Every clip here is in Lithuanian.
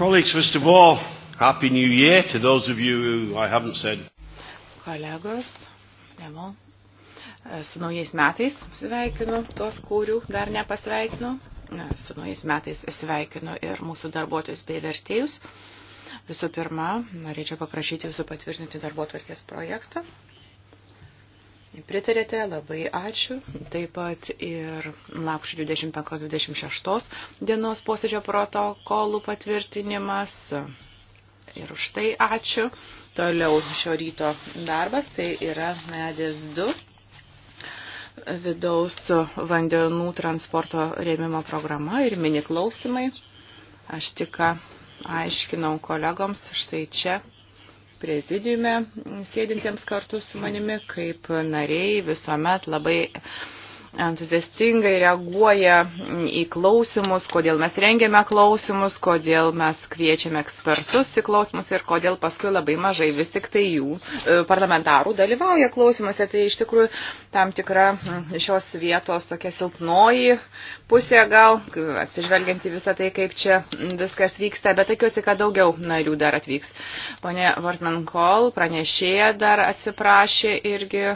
Colleagues, first of all, Happy New Year to those of you who I haven't said. Kolegos, Lemo, e, su naujais metais sveikinu tuos, kurių dar nepasveikinu. E, su naujais metais sveikinu ir mūsų darbuotojus bei vertėjus. Visų pirma, norėčiau paprašyti jūsų patvirtinti darbo tvarkės projektą. Pritarėte, labai ačiū. Taip pat ir lapkričio 25-26 dienos posėdžio protokolų patvirtinimas. Ir už tai ačiū. Toliau šio ryto darbas, tai yra medės 2 vidaus vandenų transporto rėmimo programa ir mini klausimai. Aš tik aiškinau kolegoms štai čia prezidiume sėdintiems kartu su manimi, kaip nariai visuomet labai entuziastingai reaguoja į klausimus, kodėl mes rengiame klausimus, kodėl mes kviečiame ekspertus į klausimus ir kodėl paskui labai mažai vis tik tai jų e, parlamentarų dalyvauja klausimuose. Tai iš tikrųjų tam tikra mm, šios vietos tokia silpnoji pusė gal, atsižvelgiant į visą tai, kaip čia viskas vyksta, bet tikiuosi, kad daugiau narių dar atvyks. Pone Vartman Kol pranešėja dar atsiprašė irgi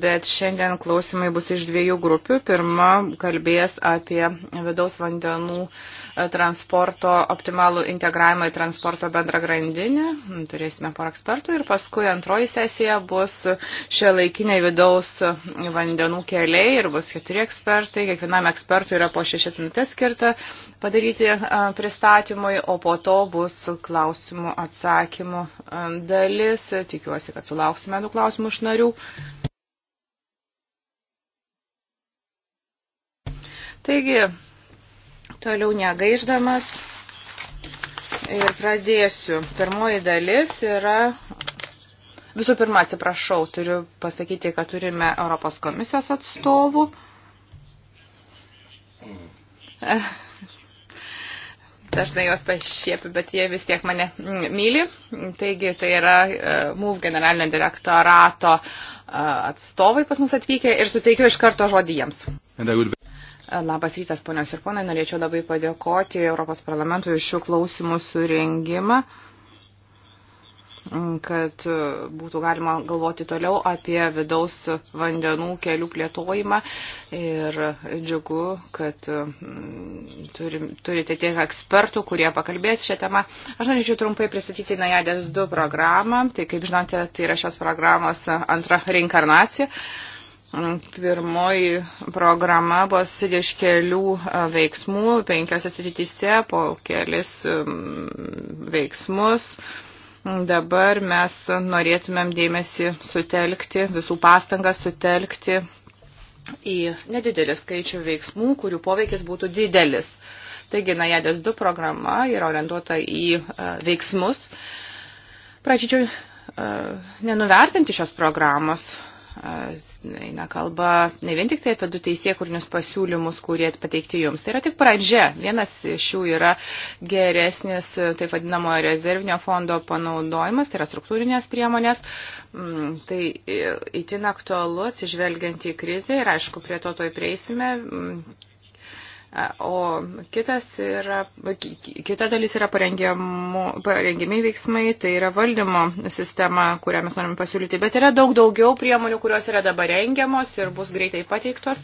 bet šiandien klausimai bus iš dviejų grupių. Pirma kalbės apie vidaus vandenų e, transporto optimalų integravimą į transporto bendrą grandinę. Turėsime porą ekspertų ir paskui antroji sesija bus šia laikiniai vidaus vandenų keliai ir bus keturi ekspertai. Kiekvienam ekspertui yra po šešias minutės skirta padaryti e, pristatymui, o po to bus klausimų atsakymų e, dalis. Tikiuosi, kad sulauksime du klausimų iš narių. Taigi, toliau negaiždamas ir pradėsiu. Pirmoji dalis yra. Visų pirma, atsiprašau, turiu pasakyti, kad turime Europos komisijos atstovų. Dažnai juos pašiepiu, bet jie vis tiek mane myli. Taigi tai yra uh, MUV generalinio direktorato uh, atstovai pas mus atvykę ir suteikiu iš karto žodį jiems. Would... Labas rytas, ponios ir ponai. Norėčiau labai padėkoti Europos parlamentui už šių klausimų surengimą kad būtų galima galvoti toliau apie vidaus vandenų kelių plėtojimą. Ir džiugu, kad mm, turim, turite tiek ekspertų, kurie pakalbės šią temą. Aš norėčiau trumpai pristatyti Najadės 2 programą. Tai, kaip žinote, tai yra šios programos antra reinkarnacija. Uh, Pirmoji programa buvo susidė iš kelių e, veiksmų, penkiose srityse po kelis veiksmus. Dabar mes norėtumėm dėmesį sutelkti, visų pastangas sutelkti į nedidelį skaičių veiksmų, kurių poveikis būtų didelis. Taigi, Najadės 2 programa yra orientuota į e, veiksmus. Prašyčiau e, nenuvertinti šios programos eina kalba ne vien tik tai apie du teisėkurinius pasiūlymus, kurie pateikti jums. Tai yra tik pradžia. Vienas iš jų yra geresnis, taip vadinamojo rezervinio fondo panaudojimas, tai yra struktūrinės priemonės. Mm, tai itin aktualu atsižvelgiant į krizę ir aišku, prie to to įprieisime mm, O kitas yra, kita dalis yra parengiami veiksmai, tai yra valdymo sistema, kurią mes norime pasiūlyti. Bet yra daug daugiau priemonių, kurios yra dabar rengiamos ir bus greitai pateiktos.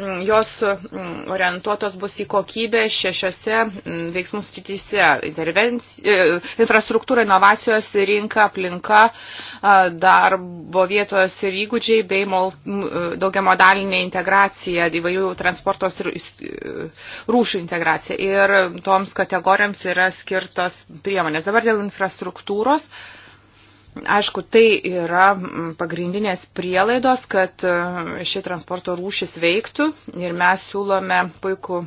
Mm, jos mm, orientuotos bus į kokybę šešiose mm, veiksmų sutytise – e, infrastruktūra, inovacijos, rinka, aplinka, darbo vietos ir įgūdžiai bei daugiamodaliniai integracija įvairių transporto rūšių integracija. Ir toms kategorijoms yra skirtos priemonės. Dabar dėl infrastruktūros. Aišku, tai yra pagrindinės prielaidos, kad e, ši transporto rūšis veiktų ir mes siūlome puikų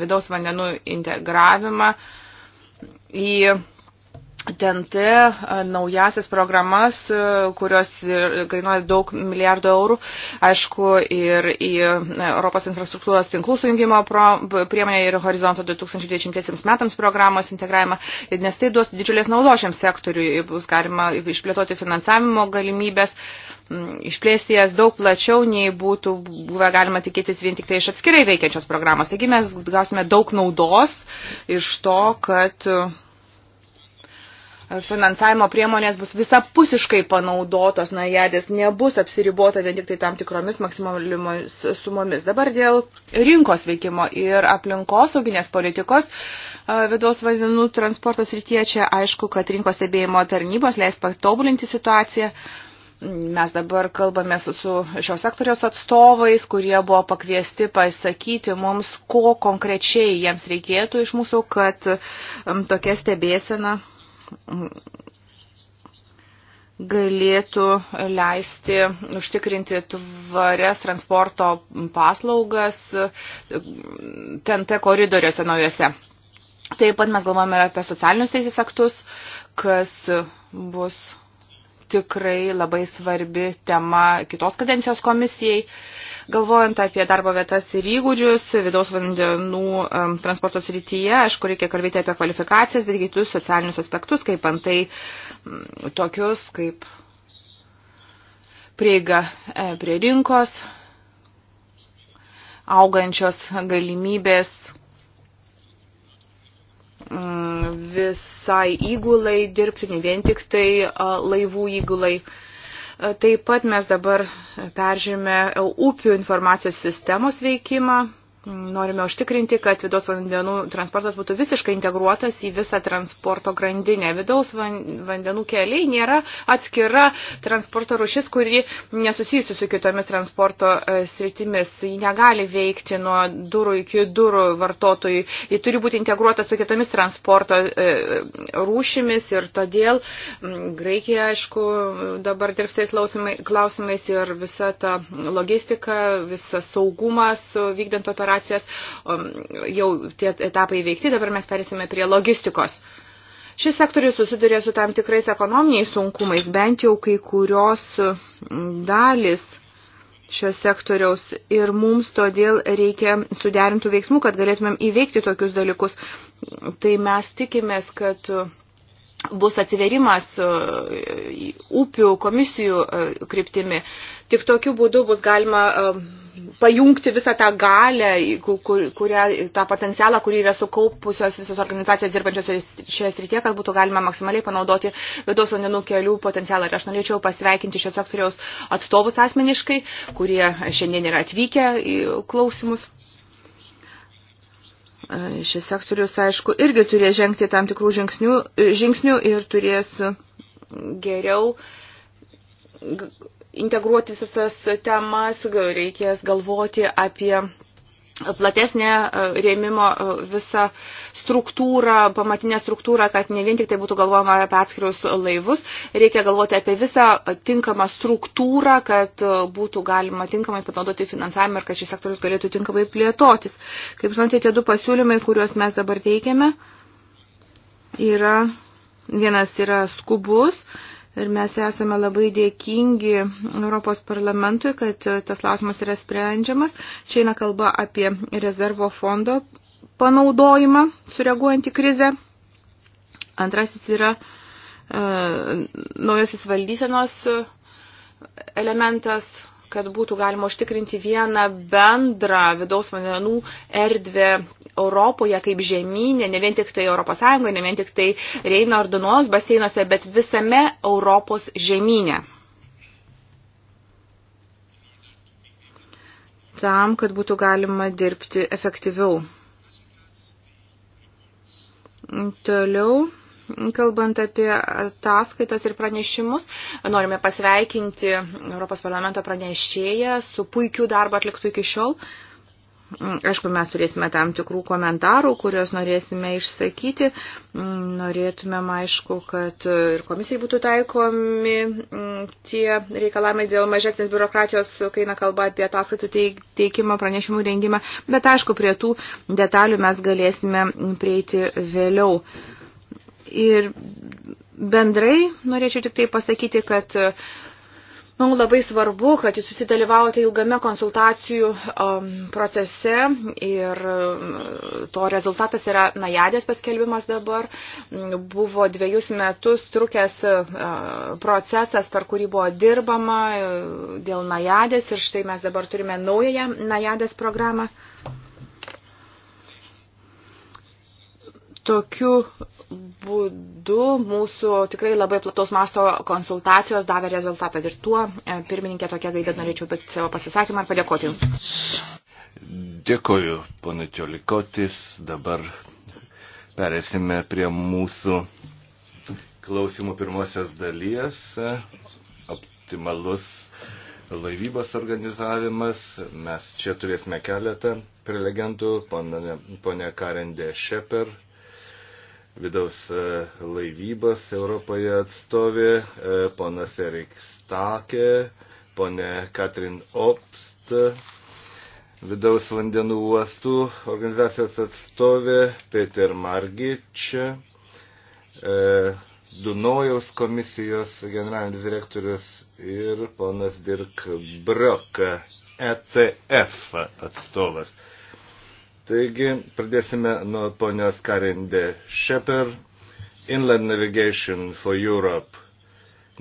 vidaus vandenų integravimą į TNT naujasias programas, kurios kainuoja daug milijardų eurų, aišku, ir į Europos infrastruktūros tinklų sujungimo priemonę ir horizonto 2020 metams programos integravimą, nes tai duos didžiulės naudos šiam sektoriui, bus galima išplėtoti finansavimo galimybės išplėsti jas daug plačiau, nei būtų buvę galima tikėtis vien tik tai iš atskirai veikiančios programos. Taigi mes gausime daug naudos iš to, kad uh, finansavimo priemonės bus visapusiškai panaudotos, na, jadės nebus apsiribota vien tik tai tam tikromis maksimaliomis sumomis. Dabar dėl rinkos veikimo ir aplinkosauginės politikos vidaus vandenų transporto srityje čia aišku, kad rinkos stebėjimo tarnybos leis patobulinti situaciją. Mes dabar kalbame su šios sektoriaus atstovais, kurie buvo pakviesti pasakyti mums, ko konkrečiai jiems reikėtų iš mūsų, kad tokia stebėsena galėtų leisti užtikrinti tvarias transporto paslaugas TNT koridoriuose naujose. Taip pat mes galvojame ir apie socialinius teisės aktus, kas bus tikrai labai svarbi tema kitos kadencijos komisijai. Galvojant apie darbo vietas ir įgūdžius, vidaus vandenų um, transporto srityje, aišku, reikia kalbėti apie kvalifikacijas, bet kitus socialinius aspektus, kaip antai m, tokius, kaip prieiga e, prie rinkos, augančios galimybės Mm, visai įgulai dirbti, ne vien tik tai laivų įgulai. Taip pat mes dabar peržymė e, upių informacijos sistemos veikimą, Norime užtikrinti, kad vidaus vandenų transportas būtų visiškai integruotas į visą transporto grandinę. Vidaus vandenų keliai nėra atskira transporto rušis, kuri nesusijusi su kitomis transporto e, sritimis. Ji negali veikti nuo durų iki durų vartotojui. Ji turi būti integruota su kitomis transporto e, rūšimis ir todėl Graikija, aišku, dabar dirbsiais klausimais ir visa ta logistika, visas saugumas vykdant operaciją operacijos, jau tie etapai veikti, dabar mes perėsime prie logistikos. Šis sektorius susiduria su tam tikrais ekonominiais sunkumais, bent jau kai kurios dalis šios sektoriaus ir mums todėl reikia suderintų veiksmų, kad galėtumėm įveikti tokius dalykus. Tai mes tikimės, kad bus atsiverimas e, upių komisijų e, kryptimi. Tik tokiu būdu bus galima e, pajungti visą tą galę, kurią, tą potencialą, kurį yra sukaupusios visos organizacijos dirbančios šioje srityje, kad būtų galima maksimaliai panaudoti vidaus vandenų kelių potencialą. Ir aš norėčiau pasveikinti šios sektoriaus atstovus asmeniškai, kurie šiandien yra atvykę į klausimus šis sektorius, aišku, irgi turės žengti tam tikrų žingsnių, žingsnių ir turės geriau integruoti visas tas temas, reikės galvoti apie platesnė e, rėmimo e, visą struktūrą, pamatinę struktūrą, kad ne vien tik tai būtų galvojama apie atskirius laivus, reikia galvoti apie visą tinkamą struktūrą, kad e, būtų galima tinkamai panaudoti finansavimą ir kad šis sektorius galėtų tinkamai plėtotis. Kaip žinote, tie du pasiūlymai, kuriuos mes dabar teikiame, yra, vienas yra skubus, Ir mes esame labai dėkingi Europos parlamentui, kad e, tas klausimas yra sprendžiamas. Čia eina kalba apie rezervo fondo panaudojimą, sureaguojant į krizę. Antrasis yra e, naujasis valdysenos e, elementas kad būtų galima užtikrinti vieną bendrą vidaus vandenų erdvę Europoje kaip žemynė, ne vien tik tai Europos Sąjungoje, ne vien tik tai Reino ar Dunos baseinuose, bet visame Europos žemynė. Tam, kad būtų galima dirbti efektyviau. Toliau kalbant apie ataskaitas ir pranešimus. Norime pasveikinti Europos parlamento pranešėją su puikiu darbu atliktu iki šiol. Aišku, mes turėsime tam tikrų komentarų, kuriuos norėsime išsakyti. Norėtumėm, aišku, kad ir komisijai būtų taikomi tie reikalavimai dėl mažesnės biurokratijos, kai eina kalba apie ataskaitų teikimą, pranešimų rengimą. Bet, aišku, prie tų detalių mes galėsime prieiti vėliau. Ir bendrai norėčiau tik tai pasakyti, kad Mums nu, labai svarbu, kad jūs susidalyvavote ilgame konsultacijų um, procese ir um, to rezultatas yra najadės paskelbimas dabar. Buvo dviejus metus trukęs uh, procesas, per kurį buvo dirbama uh, dėl najadės ir štai mes dabar turime naująją najadės programą. Tokiu būdu mūsų tikrai labai plataus masto konsultacijos davė rezultatą. Ir tuo, e, pirmininkė, tokia gaida norėčiau baigti savo pasisakymą ir padėkoti Jums. Dėkoju, ponai Čiolikotis. Dabar perėsime prie mūsų klausimų pirmosios dalies. Optimalus laivybos organizavimas. Mes čia turėsime keletą prelegentų, ponė Karen D. Šeper, vidaus e, laivybos Europoje atstovė, e, ponas Erik Stakė, ponė Katrin Opst, vidaus vandenų uostų organizacijos atstovė Peter Margič, e, Dunojaus komisijos generalinis direktorius ir ponas Dirk Brok, ETF atstovas. Taigi, pradėsime nuo ponios Karinde Šeper, Inland Navigation for Europe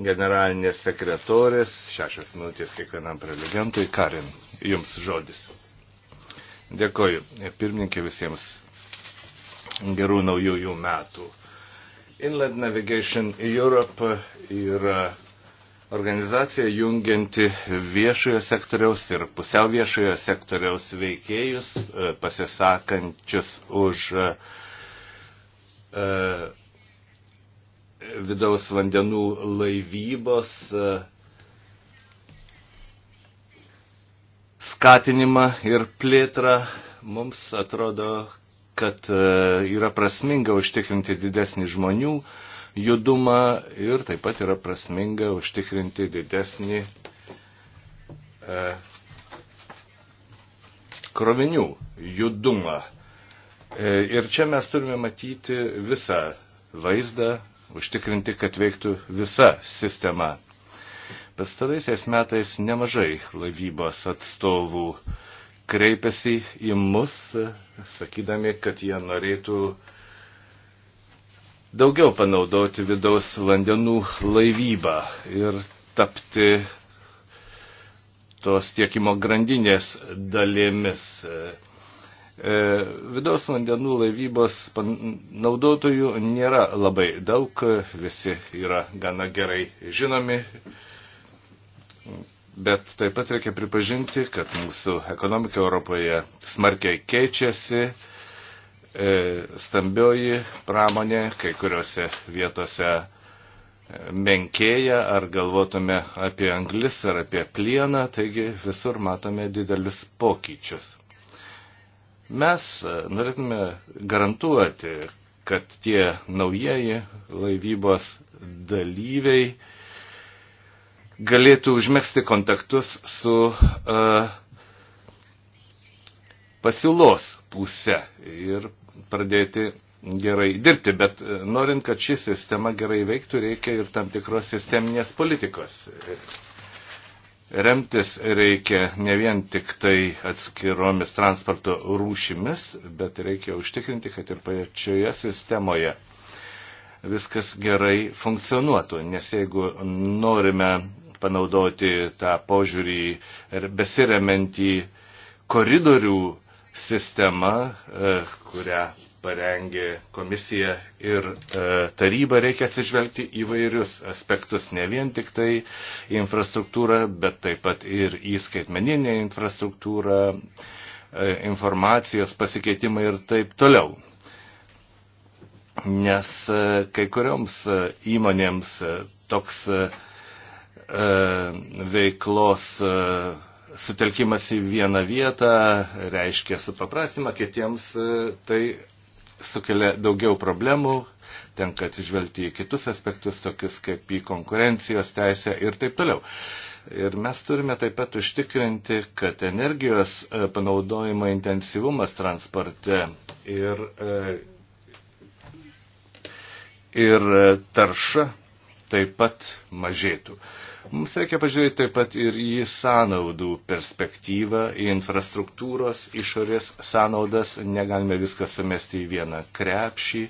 generalinės sekretorės, šešias minutės kiekvienam prelegentui. Karin, jums žodis. Dėkoju. Pirmininkė visiems gerų naujųjų metų. Inland Navigation Europe yra organizacija jungianti viešojo sektoriaus ir pusiau viešojo sektoriaus veikėjus, e, pasisakančius už e, e, vidaus vandenų laivybos skatinimą ir plėtrą. Mums atrodo, kad yra prasminga užtikrinti didesnį žmonių uh, judumą ir taip pat yra prasminga užtikrinti didesnį e, krovinių judumą. E, ir čia mes turime matyti visą vaizdą, užtikrinti, kad veiktų visa sistema. Pastaraisiais metais nemažai laivybos atstovų kreipiasi į mus, sakydami, kad jie norėtų uh, daugiau panaudoti vidaus vandenų laivybą ir tapti tos tiekimo grandinės dalimis. E, vidaus vandenų laivybos naudotojų nėra labai daug, visi yra gana gerai žinomi, bet taip pat reikia pripažinti, kad mūsų ekonomika Europoje smarkiai keičiasi E, stambioji pramonė kai kuriuose vietose e, menkėja, ar galvotume apie anglis ar apie plieną, taigi visur matome didelius pokyčius. Mes e, norėtume garantuoti, kad tie naujieji laivybos dalyviai galėtų užmėgsti kontaktus su uh, pasiūlos pusę ir pradėti gerai dirbti. Bet e, norint, kad ši sistema gerai veiktų, reikia ir tam tikros sisteminės politikos. Remtis reikia ne vien tik tai atskiromis transporto rūšimis, bet reikia užtikrinti, kad ir pačioje sistemoje viskas gerai funkcionuotų. Nes jeigu norime panaudoti tą požiūrį besiremiantį koridorių sistema, e, kurią parengė komisija ir e, taryba, reikia atsižvelgti įvairius aspektus, ne vien tik tai infrastruktūrą, bet taip pat ir į skaitmeninę infrastruktūrą, e, informacijos pasikeitimą ir taip toliau. Nes kai kurioms įmonėms toks veiklos sutelkimas į vieną vietą reiškia supaprastimą, kitiems e, tai sukelia daugiau problemų, tenka atsižvelgti į kitus aspektus, tokius kaip į konkurencijos teisę ir taip toliau. Ir mes turime taip pat užtikrinti, kad energijos e, panaudojimo intensyvumas transporte ir, e, ir tarša taip pat mažėtų. Mums reikia pažiūrėti taip pat ir į sąnaudų perspektyvą, į infrastruktūros išorės sąnaudas, negalime viską sumesti į vieną krepšį.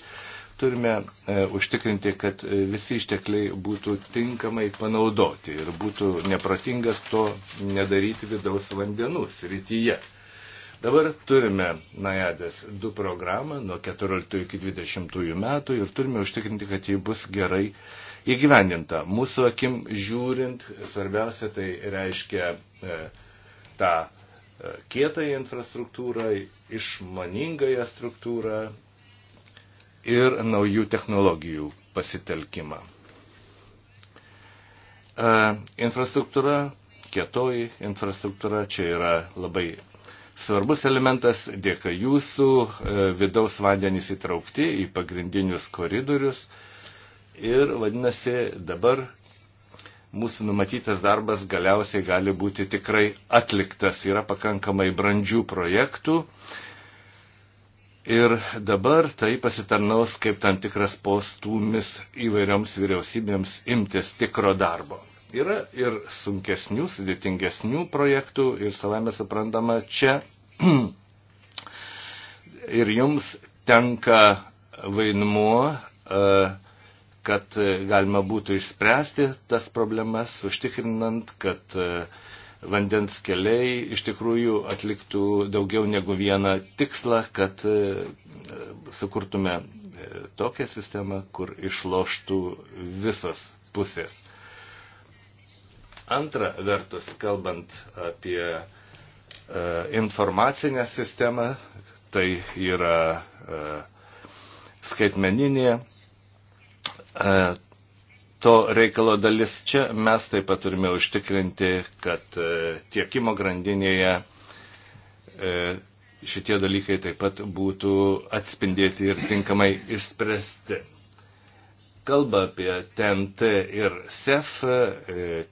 Turime e, užtikrinti, kad visi ištekliai būtų tinkamai panaudoti ir būtų neprotingas to nedaryti vidaus vandenų srityje. Dabar turime Najadės 2 programą nuo 14 iki 20 metų ir turime užtikrinti, kad ji bus gerai įgyvendinta. Mūsų akim žiūrint, svarbiausia tai reiškia e, tą e, kietąją infrastruktūrą, išmaningąją struktūrą ir naujų technologijų pasitelkimą. E, infrastruktūra, kietoji infrastruktūra čia yra labai svarbus elementas, dėka jūsų e, vidaus vandenys įtraukti į pagrindinius koridorius, ir vadinasi dabar mūsų numatytas darbas galiausiai gali būti tikrai atliktas. Yra pakankamai brandžių projektų ir dabar tai pasitarnaus kaip tam tikras postūmis įvairioms vyriausybėms imtis tikro darbo. Yra ir sunkesnių, sudėtingesnių projektų ir savame suprantama čia ir jums tenka vaidmuo uh, kad e, galima būtų išspręsti tas problemas, užtikrinant, kad e, vandens keliai iš tikrųjų atliktų daugiau negu vieną tikslą, kad e, sukurtume tokią sistemą, kur išloštų visos pusės. Antra vertus, kalbant apie e, informacinę sistemą, tai yra e, skaitmeninė E, to reikalo dalis čia mes taip pat turime užtikrinti, kad e, tiekimo grandinėje e, šitie dalykai taip pat būtų atspindėti ir tinkamai išspręsti. Kalba apie TNT ir SEF,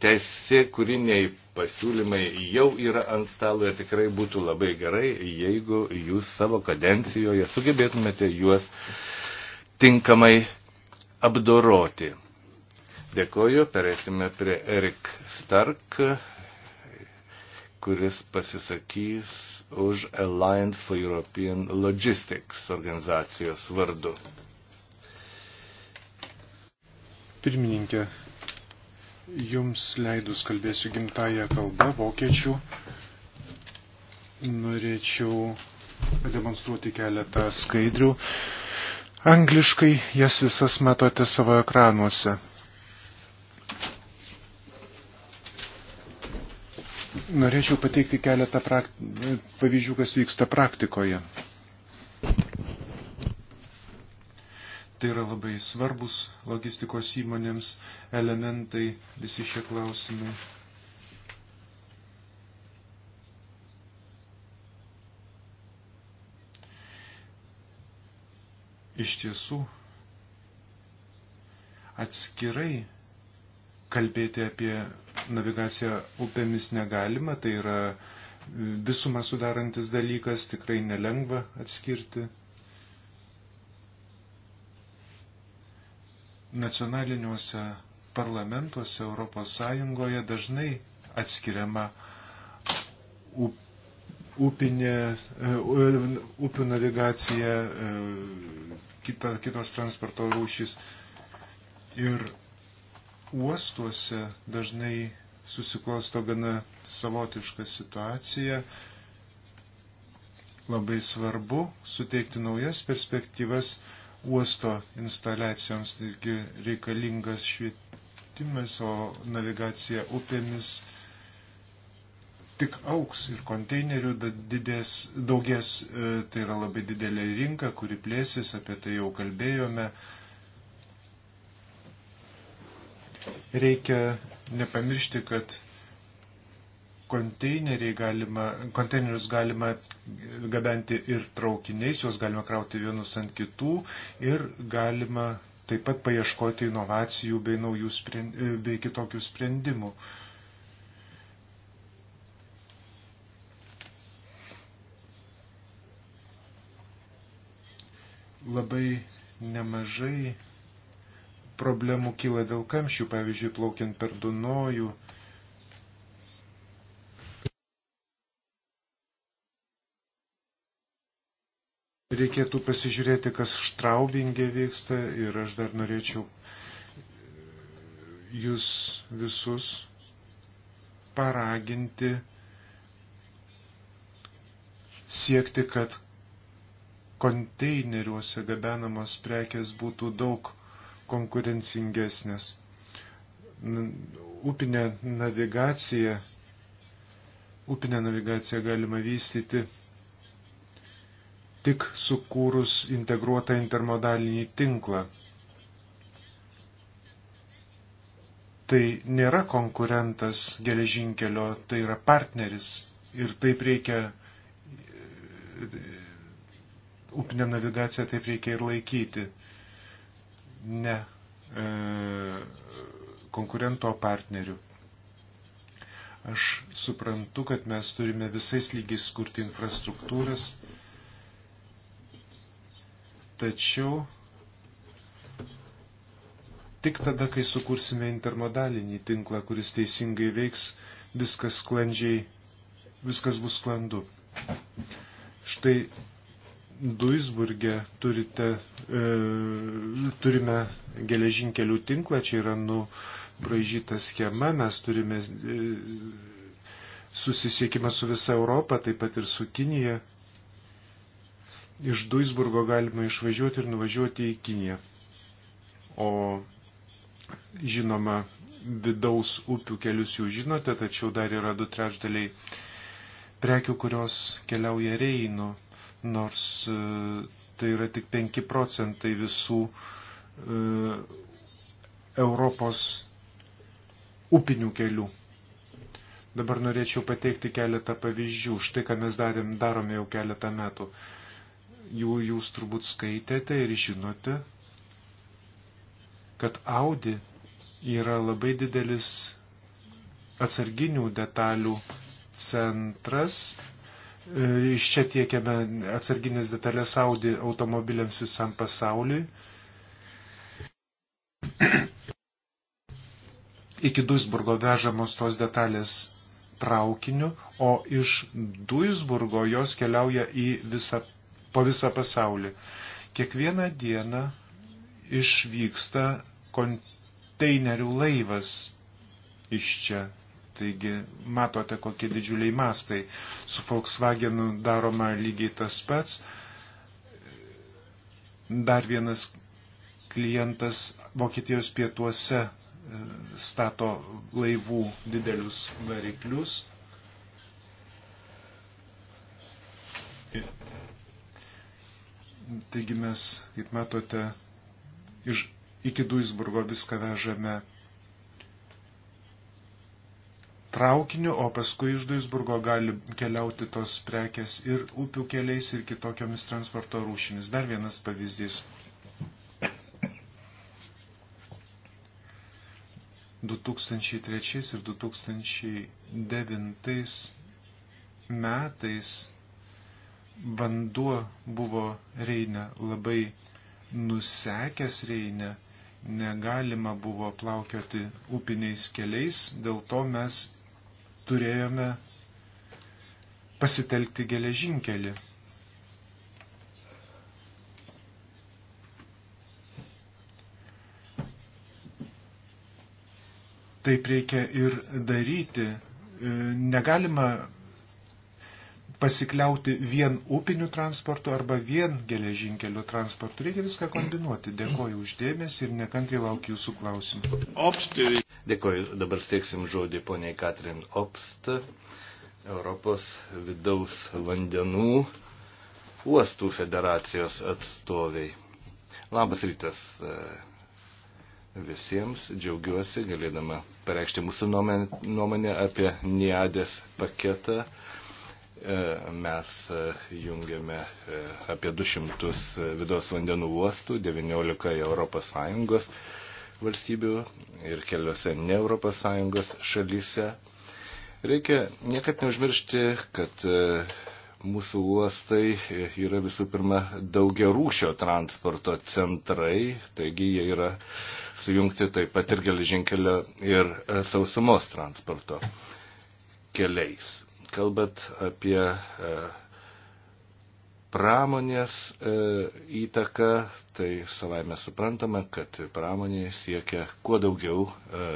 teisė kūriniai pasiūlymai jau yra ant stalo ir tikrai būtų labai gerai, jeigu jūs savo kadencijoje sugebėtumėte juos tinkamai apdoroti. Dėkoju, perėsime prie Erik Stark, kuris pasisakys už Alliance for European Logistics organizacijos vardu. Pirmininkė, jums leidus kalbėsiu gimtają kalbą, vokiečių. Norėčiau pademonstruoti keletą skaidrių. Uh, Angliškai jas visas matote savo ekranuose. Norėčiau pateikti keletą prakt... pavyzdžių, kas vyksta praktikoje. Tai yra labai svarbus logistikos įmonėms elementai, visi šie klausimai. iš tiesų atskirai kalbėti apie navigaciją upėmis negalima, tai yra visumą sudarantis dalykas, tikrai nelengva atskirti. Nacionaliniuose parlamentuose Europos Sąjungoje dažnai atskiriama upė upinė, e, upių navigacija, e, kita, kitos transporto rūšys. Ir uostuose dažnai susiklosto gana savotiška situacija. Labai svarbu suteikti naujas perspektyvas uosto instaliacijoms, taigi reikalingas švietimas, o navigacija upėmis tik auks ir konteinerių didės, daugės, e, tai yra labai didelė rinka, kuri plėsis, apie tai jau kalbėjome. Reikia nepamiršti, kad galima, konteinerius galima gabenti ir traukiniais, juos galima krauti vienus ant kitų ir galima taip pat paieškoti inovacijų bei, naujų, e, bei kitokių sprendimų. Uh, labai nemažai problemų kyla dėl kamščių, pavyzdžiui, plaukiant per Dunojų. Reikėtų pasižiūrėti, kas Štraubingė vyksta ir aš dar norėčiau jūs visus paraginti siekti, kad konteineriuose gabenamos prekės būtų daug konkurencingesnės. Upinė navigacija, upinė navigacija galima vystyti tik sukūrus integruotą intermodalinį tinklą. Tai nėra konkurentas geležinkelio, tai yra partneris ir taip reikia upinę navigaciją taip reikia ir laikyti. Ne e, konkurento partnerių. Aš suprantu, kad mes turime visais lygiais kurti infrastruktūras, tačiau tik tada, kai sukursime intermodalinį tinklą, kuris teisingai veiks, viskas sklandžiai, viskas bus sklandu. Štai Duisburgė turite, e, turime geležinkelių tinklą, čia yra nubražyta schema, mes turime e, susisiekimą su visa Europa, taip pat ir su Kinija. Iš Duisburgo galima išvažiuoti ir nuvažiuoti į Kiniją. O žinoma, vidaus upių kelius jūs žinote, tačiau dar yra du trečdaliai prekių, kurios keliauja Reinu nors e, tai yra tik 5 procentai visų e, Europos upinių kelių. Dabar norėčiau pateikti keletą pavyzdžių, štai ką mes darėm, darome jau keletą metų. Jų jūs turbūt skaitėte ir žinote, kad Audi yra labai didelis atsarginių detalių centras E, iš čia tiekiame atsarginės detalės Audi automobiliams visam pasauliui. Iki Duisburgo vežamos tos detalės traukiniu, o iš Duisburgo jos keliauja į visą, po visą pasaulį. Kiekvieną dieną išvyksta konteinerių laivas iš čia Taigi matote, kokie didžiuliai mastai. Su Volkswagenu daroma lygiai tas pats. Dar vienas klientas Vokietijos pietuose e, stato laivų didelius variklius. Taigi mes, kaip matote, iš, iki Duisburgo viską vežame traukiniu, o paskui iš Duisburgo gali keliauti tos prekes ir upių keliais ir kitokiamis transporto rūšimis. Dar vienas pavyzdys. 2003 ir 2009 metais vanduo buvo Reinė labai nusekęs Reinė negalima buvo plaukioti upiniais keliais, dėl to mes turėjome pasitelkti geležinkelį. Taip reikia ir daryti. Negalima pasikliauti vien upiniu transportu arba vien geležinkeliu transportu. Reikia viską kombinuoti. Dėkoju uždėmesi ir nekantriai laukiu jūsų klausimų. Opst. Dėkoju. Dabar steiksim žodį poniai Katrin Opst, Europos vidaus vandenų uostų federacijos atstoviai. Labas rytas e, visiems, džiaugiuosi galėdama pareikšti mūsų nuomonę apie NIADės paketą E, mes e, jungiame e, apie 200 vidaus vandenų uostų, 19 ES valstybių ir keliose ne ES šalyse. Reikia niekad neužmiršti, kad mūsų uostai yra visų pirma daugia rūšio transporto centrai, taigi jie yra sujungti taip pat ir geležinkelio ir sausumos transporto keliais kalbat apie e, pramonės e, įtaką, tai savai mes suprantame, kad pramonė siekia kuo daugiau e,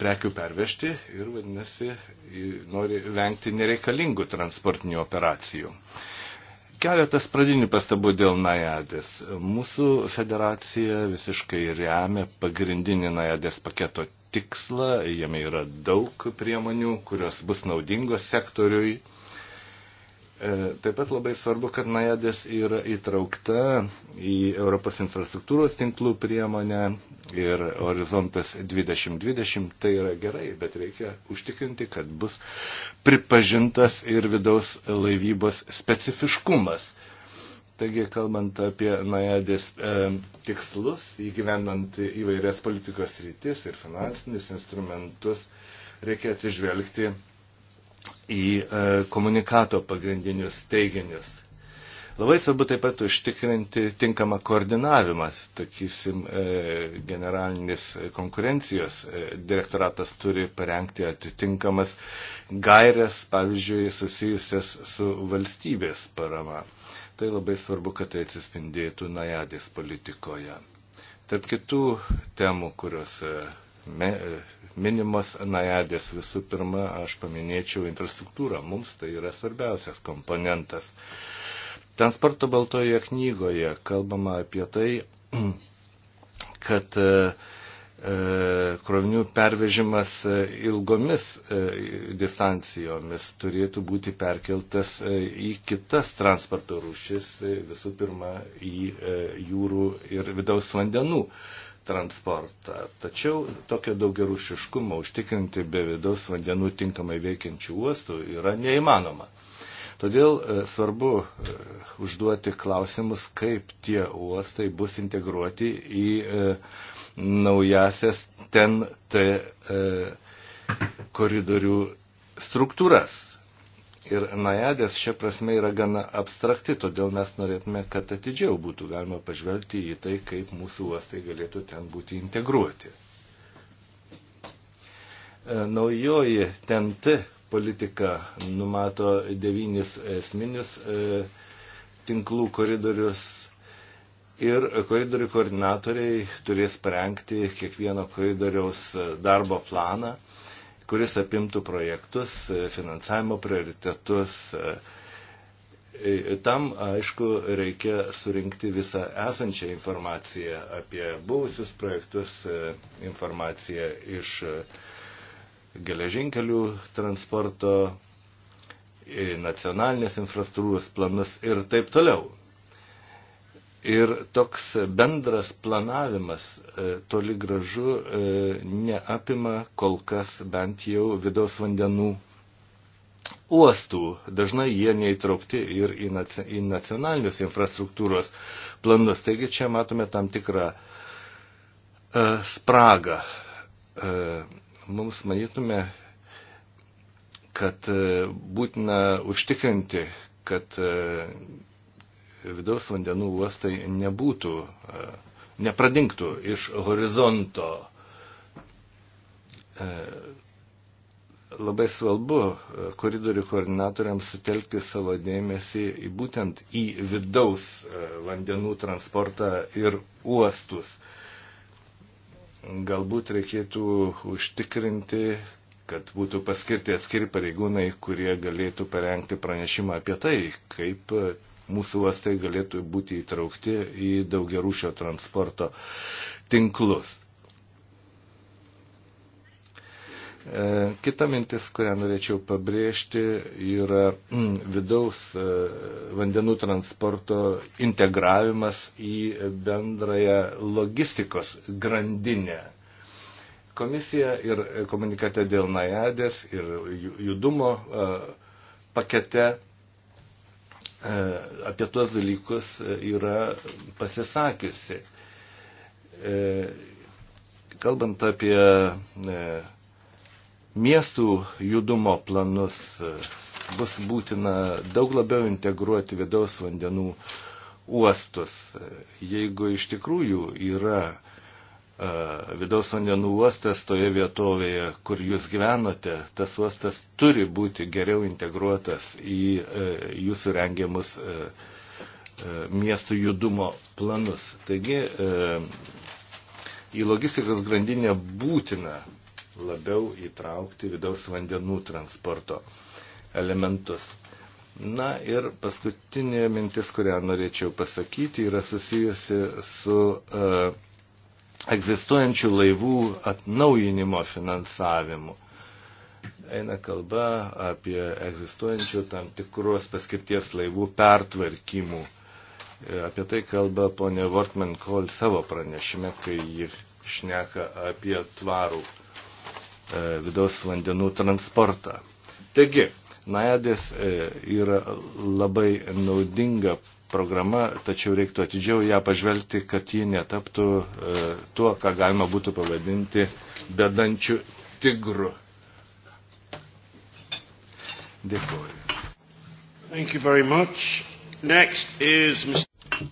prekių pervežti ir, vadinasi, nori vengti nereikalingų transportinių operacijų. Keletas pradinių pastabų dėl Najadės. Mūsų federacija visiškai remia pagrindinį Najadės paketo tikslą, jame yra daug priemonių, kurios bus naudingos sektoriui. E, taip pat labai svarbu, kad Najadės yra įtraukta į Europos infrastruktūros tinklų priemonę ir horizontas 2020 tai yra gerai, bet reikia užtikrinti, kad bus pripažintas ir vidaus laivybos specifiškumas. Taigi, kalbant apie NAEDės e, tikslus, įgyvendant įvairias politikos rytis ir finansinius instrumentus, reikia atsižvelgti į e, komunikato pagrindinius teiginius. Labai svarbu taip pat užtikrinti tinkamą koordinavimą. Takysim, e, generalinis konkurencijos e, direktoratas turi parengti atitinkamas gairias, pavyzdžiui, susijusias su valstybės parama. Tai labai svarbu, kad tai atsispindėtų najadės politikoje. Tarp kitų temų, kurios e, e, minimas najadės visų pirma, aš paminėčiau infrastruktūrą. Mums tai yra svarbiausias komponentas. Transporto baltoje knygoje kalbama apie tai, kad uh, E, krovinių pervežimas e, ilgomis e, distancijomis turėtų būti perkeltas į kitas transporto rūšis, visų pirma, į jūrų ir vidaus vandenų transportą. Tačiau tokio daugiarušiškumo užtikrinti be vidaus vandenų tinkamai veikiančių uostų yra neįmanoma. Todėl svarbu užduoti klausimus, kaip tie uostai bus integruoti į naujasias ten te, e, koridorių struktūras. Ir najadės šia prasme yra gana abstrakti, todėl mes norėtume, kad atidžiau būtų galima pažvelgti į tai, kaip mūsų uostai galėtų ten būti integruoti. E, naujoji TNT politika numato devynis esminius e, tinklų koridorius ir koridorių koordinatoriai turės parengti kiekvieno koridoriaus e, darbo planą, kuris apimtų projektus, e, finansavimo prioritetus. E, tam, aišku, reikia surinkti visą esančią informaciją apie buvusius projektus, informaciją iš geležinkelių transporto, nacionalinės infrastruktūros planus ir taip toliau. Ir toks bendras planavimas e, toli gražu e, neapima kol kas bent jau vidaus vandenų uostų. Dažnai jie neįtraukti ir į nacionalinius infrastruktūros planus. Taigi čia matome tam tikrą e, spragą. Mums manytume, kad būtina užtikrinti, kad vidaus vandenų uostai nebūtų, e, nepradingtų iš horizonto. E, labai svarbu e, koridorių koordinatoriams sutelkti savo dėmesį į būtent į vidaus vandenų transportą ir uostus. Galbūt reikėtų užtikrinti, kad būtų paskirti atskiri pareigūnai, kurie galėtų parengti pranešimą apie tai, kaip mūsų uostai galėtų būti įtraukti į daugiarūšio transporto tinklus. E, kita mintis, kurią norėčiau pabrėžti, yra mm, vidaus e, vandenų transporto integravimas į bendrąją logistikos grandinę. Komisija ir komunikate dėl najadės ir judumo e, pakete E, apie tuos dalykus e, yra pasisakiusi. E, kalbant apie miestų judumo planus, bus būtina daug labiau integruoti vidaus vandenų uostus. Jeigu iš tikrųjų yra vidaus vandenų uostas toje vietovėje, kur jūs gyvenote, tas uostas turi būti geriau integruotas į jūsų rengiamus miestų judumo planus. Taigi į logistikos grandinę būtina labiau įtraukti vidaus vandenų transporto elementus. Na ir paskutinė mintis, kurią norėčiau pasakyti, yra susijusi su uh, egzistuojančių laivų atnaujinimo finansavimu. Eina kalba apie egzistuojančių tam tikros paskirties laivų pertvarkymų. E, apie tai kalba ponė Wortman Kohl savo pranešime, kai ji šneka apie tvarų e, vidaus vandenų transportą. Taigi, Najadės e, yra labai naudinga programa, tačiau reiktų atidžiau ją pažvelgti, kad ji netaptų e, tuo, ką galima būtų pavadinti bedančių tigrų. Dėkuoju. Thank you very much. Next is Mr.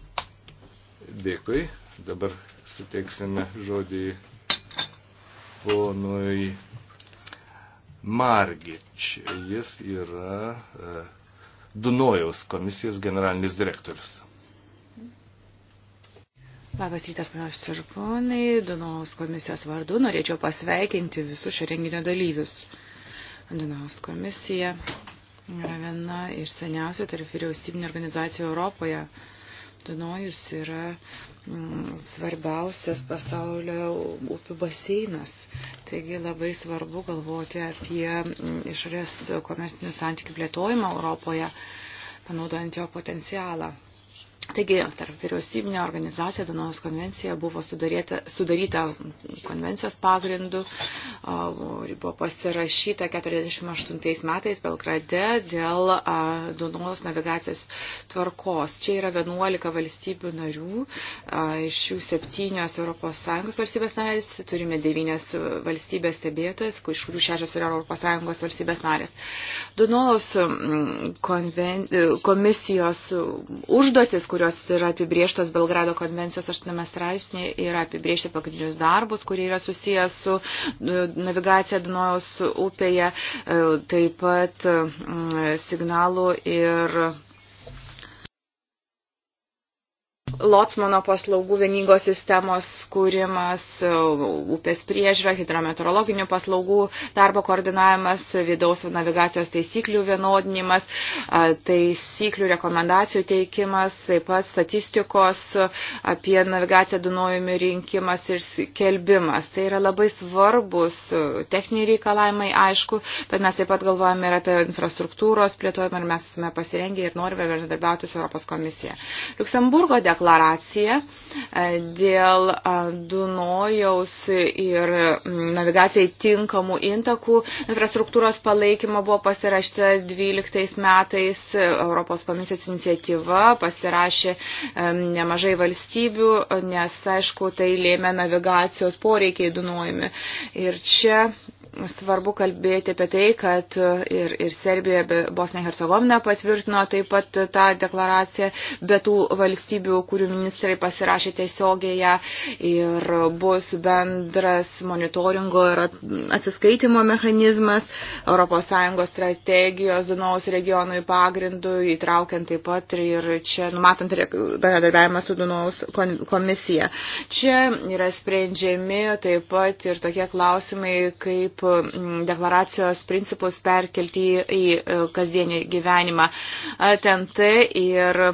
Dėkui. Dabar suteiksime žodį ponui Margič. Jis yra uh, Dunojaus komisijos generalinis direktorius. Labas rytas, panas ir ponai. Dunaus komisijos vardu norėčiau pasveikinti visus šio renginio dalyvius. Dunaus komisija yra viena iš seniausių tarp vyriausybinio organizacijų Europoje. Dunojus yra mm, svarbiausias pasaulio upių baseinas. Taigi labai svarbu galvoti apie mm, išorės komercinių santykių plėtojimą Europoje, panaudojant jo potencialą. Taigi, tarp vyriausybinė organizacija Donos konvencija buvo sudaryta, sudaryta konvencijos pagrindu, buvo pasirašyta 48 metais Belgrade dėl Donos navigacijos tvarkos. Čia yra 11 valstybių narių, iš jų 7 ES valstybės narės, turime 9 valstybės stebėtojas, iš kurių 6 yra ES valstybės narės. Donos konven... E, komisijos užduotis, kur kurios yra apibrieštos Belgrado konvencijos 8 straipsnė, yra apibriešti pagrindinius darbus, kurie yra susijęs su e, navigacija Dunojaus upėje, e, taip pat signalų ir Lotsmano paslaugų vieningos sistemos kūrimas, upės priežiūra, hidrometeorologinių paslaugų, darbo koordinavimas, vidaus navigacijos taisyklių vienodinimas, taisyklių rekomendacijų teikimas, taip pat statistikos apie navigaciją Dunojumi rinkimas ir kelbimas. Tai yra labai svarbus e, techniniai reikalavimai, aišku, bet mes taip pat galvojame ir apie infrastruktūros plėtojimą ir mes esame pasirengę ir norime bendradarbiauti su Europos komisija. Luksemburgo deklaracija deklaraciją e, dėl e, Dunojaus ir navigacijai tinkamų intakų infrastruktūros palaikymo buvo pasirašta 12 metais Europos komisijos iniciatyva, pasirašė e, nemažai valstybių, nes, aišku, tai lėmė navigacijos poreikiai Dunojumi. Ir čia svarbu kalbėti apie tai, kad ir, ir Serbija, Bosnija Hercegovina patvirtino taip pat tą deklaraciją, bet tų valstybių, kurių ministrai pasirašė tiesiogėje ir bus bendras monitoringo ir atsiskaitimo mechanizmas ES strategijos Dunaus regionui pagrindų, įtraukiant taip pat ir čia numatant bendradarbiavimą su Dunaus komisija. Čia yra sprendžiami taip pat ir tokie klausimai, kaip kaip mm, deklaracijos principus perkelti į e, kasdienį gyvenimą. TNT ir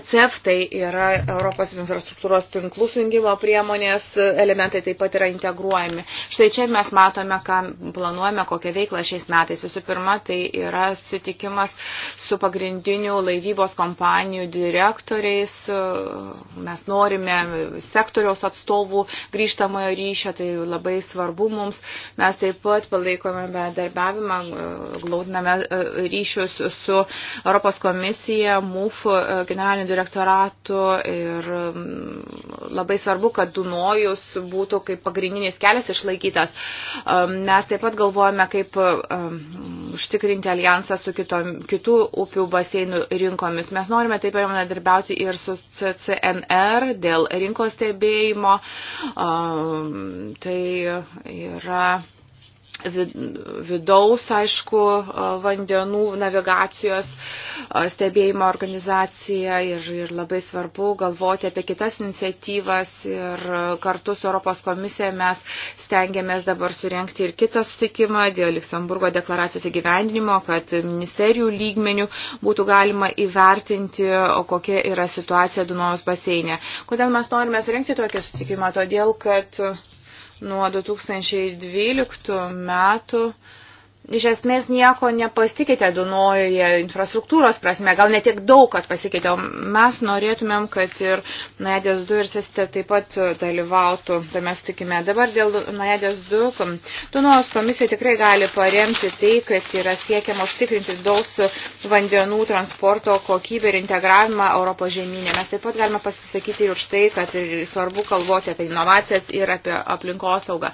CEF tai yra Europos infrastruktūros tinklų sujungimo priemonės elementai taip pat yra integruojami. Štai čia mes matome, ką planuojame, kokią veiklą šiais metais. Visų pirma, tai yra sutikimas su pagrindiniu laivybos kompanijų direktoriais. Mes norime sektoriaus atstovų grįžtamojo ryšio, tai labai svarbu mums. Mes taip pat palaikome bedarbiavimą, glaudiname ryšius su Europos komisija, MUF generaliniu generaliniu direktoratu ir mm, labai svarbu, kad Dunojus būtų kaip pagrindinis kelias išlaikytas. Mes taip pat galvojame, kaip užtikrinti alijansą su kito, kitų upių baseinų rinkomis. Mes norime taip pat bendradarbiauti ir su CCNR dėl rinkos stebėjimo. Tai yra vidaus, aišku, vandenų navigacijos stebėjimo organizacija ir, ir labai svarbu galvoti apie kitas iniciatyvas ir kartu su Europos komisija mes stengiamės dabar surenkti ir kitą sutikimą dėl Liksamburgo deklaracijos įgyvendinimo, kad ministerijų lygmenių būtų galima įvertinti, kokia yra situacija Dunojaus baseinė. Kodėl mes norime surenkti tokį sutikimą? Todėl, kad nuo 2012 metų iš esmės nieko nepasikeitė Dunojuje infrastruktūros prasme, gal netiek daug kas pasikeitė, o mes norėtumėm, kad ir Najadės 2 ir Sestė taip pat dalyvautų tame sutikime. Dabar dėl Najadės 2, Dunojos komisija tikrai gali paremti tai, kad yra siekiama užtikrinti daug vandenų transporto kokybę ir integravimą Europos žemynė. Mes taip pat galime pasisakyti ir už tai, kad ir svarbu kalvoti apie inovacijas ir apie aplinkosaugą.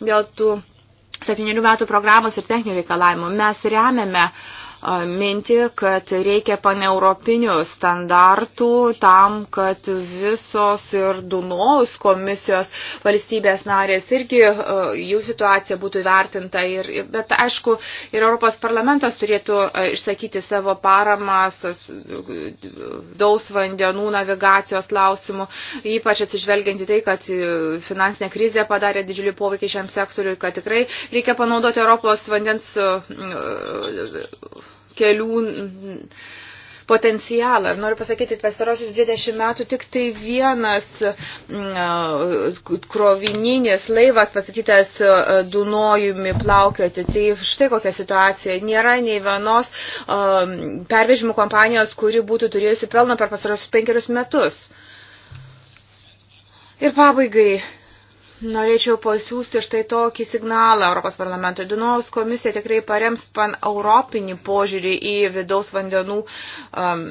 Dėl tų septynių metų programos ir techninių reikalavimų. Mes remiame uh, mintį, kad reikia paneuropinių standartų tam, kad visos ir Dunojaus komisijos valstybės narės irgi jų situacija būtų vertinta. Ir, bet aišku, ir Europos parlamentas turėtų išsakyti savo paramą daus vandenų navigacijos klausimų, ypač atsižvelgianti tai, kad finansinė krizė padarė didžiulį poveikį šiam sektoriui, kad tikrai reikia panaudoti Europos vandens kelių potencialą. Ir noriu pasakyti, pastarosius 20 metų tik tai vienas krovininis laivas pastatytas Dunojumi plaukioti. Tai štai kokia situacija. Nėra nei vienos pervežimų kompanijos, kuri būtų turėjusi pelną per pastarosius penkerius metus. Ir pabaigai norėčiau pasiūsti štai tokį signalą Europos parlamentui. Dunaus komisija tikrai parems pan europinį požiūrį į vidaus vandenų um,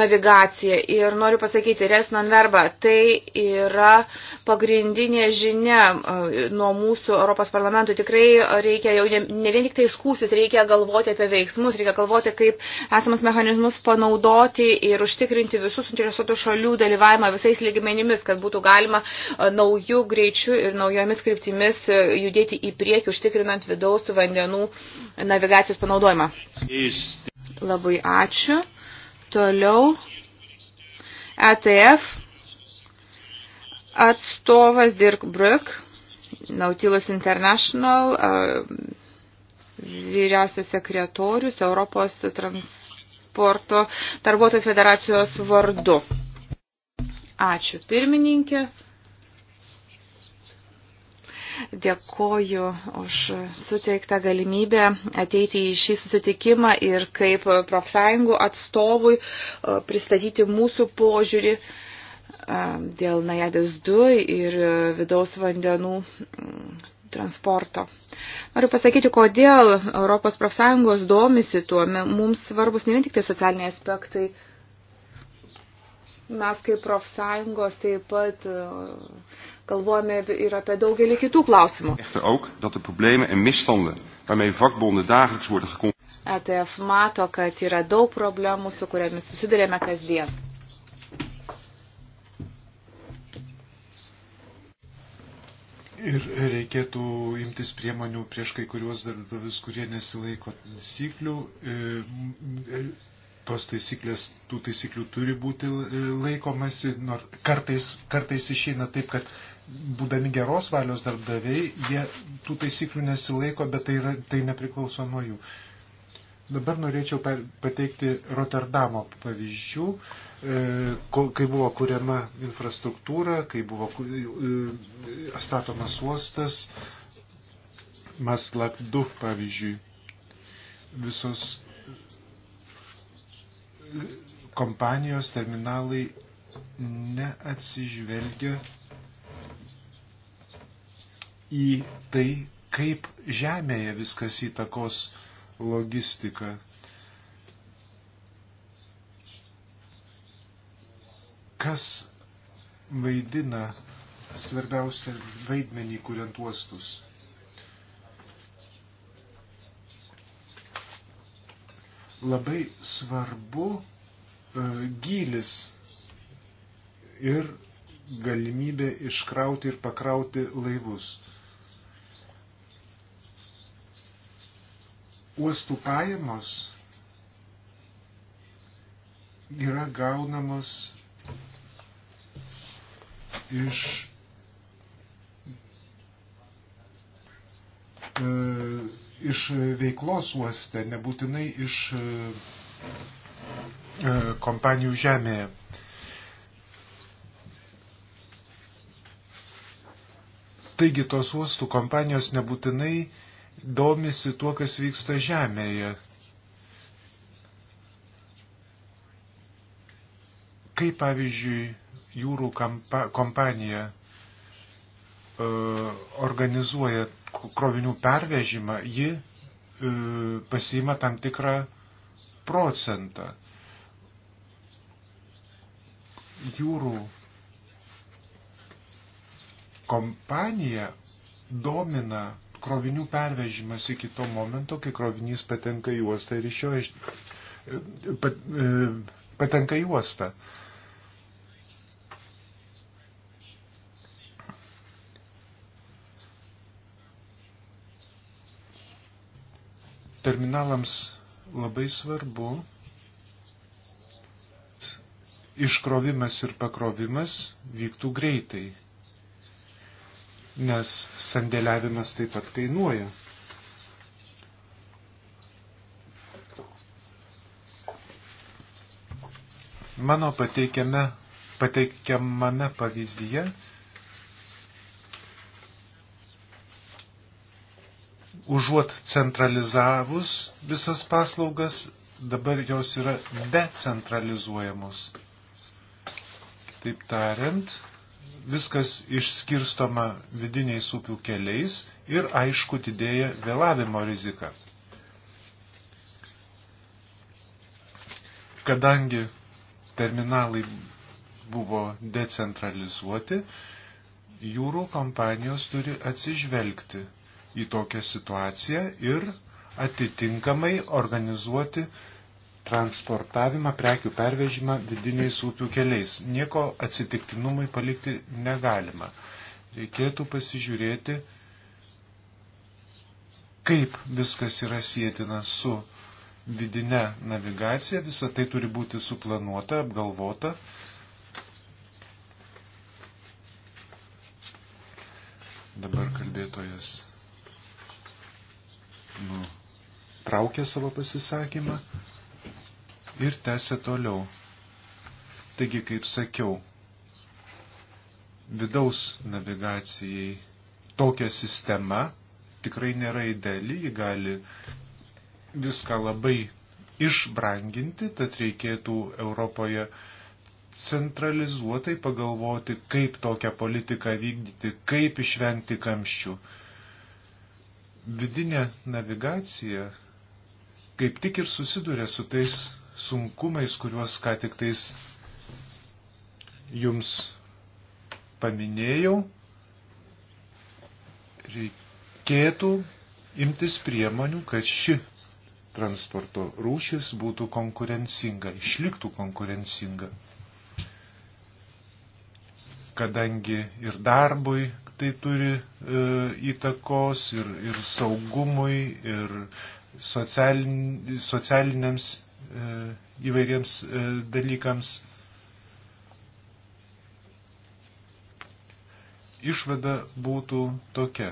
navigaciją. Ir noriu pasakyti, res non verba, tai yra pagrindinė žinia uh, nuo mūsų Europos parlamentų. Tikrai reikia jau ne, ne vien tik tai skūsis, reikia galvoti apie veiksmus, reikia galvoti, kaip esamas mechanizmus panaudoti ir užtikrinti visus interesuotų šalių dalyvavimą visais lygmenimis, kad būtų galima uh, naujų kokiu greičiu ir naujomis kryptimis e, judėti į priekį, užtikrinant vidaus vandenų navigacijos panaudojimą. Labai ačiū. Toliau ETF atstovas Dirk Brück, Nautilus International, e, vyriausias sekretorius Europos transporto darbuotojų federacijos vardu. Ačiū pirmininkė. Dėkoju už suteiktą galimybę ateiti į šį susitikimą ir kaip profsąjungų atstovui e, pristatyti mūsų požiūrį e, dėl Najadės 2 ir vidaus vandenų mm, transporto. Noriu pasakyti, kodėl Europos profsąjungos domisi tuo. Mums svarbus ne vien tik tai socialiniai aspektai. Mes kaip profsąjungos taip pat e, galvojame ir apie daugelį kitų klausimų. ETF er e mato, kad yra daug problemų, su kuriamis susidurėme kasdien. Ir reikėtų imtis priemonių prieš kai kuriuos darbdavius, kurie nesilaiko taisyklių. E, e, tos taisyklės, tų taisyklių turi būti laikomasi, nors kartais, kartais išeina taip, kad būdami geros valios darbdaviai, jie tų taisyklių nesilaiko, bet tai, yra, tai nepriklauso nuo jų. Dabar norėčiau pateikti Rotterdamo pavyzdžių, e, kai buvo kuriama infrastruktūra, kai buvo e, statomas uostas, Maslak 2 pavyzdžiui. Visos kompanijos terminalai neatsižvelgia į tai, kaip žemėje viskas įtakos logistiką. Kas vaidina svarbiausią vaidmenį, kuriant uostus? Labai svarbu e, gylis ir galimybė iškrauti ir pakrauti laivus. uostų pajamos yra gaunamos iš e, iš veiklos uoste, nebūtinai iš e, e kompanijų žemėje. Taigi tos uostų kompanijos nebūtinai e, domisi tuo, kas vyksta Žemėje. Kaip pavyzdžiui jūrų kompanija e, organizuoja krovinių pervežimą, ji e, pasiima tam tikrą procentą. Jūrų kompanija domina krovinių pervežimas iki to momento, kai krovinys patenka į uostą ir iš jo iš... E, pat, e, patenka į uostą. Terminalams labai svarbu iškrovimas ir pakrovimas vyktų greitai, nes sandėliavimas taip pat kainuoja. Mano pateikiame, pateikiamame pavyzdyje užuot centralizavus visas paslaugas, dabar jos yra decentralizuojamos. Taip tariant, viskas išskirstoma vidiniais upių keliais ir aišku didėja vėlavimo rizika. Kadangi terminalai buvo decentralizuoti, jūrų kompanijos turi atsižvelgti į tokią situaciją ir atitinkamai organizuoti uh, transportavimą, prekių pervežimą vidiniais upių keliais. Nieko atsitiktinumui palikti negalima. Reikėtų pasižiūrėti, kaip viskas yra sėtina su vidinė navigacija. Visa tai turi būti suplanuota, apgalvota. Dabar kalbėtojas nu, traukė savo pasisakymą ir tęsė toliau. Taigi, kaip sakiau, vidaus navigacijai tokia sistema tikrai nėra ideali, ji gali viską labai išbranginti, tad reikėtų Europoje centralizuotai pagalvoti, kaip tokią politiką vykdyti, kaip išvengti kamščių. Vidinė navigacija kaip tik ir susiduria su tais sunkumais, kuriuos ką tik tais jums paminėjau, reikėtų imtis priemonių, kad ši transporto rūšis būtų konkurencinga, išliktų konkurencinga. Kadangi ir darbui tai turi e, įtakos, ir, ir saugumui, ir socialin, socialiniams E, įvairiems e, dalykams. Išvada būtų tokia.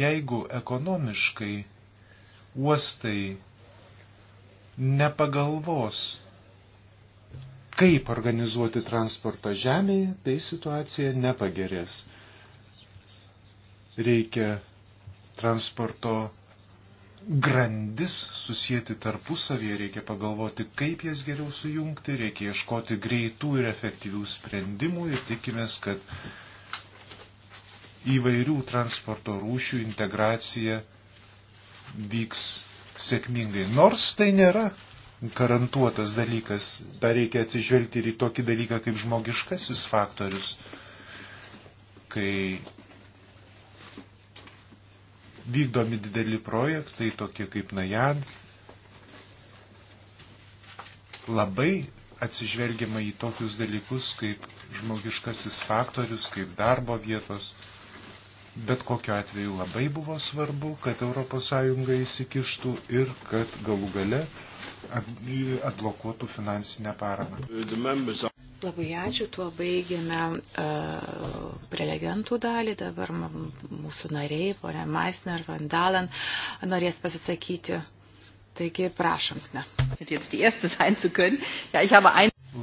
Jeigu ekonomiškai uostai nepagalvos, kaip organizuoti transportą žemėje, tai situacija nepagerės. Reikia transporto grandis susijęti tarpusavyje, reikia pagalvoti, kaip jas geriau sujungti, reikia ieškoti greitų ir efektyvių sprendimų ir tikimės, kad įvairių transporto rūšių integracija vyks sėkmingai. Nors tai nėra garantuotas dalykas, dar reikia atsižvelgti ir į tokį dalyką kaip žmogiškasis faktorius, kai vykdomi dideli projektai, tokie kaip Najad, labai atsižvelgiama į tokius dalykus kaip žmogiškasis faktorius, kaip darbo vietos. Bet kokiu atveju labai buvo svarbu, kad ES įsikištų ir kad galų gale atblokuotų finansinę paramą. Labai ačiū, tuo baigiame uh, e, prelegentų dalį. Dabar mūsų nariai, ponė Maisner, Vandalan, norės pasisakyti. Taigi, prašom, ne.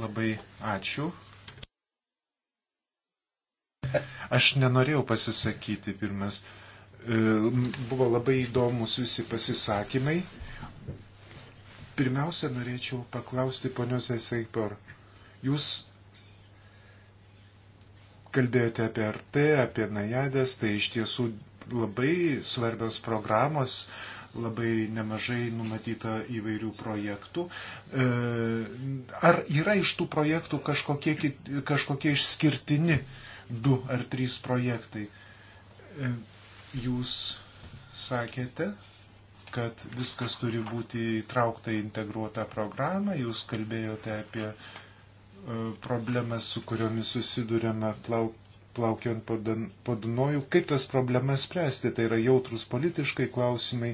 Labai ačiū. Aš nenorėjau pasisakyti pirmas. E, buvo labai įdomus visi pasisakymai. Pirmiausia, norėčiau paklausti ponios Eseipor. Jūs kalbėjote apie RT, apie Najadės, tai iš tiesų labai svarbios programos, labai nemažai numatyta įvairių projektų. E, ar yra iš tų projektų kažkokie, kažkokie išskirtini du ar trys projektai? E, jūs sakėte, kad viskas turi būti įtraukta į integruotą programą, jūs kalbėjote apie E, problemas, su kuriomis susidurėme plauk, plaukiant po Dunoju, kaip tas problemas spręsti. Tai yra jautrus politiškai klausimai,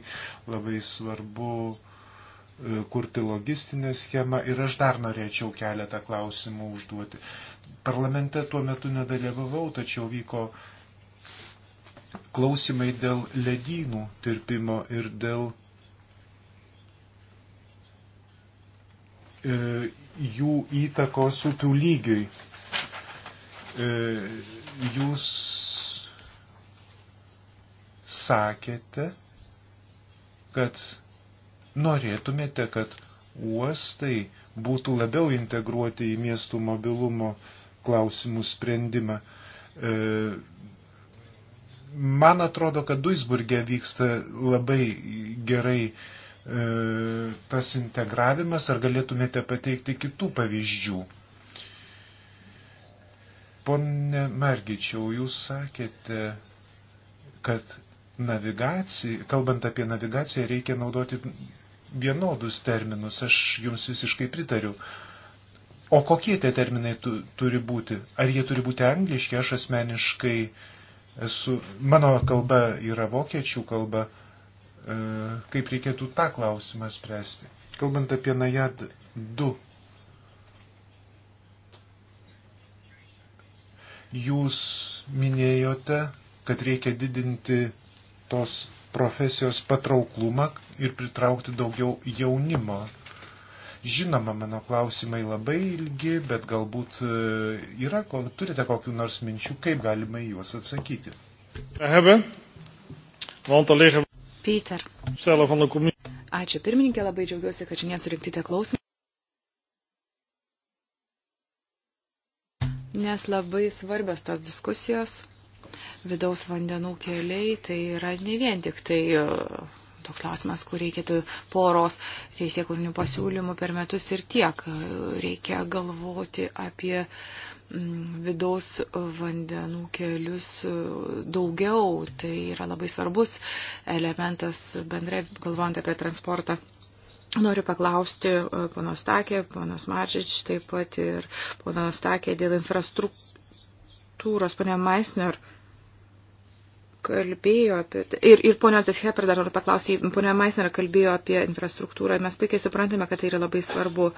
labai svarbu e, kurti logistinę schemą ir aš dar norėčiau keletą klausimų užduoti. Parlamente tuo metu nedalyvavau, tačiau vyko klausimai dėl ledynų tirpimo ir dėl e, jų įtakos upių lygiui. E, jūs sakėte, kad norėtumėte, kad uostai būtų labiau integruoti į miestų mobilumo klausimų sprendimą. E, man atrodo, kad Duisburgė vyksta labai gerai E, tas integravimas, ar galėtumėte pateikti kitų pavyzdžių? Pone Margičiau, jūs sakėte, kad navigacijai, kalbant apie navigaciją, reikia naudoti vienodus terminus. Aš jums visiškai pritariu. O kokie tie terminai tu, turi būti? Ar jie turi būti angliški? Aš asmeniškai esu, mano kalba yra vokiečių kalba. E, kaip reikėtų tą klausimą spręsti. Kalbant apie Najad 2, jūs minėjote, kad reikia didinti tos profesijos patrauklumą ir pritraukti daugiau jaunimo. Žinoma, mano klausimai labai ilgi, bet galbūt e, yra, turite kokiu nors minčių, kaip galima juos atsakyti. Hebben, want er liggen Peter. Ačiū pirmininkė, labai džiaugiuosi, kad šiandien surinkti tie klausimai. Nes labai svarbios tos diskusijos, vidaus vandenų keliai, tai yra ne vien tik tai uh, toks klausimas, kur reikėtų poros teisėkūrinių pasiūlymų per metus ir tiek. Reikia galvoti apie mm, vidaus vandenų kelius daugiau. Tai yra labai svarbus elementas bendrai galvojant apie transportą. Noriu paklausti e, pono Stakė, pono Smarčič taip pat ir pono Stakė dėl infrastruktūros, pono Maisner kalbėjo apie, tai. ir, ir ponios Esheper dar noriu paklausyti, ponia Maisner kalbėjo apie infrastruktūrą, mes puikiai suprantame, kad tai yra labai svarbu,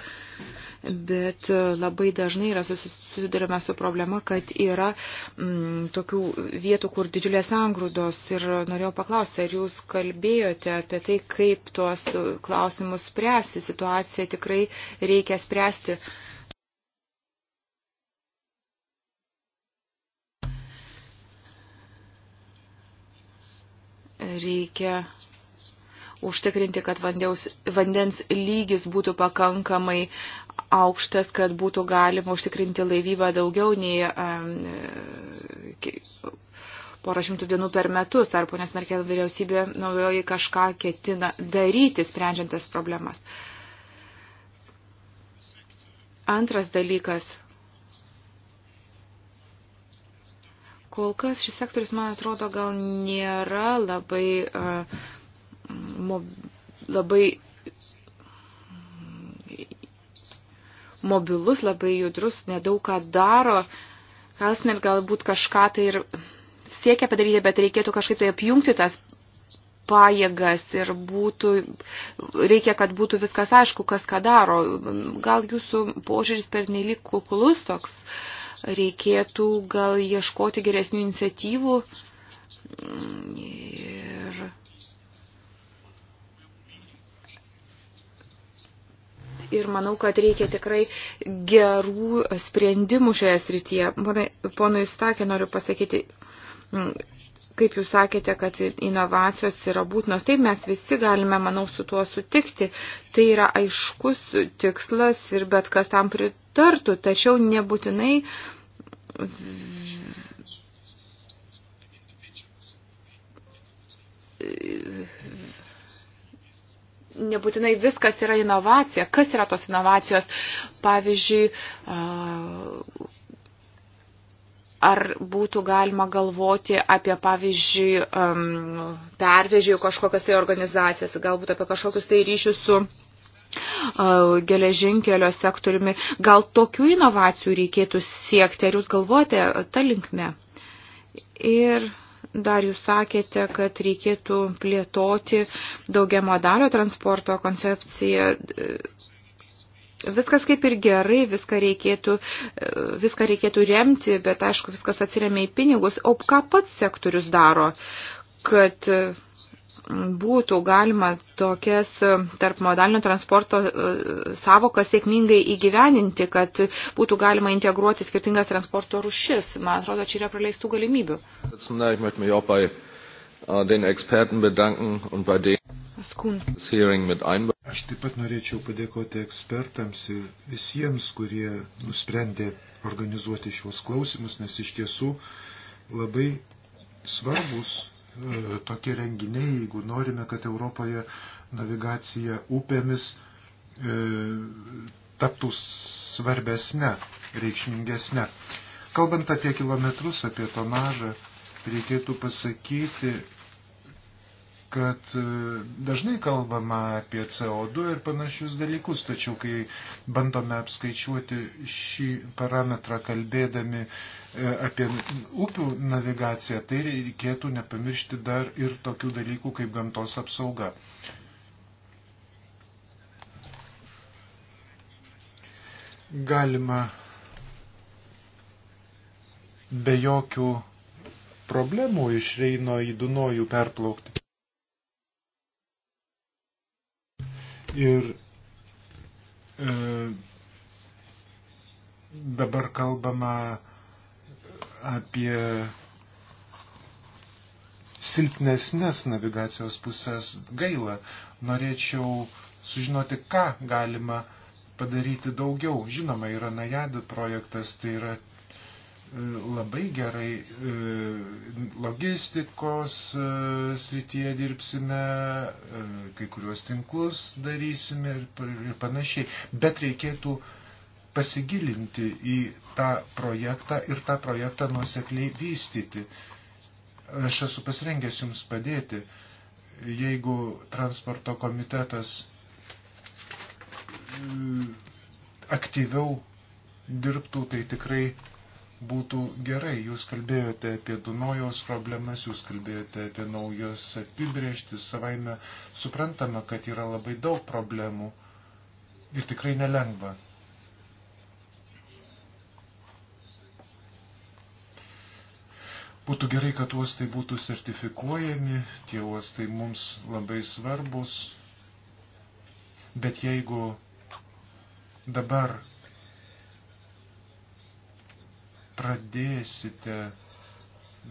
bet labai dažnai yra susidurime su problema, kad yra m, mm, tokių vietų, kur didžiulės angrūdos ir norėjau paklausti, ar jūs kalbėjote apie tai, kaip tuos klausimus spręsti, situaciją tikrai reikia spręsti. Uh, reikia užtikrinti, kad vandens, vandens lygis būtų pakankamai aukštas, kad būtų galima užtikrinti laivybą daugiau nei um, porą šimtų dienų per metus. Ar ponės Merkel vyriausybė naujoji kažką ketina daryti, sprendžiantas problemas? Antras dalykas Kol kas šis sektorius, man atrodo, gal nėra labai, e, labai mobilus, labai judrus, nedaug ką daro. Kas net galbūt kažką tai ir siekia padaryti, bet reikėtų kažkaip tai apjungti tas pajėgas ir būtų, reikia, kad būtų viskas aišku, kas ką daro. Gal jūsų požiūris per nelik kuklus toks, uh, reikėtų gal ieškoti geresnių iniciatyvų ir ir manau, kad reikia tikrai gerų sprendimų šioje srityje. Ponui Stakė noriu pasakyti, kaip jūs sakėte, kad inovacijos yra būtinos. Taip mes visi galime, manau, su tuo sutikti. Tai yra aiškus tikslas ir bet kas tam prit, pritartų, tačiau nebūtinai nebūtinai viskas yra inovacija. Kas yra tos inovacijos? Pavyzdžiui, ar būtų galima galvoti apie, pavyzdžiui, pervežėjų kažkokias tai organizacijas, galbūt apie kažkokius tai ryšius su geležinkelio sektoriumi. Gal tokių inovacijų reikėtų siekti, ar jūs galvojate tą linkmę? Ir dar jūs sakėte, kad reikėtų plėtoti daugiamodalio transporto koncepciją. Viskas kaip ir gerai, viską reikėtų, viską reikėtų remti, bet aišku, viskas atsiriamia į pinigus. O ką pats sektorius daro, kad būtų galima tokias e, tarp modalinio transporto e, savokas sėkmingai įgyveninti, kad būtų galima integruoti skirtingas transporto rušis. Man atrodo, čia yra praleistų galimybių. Aš taip pat norėčiau padėkoti ekspertams ir visiems, kurie nusprendė organizuoti šiuos klausimus, nes iš tiesų labai svarbus E, tokie renginiai, jeigu norime, kad Europoje navigacija upėmis e, taptų svarbesnė, reikšmingesnė. Kalbant apie kilometrus, apie tonažą, reikėtų pasakyti, kad e, dažnai kalbama apie CO2 ir panašius dalykus, tačiau kai bandome apskaičiuoti šį parametrą kalbėdami e, apie upių navigaciją, tai reikėtų nepamiršti dar ir tokių dalykų kaip gamtos apsauga. Galima be jokių problemų iš Reino į Dunojų perplaukti. Ir e, dabar kalbama apie silpnesnės navigacijos pusės gaila. Norėčiau sužinoti, ką galima padaryti daugiau. Žinoma, yra Najadi projektas, tai yra labai gerai e, logistikos e, srityje dirbsime, e, kai kuriuos tinklus darysime ir panašiai. Bet reikėtų pasigilinti į tą projektą ir tą projektą nuosekliai vystyti. Aš esu pasirengęs Jums padėti, jeigu transporto komitetas aktyviau dirbtų, tai tikrai būtų gerai. Jūs kalbėjote apie Dunojaus problemas, jūs kalbėjote apie naujos apibrieštis, savaime suprantama, kad yra labai daug problemų ir tikrai nelengva. Būtų gerai, kad uostai būtų sertifikuojami, tie uostai mums labai svarbus, bet jeigu dabar pradėsite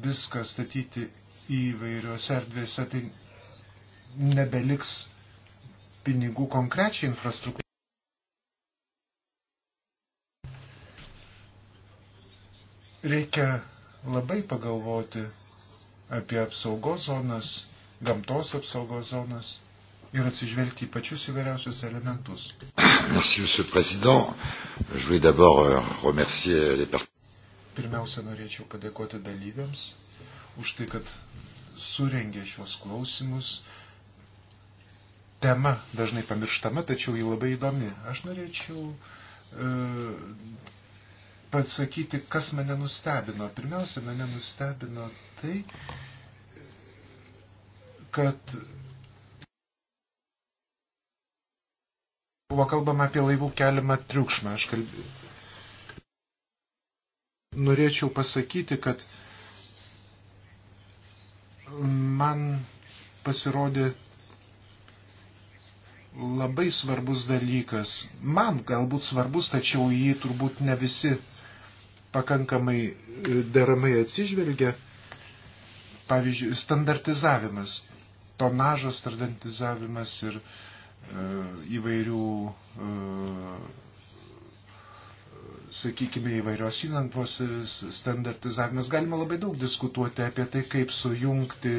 viską statyti įvairiuose erdvėse, tai nebeliks pinigų konkrečiai infrastruktūrai. Reikia labai pagalvoti apie apsaugos zonas, gamtos apsaugos zonas ir atsižvelgti į pačius įvairiausius elementus. Merci, Monsieur le Président. Je voulais d'abord euh, remercier les partenaires. Pirmiausia, norėčiau padėkoti dalyviams už tai, kad surengė šios klausimus. Tema dažnai pamirštama, tačiau ji labai įdomi. Aš norėčiau e, pasakyti, kas mane nustebino. Pirmiausia, mane nustebino tai, kad buvo kalbama apie laivų keliamą triukšmą. Aš kalbėjau norėčiau pasakyti, kad man pasirodė labai svarbus dalykas. Man galbūt svarbus, tačiau jį turbūt ne visi pakankamai e, deramai atsižvelgia. Pavyzdžiui, standartizavimas, tonažo standartizavimas ir e, įvairių e, sakykime, įvairios įlankos standartizavimas. Galima labai daug diskutuoti apie tai, kaip sujungti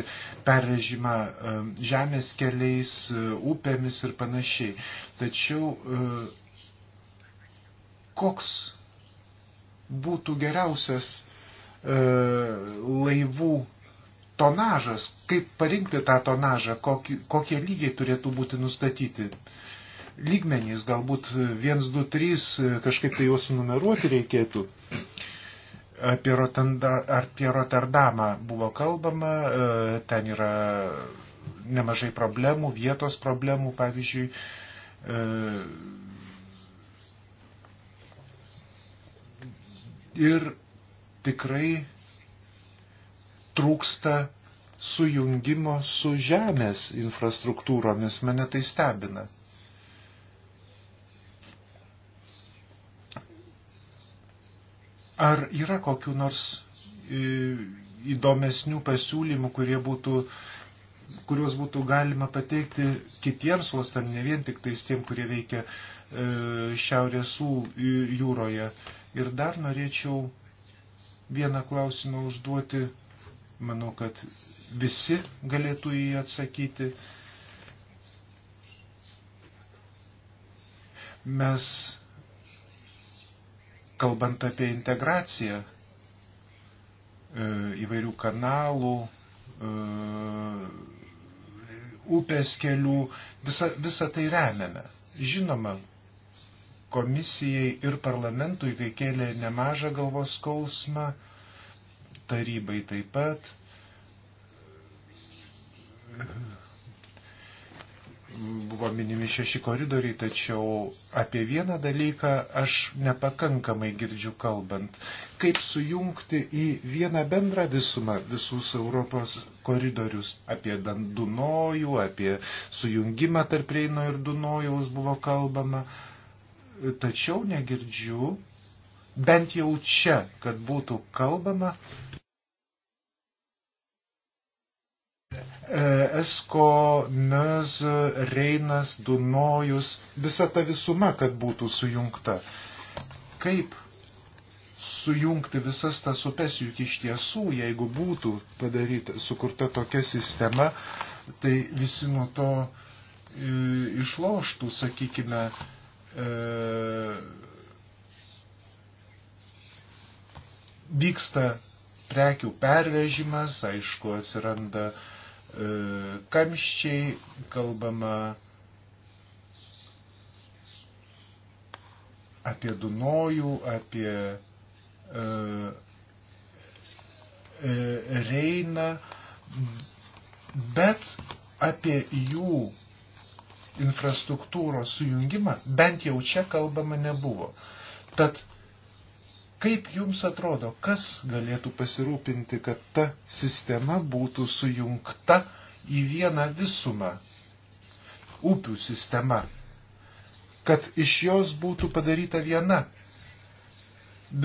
perrežimą e, žemės keliais, e, upėmis ir panašiai. Tačiau e, koks būtų geriausias laivų tonažas, kaip parinkti tą tonažą, kokie lygiai turėtų būti nustatyti. Uh, lygmenys, galbūt 1, 2, 3 kažkaip tai juos numeruoti reikėtų. Apie, Rotanda, apie Rotterdamą buvo kalbama, e, ten yra nemažai problemų, vietos problemų, pavyzdžiui, e, ir tikrai trūksta sujungimo su žemės infrastruktūromis, mane tai stebina. Ar yra kokiu nors e, įdomesnių pasiūlymų, kurie būtų, kuriuos būtų galima pateikti kitiems uostam, ne vien tik tais tiem, kurie veikia e, Šiaurės jūroje. Ir dar norėčiau vieną klausimą užduoti, manau, kad visi galėtų jį atsakyti. Mes kalbant apie integraciją e, įvairių kanalų, e, upės kelių, visą, visą tai remiame. Žinoma, komisijai ir parlamentui tai kėlė nemažą galvos skausmą, tarybai taip pat buvo minimi šeši koridoriai, tačiau apie vieną dalyką aš nepakankamai girdžiu kalbant. Kaip sujungti į vieną bendrą visumą visus Europos koridorius apie Dunojų, apie sujungimą tarp Reino ir Dunojaus buvo kalbama, tačiau negirdžiu bent jau čia, kad būtų kalbama Esko, Mez, Reinas, Dunojus, visa ta visuma, kad būtų sujungta. Kaip sujungti visas tas upes, juk iš tiesų, jeigu būtų padaryta, sukurta tokia sistema, tai visi nuo to e, išloštų, sakykime, e, vyksta prekių pervežimas, aišku, atsiranda e, E, kamščiai, kalbama apie Dunojų, apie e, e, Reiną, bet apie jų infrastruktūros sujungimą bent jau čia kalbama nebuvo. Tad Kaip jums atrodo, kas galėtų pasirūpinti, kad ta sistema būtų sujungta į vieną visumą? Upių sistema. Kad iš jos būtų padaryta viena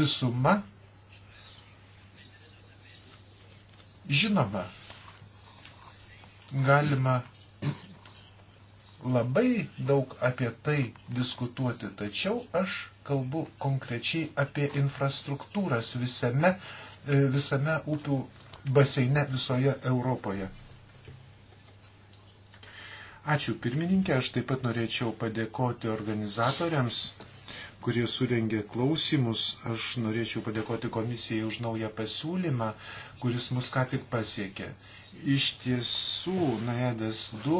visuma. Žinoma, galima labai daug apie tai diskutuoti, tačiau aš kalbu konkrečiai apie infrastruktūras visame, e, visame upių baseine visoje Europoje. Ačiū pirmininkė, aš taip pat norėčiau padėkoti organizatoriams kurie surengė klausimus. Aš norėčiau padėkoti komisijai už naują pasiūlymą, kuris mus ką tik pasiekė. Iš tiesų, Naedas 2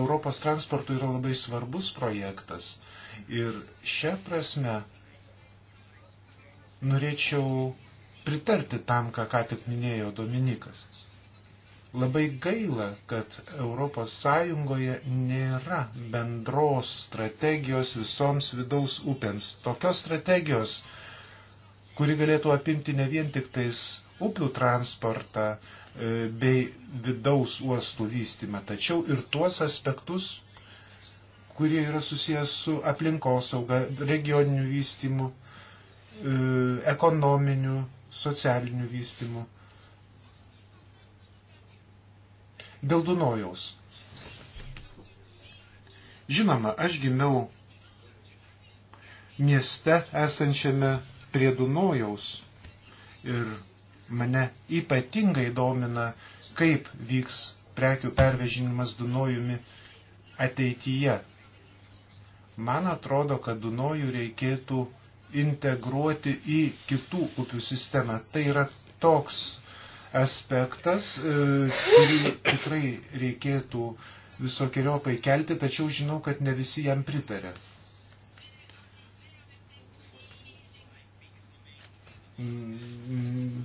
Europos transportui yra labai svarbus projektas. Ir šią prasme norėčiau pritarti tam, ką ką tik minėjo Dominikas. Labai gaila, kad ES nėra bendros strategijos visoms vidaus upėms. Tokios strategijos, kuri galėtų apimti ne vien tik tais upių transportą e, bei vidaus uostų vystymą, tačiau ir tuos aspektus, kurie yra susijęs su aplinkosauga, regioniniu vystymu, e, ekonominiu, socialiniu vystymu. Dėl Dunojaus. Žinoma, aš gimiau mieste esančiame prie Dunojaus ir mane ypatingai domina, kaip vyks prekių pervežinimas Dunojumi ateityje. Man atrodo, kad Dunojų reikėtų integruoti į kitų upių sistemą. Tai yra toks aspektas, e, kurį tikrai reikėtų visokiojopai kelti, tačiau žinau, kad ne visi jam pritarė.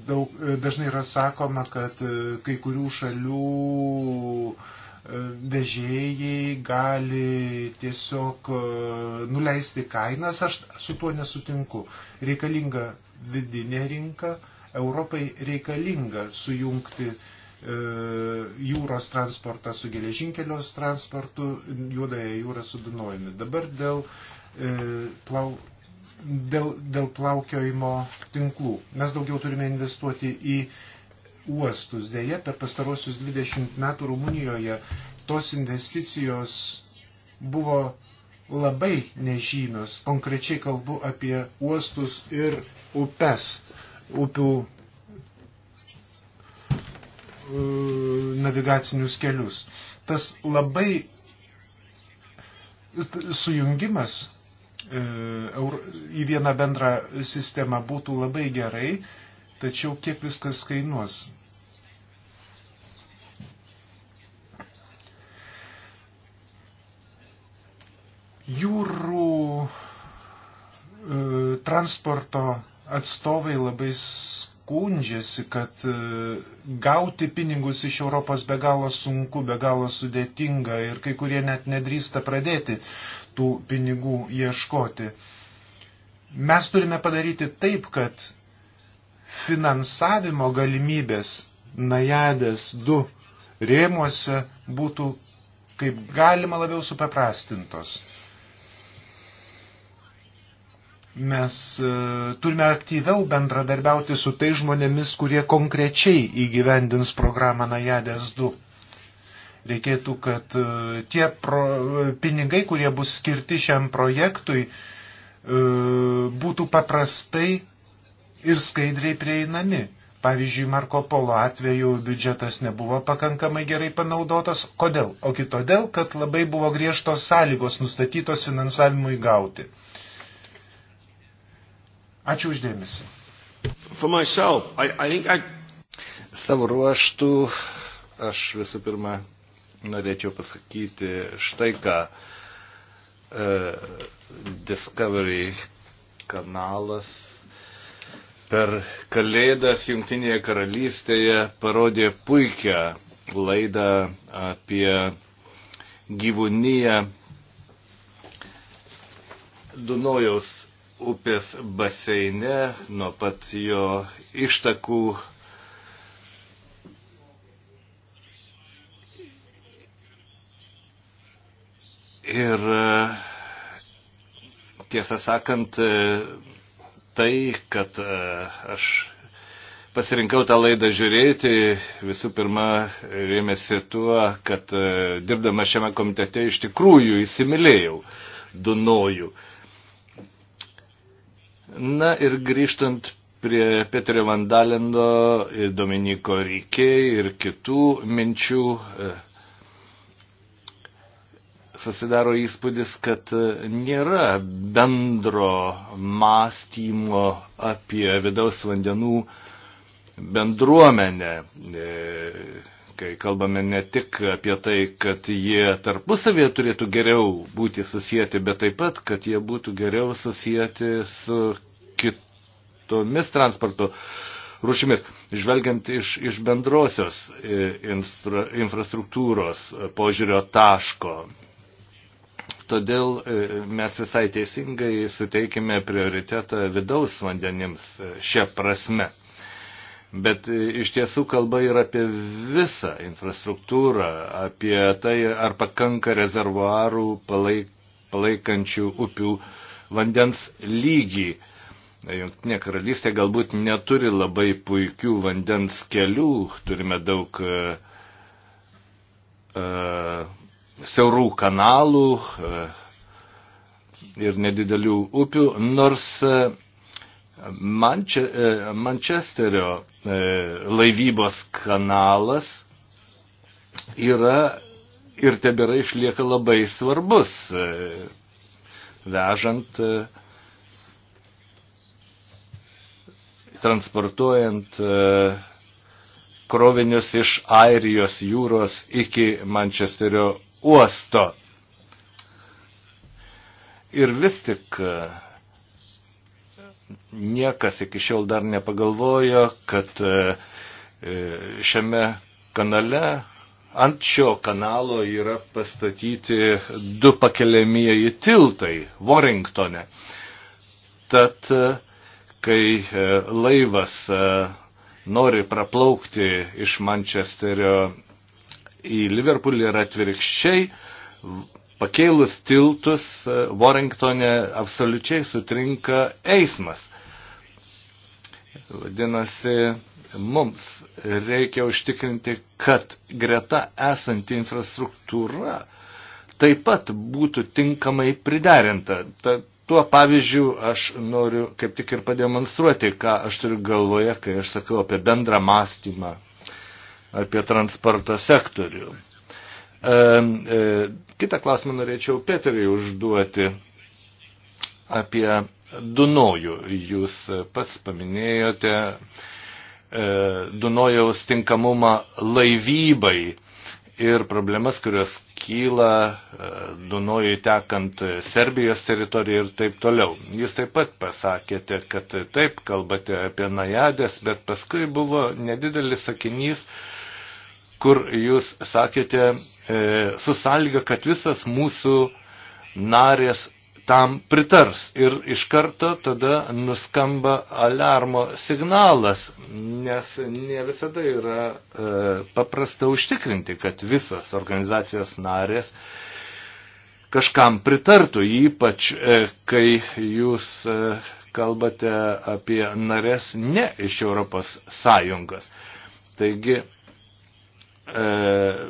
Daug, e, dažnai yra sakoma, kad e, kai kurių šalių vežėjai gali tiesiog nuleisti kainas, aš su tuo nesutinku. Reikalinga vidinė rinka, Europai reikalinga sujungti e, jūros transportą su geležinkelios transportu, juodąją jūrą su Dunojumi. Dabar dėl, e, plau, dėl, dėl plaukiojimo tinklų. Mes daugiau turime investuoti į uostus. Deja, per pastarosius 20 metų Rumunijoje tos investicijos buvo labai nežymios. Konkrečiai kalbu apie uostus ir upes. E, upių e, navigacinius kelius. Tas labai sujungimas e, į vieną bendrą sistemą būtų labai gerai, tačiau kiek viskas kainuos. Jūrų e, transporto atstovai labai skundžiasi, kad e, gauti pinigus iš Europos be galo sunku, be galo sudėtinga ir kai kurie net nedrįsta pradėti tų pinigų ieškoti. Mes turime padaryti taip, kad finansavimo galimybės najadės 2 rėmuose būtų kaip galima labiau supaprastintos. Mes e, turime aktyviau bendradarbiauti su tai žmonėmis, kurie konkrečiai įgyvendins programą Najadės 2. Reikėtų, kad e, tie pro, pinigai, kurie bus skirti šiam projektui, e, būtų paprastai ir skaidriai prieinami. Pavyzdžiui, Marko Polo atveju biudžetas nebuvo pakankamai gerai panaudotas. Kodėl? Ogi todėl, kad labai buvo griežtos sąlygos nustatytos finansavimui gauti. Ačiū uždėmesi. Myself, I, I I... Savo ruoštų aš visų pirma norėčiau pasakyti štai ką. E, Discovery kanalas per Kalėdas Junktinėje karalystėje parodė puikią laidą apie gyvūniją Dunojaus upės baseine nuo pat jo ištakų Ir tiesą sakant, tai, kad aš pasirinkau tą laidą žiūrėti, visų pirma, rėmėsi tuo, kad dirbdama šiame komitete iš tikrųjų įsimylėjau Dunojų. Uh, Na ir grįžtant prie Peterio Vandalendo, Dominiko Rykiai ir kitų minčių, e, susidaro įspūdis, kad e, nėra bendro mąstymo apie vidaus vandenų bendruomenę. E, kai kalbame ne tik apie tai, kad jie tarpusavėje turėtų geriau būti susijęti, bet taip pat, kad jie būtų geriau susijęti su kitomis transporto rušimis. Žvelgiant iš, iš bendrosios e, instra, infrastruktūros e, požiūrio taško, todėl e, mes visai teisingai suteikime prioritetą vidaus vandenims šią prasme. Bet e, iš tiesų kalba yra apie visą infrastruktūrą, apie tai, ar pakanka rezervuarų palaik, palaikančių upių vandens lygį. Junktinė karalystė galbūt neturi labai puikių vandens kelių, turime daug uh, siaurų kanalų uh, ir nedidelių upių, nors uh, Manče, e, Mančesterio e, laivybos kanalas yra ir tebėra išlieka labai svarbus, e, vežant, transportuojant krovinius iš Airijos jūros iki Mančesterio uosto. Ir vis tik niekas iki šiol dar nepagalvojo, kad e, e, šiame kanale, ant šio kanalo yra pastatyti du pakeliamieji tiltai Warringtone. Tad, e, kai laivas nori praplaukti iš Mančesterio į Liverpoolį ir atvirkščiai, Pakeilus tiltus e, Warringtone absoliučiai sutrinka eismas. Vadinasi, mums reikia užtikrinti, kad greta esanti infrastruktūra taip pat būtų tinkamai priderinta. Ta, tuo pavyzdžiu aš noriu kaip tik ir pademonstruoti, ką aš turiu galvoje, kai aš sakau apie bendrą mąstymą, apie transporto sektorių. E, kitą klausimą norėčiau Peteriai užduoti apie Dunojų. Jūs pats paminėjote e, Dunojaus tinkamumą laivybai ir problemas, kurios kyla e, Dunojui tekant Serbijos teritoriją ir taip toliau. Jūs taip pat pasakėte, kad taip kalbate apie Najadės, bet paskui buvo nedidelis sakinys, kur jūs sakėte, e, su sąlyga, kad visas mūsų narės tam pritars. Ir iš karto tada nuskamba alarmo signalas, nes ne visada yra e, paprasta užtikrinti, kad visas organizacijos narės kažkam pritartų, ypač e, kai jūs kalbate apie narės ne iš Europos Sąjungos. Taigi E,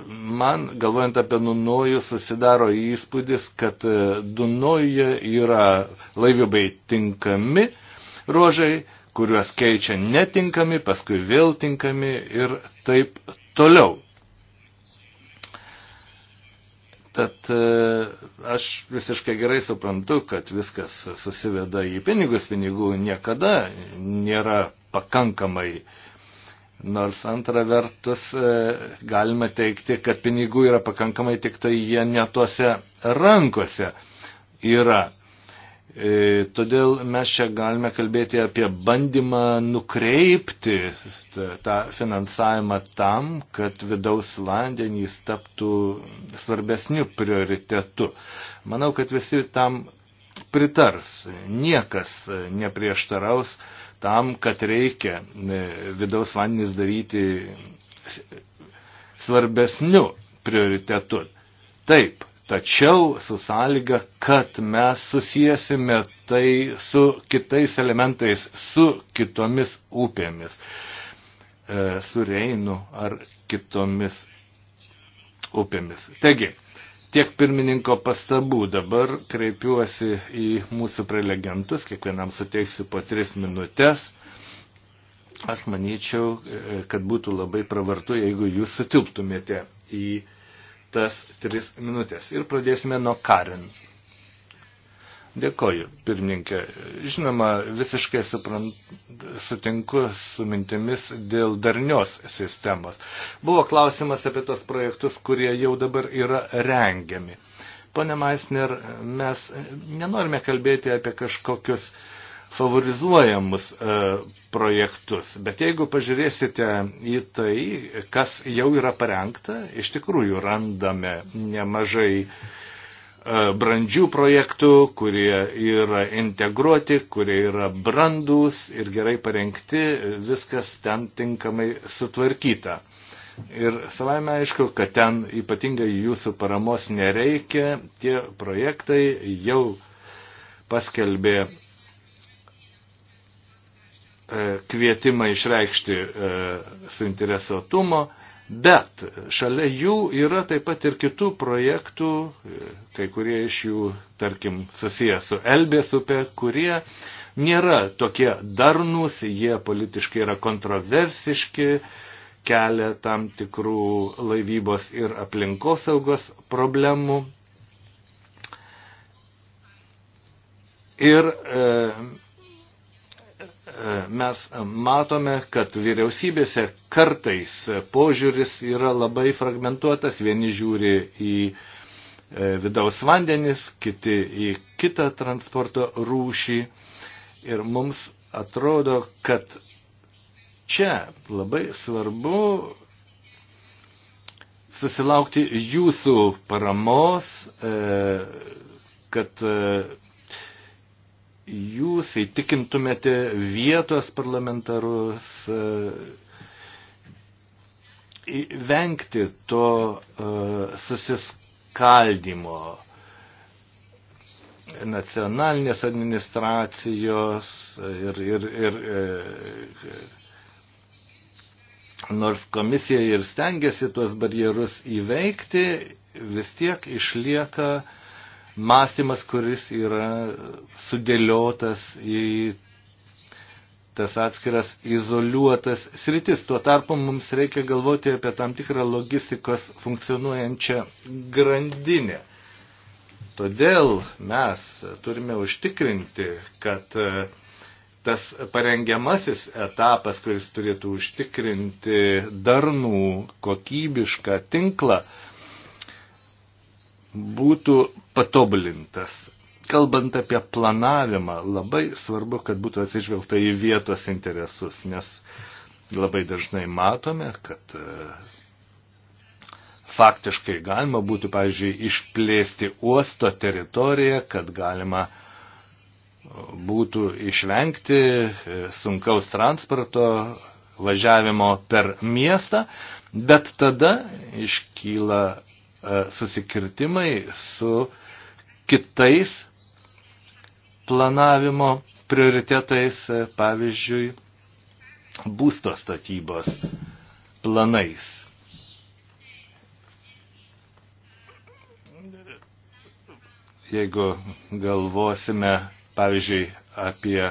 man, galvojant apie Dunojų, susidaro įspūdis, kad e, Dunojuje yra laivybai tinkami ruožai, kuriuos keičia netinkami, paskui vėl tinkami ir taip toliau. Tad e, aš visiškai gerai suprantu, kad viskas susiveda į pinigus, pinigų niekada nėra pakankamai uh, Nors antra vertus e, galima teikti, kad pinigų yra pakankamai, tik tai jie netuose rankose yra. E, todėl mes čia galime kalbėti apie bandymą nukreipti tą finansavimą tam, kad vidaus vandenys taptų svarbesniu prioritetu. Manau, kad visi tam pritars, niekas neprieštaraus. E, tam, kad reikia e, vidaus vandenis daryti svarbesniu prioritetu. Taip, tačiau su sąlyga, kad mes susijęsime tai su kitais elementais, su kitomis upėmis, e, su Reinu ar kitomis upėmis. Taigi, Tiek pirmininko pastabų. Dabar kreipiuosi į mūsų prelegentus, kiekvienam suteiksiu po tris minutės. Aš manyčiau, e, kad būtų labai pravartu, jeigu jūs sutilptumėte į tas tris minutės. Ir pradėsime nuo Karin. Dėkoju, pirmininkė. Žinoma, visiškai suprant, sutinku su mintimis dėl darnios sistemos. Buvo klausimas apie tos projektus, kurie jau dabar yra rengiami. Pone Maisner, mes nenorime kalbėti apie kažkokius favorizuojamus e, projektus, bet jeigu pažiūrėsite į tai, kas jau yra parengta, iš tikrųjų randame nemažai e, E, brandžių projektų, kurie yra integruoti, kurie yra brandūs ir gerai parengti, viskas ten tinkamai sutvarkyta. Ir savaime aišku, kad ten ypatingai jūsų paramos nereikia, tie projektai jau paskelbė e, kvietimą išreikšti e, suinteresuotumo Bet šalia jų yra taip pat ir kitų projektų, kai kurie iš jų, tarkim, susijęs su Elbės upė, kurie nėra tokie darnus, jie politiškai yra kontroversiški, kelia tam tikrų laivybos ir aplinkosaugos problemų. Ir e, mes matome, kad vyriausybėse kartais požiūris yra labai fragmentuotas, vieni žiūri į e, vidaus vandenis, kiti į kitą transporto rūšį. Ir mums atrodo, kad čia labai svarbu susilaukti jūsų paramos, e, kad e, jūs įtikintumėte vietos parlamentarus e, vengti to e, susiskaldimo nacionalinės administracijos ir, ir, ir e, nors komisija ir stengiasi tuos barjerus įveikti, vis tiek išlieka uh, mąstymas, kuris yra sudėliotas į tas atskiras izoliuotas sritis. Tuo tarpu mums reikia galvoti apie tam tikrą logistikos funkcionuojančią grandinę. Todėl mes turime užtikrinti, kad e, tas parengiamasis etapas, kuris turėtų užtikrinti darnų, kokybišką tinklą, būtų patobulintas. Kalbant apie planavimą, labai svarbu, kad būtų atsižvelgta į vietos interesus, nes labai dažnai matome, kad e, faktiškai galima būtų, pavyzdžiui, išplėsti uosto teritoriją, kad galima būtų išvengti e, sunkaus transporto važiavimo per miestą, bet tada iškyla E, susikirtimai su kitais planavimo prioritetais, e, pavyzdžiui, būsto statybos planais. Jeigu galvosime, pavyzdžiui, apie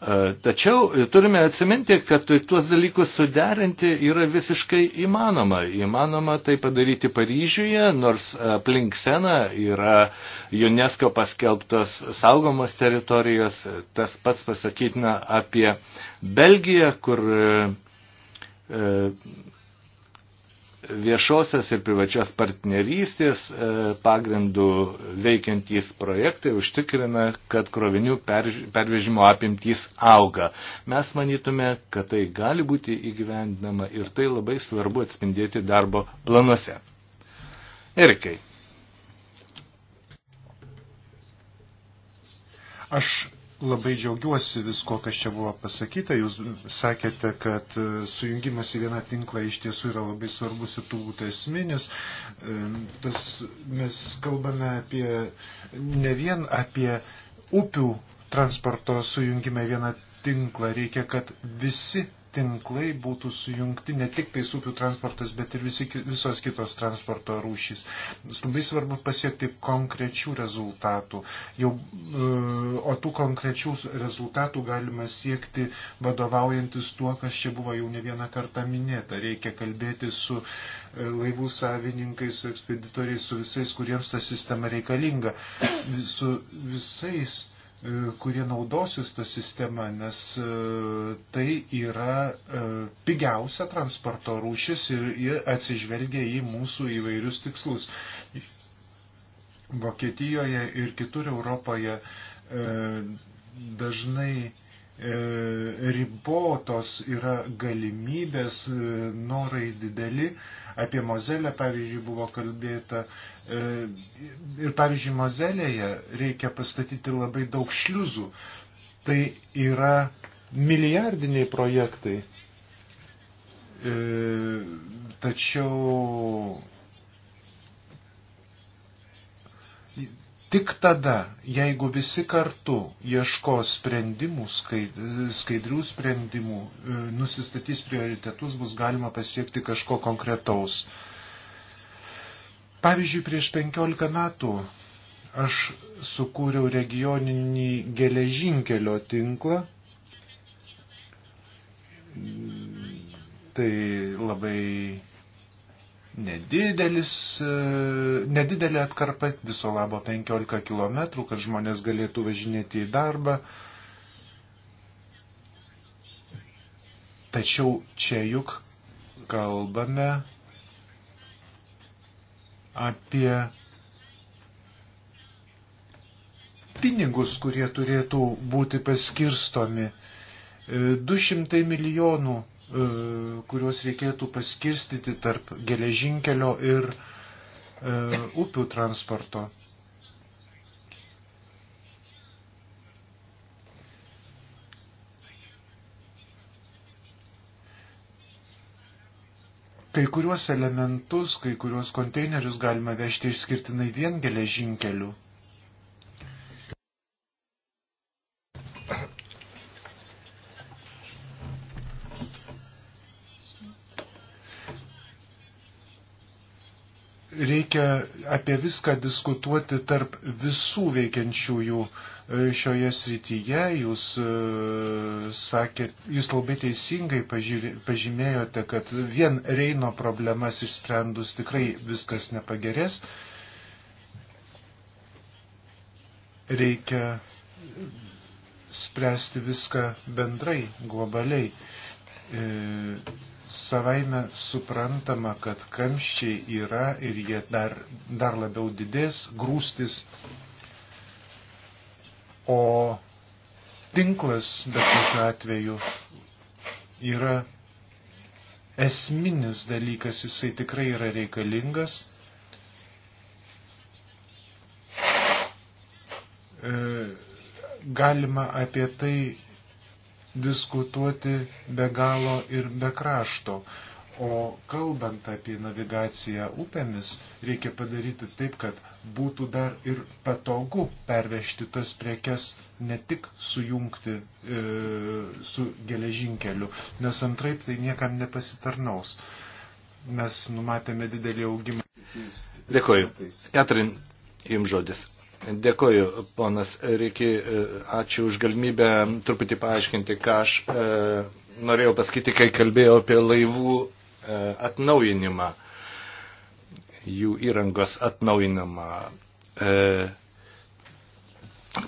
E, tačiau turime atsiminti, kad tai tuos dalykus suderinti yra visiškai įmanoma. Įmanoma tai padaryti Paryžiuje, nors aplink Seną yra UNESCO paskelbtos saugomos teritorijos. Tas pats pasakytina apie Belgiją, kur e, viešosios ir privačios partnerystės e, pagrindų veikiantys projektai užtikrina, kad krovinių pervežimo apimtys auga. Mes manytume, kad tai gali būti įgyvendinama ir tai labai svarbu atspindėti darbo planuose. Erikai. Aš Labai džiaugiuosi visko, kas čia buvo pasakyta. Jūs sakėte, kad e, sujungimas į vieną tinklą iš tiesų yra labai svarbus ir turbūt esminis. E, tas, mes kalbame apie, ne vien apie upių transporto sujungimą į vieną tinklą. Reikia, kad visi tinklai būtų sujungti ne tik tais upių transportas, bet ir visi, visos kitos transporto rūšys. Labai svarbu pasiekti konkrečių rezultatų. Jau, e, o tų konkrečių rezultatų galima siekti vadovaujantis tuo, kas čia buvo jau ne vieną kartą minėta. Reikia kalbėti su e, laivų savininkais, su ekspeditoriais, su visais, kuriems ta sistema reikalinga. Su visais E, kurie naudosis tą sistemą, nes e, tai yra e, pigiausia transporto rūšis ir atsižvelgia į mūsų įvairius tikslus. Vokietijoje ir kitur Europoje dažnai E, ribotos yra galimybės, e, norai dideli. Apie Mozelę, pavyzdžiui, buvo kalbėta. E, ir, pavyzdžiui, Mozelėje reikia pastatyti labai daug šliuzų. Tai yra milijardiniai projektai. Tačiau Tik tada, jeigu visi kartu ieško sprendimų, skaidrių sprendimų, e, nusistatys prioritetus, bus galima pasiekti kažko konkretaus. Pavyzdžiui, prieš 15 metų aš sukūriau regioninį geležinkelio tinklą. Tai labai nedidelis, e, nedidelė atkarpa, viso labo 15 km, kad žmonės galėtų važinėti į darbą. Tačiau čia juk kalbame apie pinigus, kurie turėtų būti paskirstomi. 200 e, milijonų E, kuriuos reikėtų paskirstyti tarp geležinkelio ir e, upių transporto. Kai kuriuos elementus, kai kuriuos konteinerius galima vežti išskirtinai vien geležinkeliu. reikia apie viską diskutuoti tarp visų veikiančiųjų e, šioje srityje. Jūs, e, sakėt, jūs labai teisingai pažymėjote, kad vien Reino problemas išsprendus tikrai viskas nepagerės. Reikia spręsti viską bendrai, globaliai e, savaime suprantama, kad kamščiai yra ir jie dar, dar labiau didės, grūstis, o tinklas bet kokiu atveju yra esminis dalykas, jisai tikrai yra reikalingas. E, galima apie tai diskutuoti be galo ir be krašto. O kalbant apie navigaciją upėmis, reikia padaryti taip, kad būtų dar ir patogu pervežti tas prekes, ne tik sujungti e, su geležinkeliu, nes antraip tai niekam nepasitarnaus. Mes numatėme didelį augimą. Dėkoju. Katrin, jums žodis. Dėkoju, ponas Riki, ačiū už galimybę truputį paaiškinti, ką aš e, norėjau pasakyti, kai kalbėjau apie laivų e, atnaujinimą, jų įrangos atnaujinimą. E,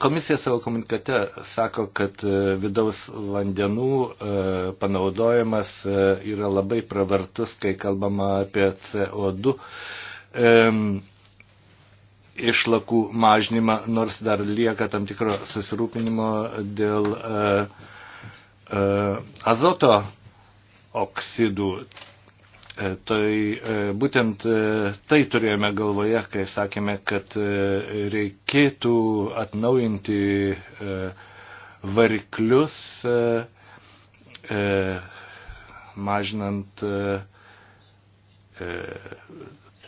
komisija savo komunikate sako, kad e, vidaus vandenų e, panaudojimas e, yra labai pravartus, kai kalbama apie CO2. E, išlakų mažnymą, nors dar lieka tam tikro susirūpinimo dėl e, e, azoto oksidų. E, tai e, būtent e, tai turėjome galvoje, kai sakėme, kad e, reikėtų atnaujinti e, variklius, e, e, mažinant e, e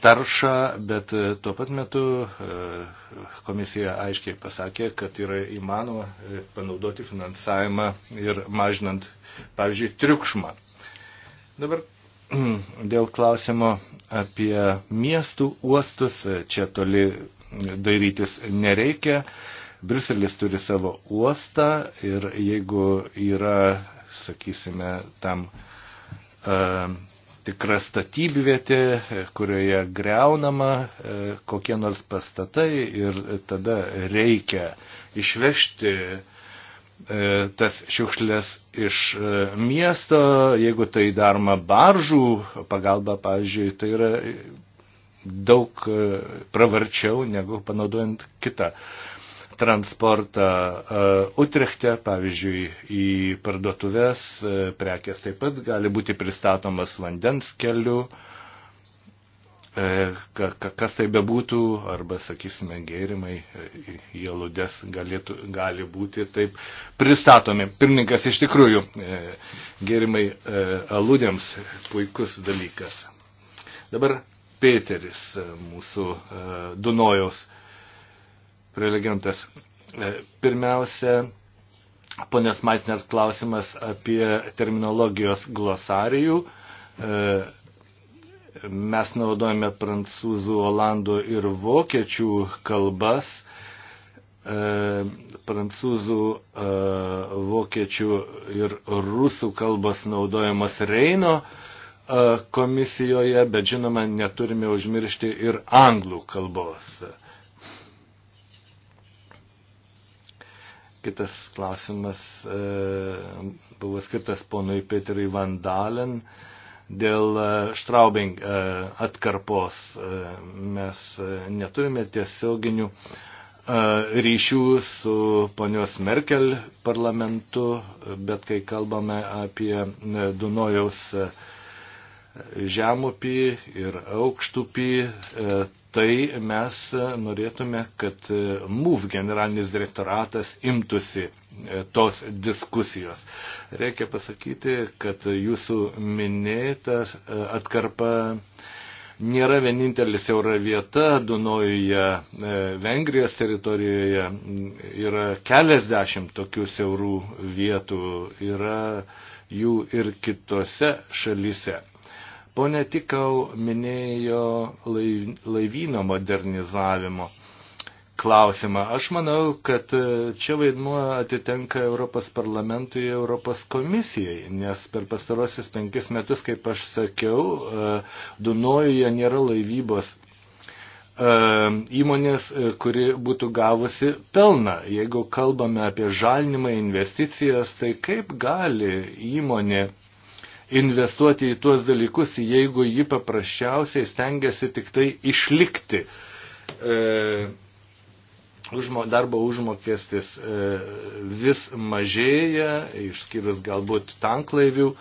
taršą, bet e, tuo pat metu e, komisija aiškiai pasakė, kad yra įmanoma e, panaudoti finansavimą ir mažinant, pavyzdžiui, triukšmą. Dabar dėl klausimo apie miestų uostus, čia toli dairytis nereikia. Briuselis turi savo uostą ir jeigu yra, sakysime, tam uh, tikra statybvietė, kurioje greunama e, kokie nors pastatai ir tada reikia išvežti e, tas šiukšlės iš e, miesto, jeigu tai daroma baržų pagalba, pavyzdžiui, tai yra daug pravarčiau negu panaudojant kitą transportą e, Utrechte, pavyzdžiui, į parduotuvės e, prekės taip pat gali būti pristatomas vandens keliu, e, kas tai bebūtų, arba, sakysime, gėrimai į aludes galėtų, gali būti taip pristatomi. Pirmininkas, iš tikrųjų, gėrimai aludėms puikus dalykas. Dabar Peteris, mūsų Dunojaus prelegentas. E, pirmiausia, ponios Maisner klausimas apie terminologijos glosarijų. E, mes naudojame prancūzų, olandų ir vokiečių kalbas. E, prancūzų, vokiečių ir rusų kalbas naudojamos Reino komisijoje, bet žinoma, neturime užmiršti ir anglų kalbos. Kitas klausimas e, buvo skirtas ponui Peterui Vandalen. Dėl e, Straubing e, atkarpos mes neturime tiesioginių ryšių su ponios Merkel parlamentu, bet kai kalbame apie Dunojaus žemupį ir aukštupį, e, tai mes norėtume, kad MUV generalinis direktoratas imtųsi e, tos diskusijos. Reikia pasakyti, kad jūsų minėtas e, atkarpa nėra vienintelis siaura vieta Dunojuje, Vengrijos teritorijoje, yra keliasdešimt tokių siaurų vietų, yra jų ir kitose šalise. Pone Tikau minėjo laivyno modernizavimo klausimą. Aš manau, kad čia vaidmuo atitenka Europos parlamentui, Europos komisijai, nes per pastarosius penkis metus, kaip aš sakiau, e, Dunojuje nėra laivybos e, įmonės, e, kuri būtų gavusi pelną. Jeigu kalbame apie žalinimą investicijas, tai kaip gali įmonė investuoti į tuos dalykus, jeigu ji paprasčiausiai stengiasi tik tai išlikti. E, užmo, darbo užmokestis e, vis mažėja, išskyrus galbūt tanklaivių e,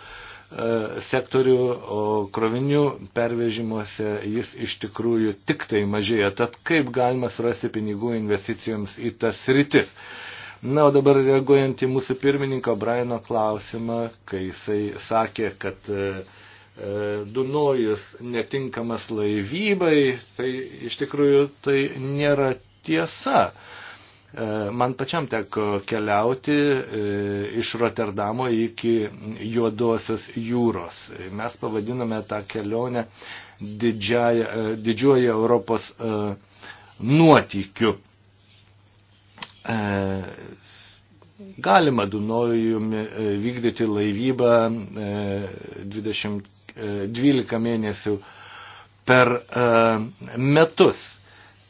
sektorių, o krovinių pervežimuose jis iš tikrųjų tik tai mažėja. Tad kaip galima surasti pinigų investicijoms į tas rytis? E, Na, o dabar reaguojant į mūsų pirmininko Braino klausimą, kai jisai sakė, kad e, e, Dunojus netinkamas laivybai, tai iš tikrųjų tai nėra tiesa. E, man pačiam teko keliauti e, iš Rotterdamo iki Juodosios jūros. Mes pavadiname tą kelionę didžiąją, e, didžiuoju Europos e, nuotykiu. E, galima Dunojumi e, vykdyti laivybą 20, e, 12 mėnesių per metus.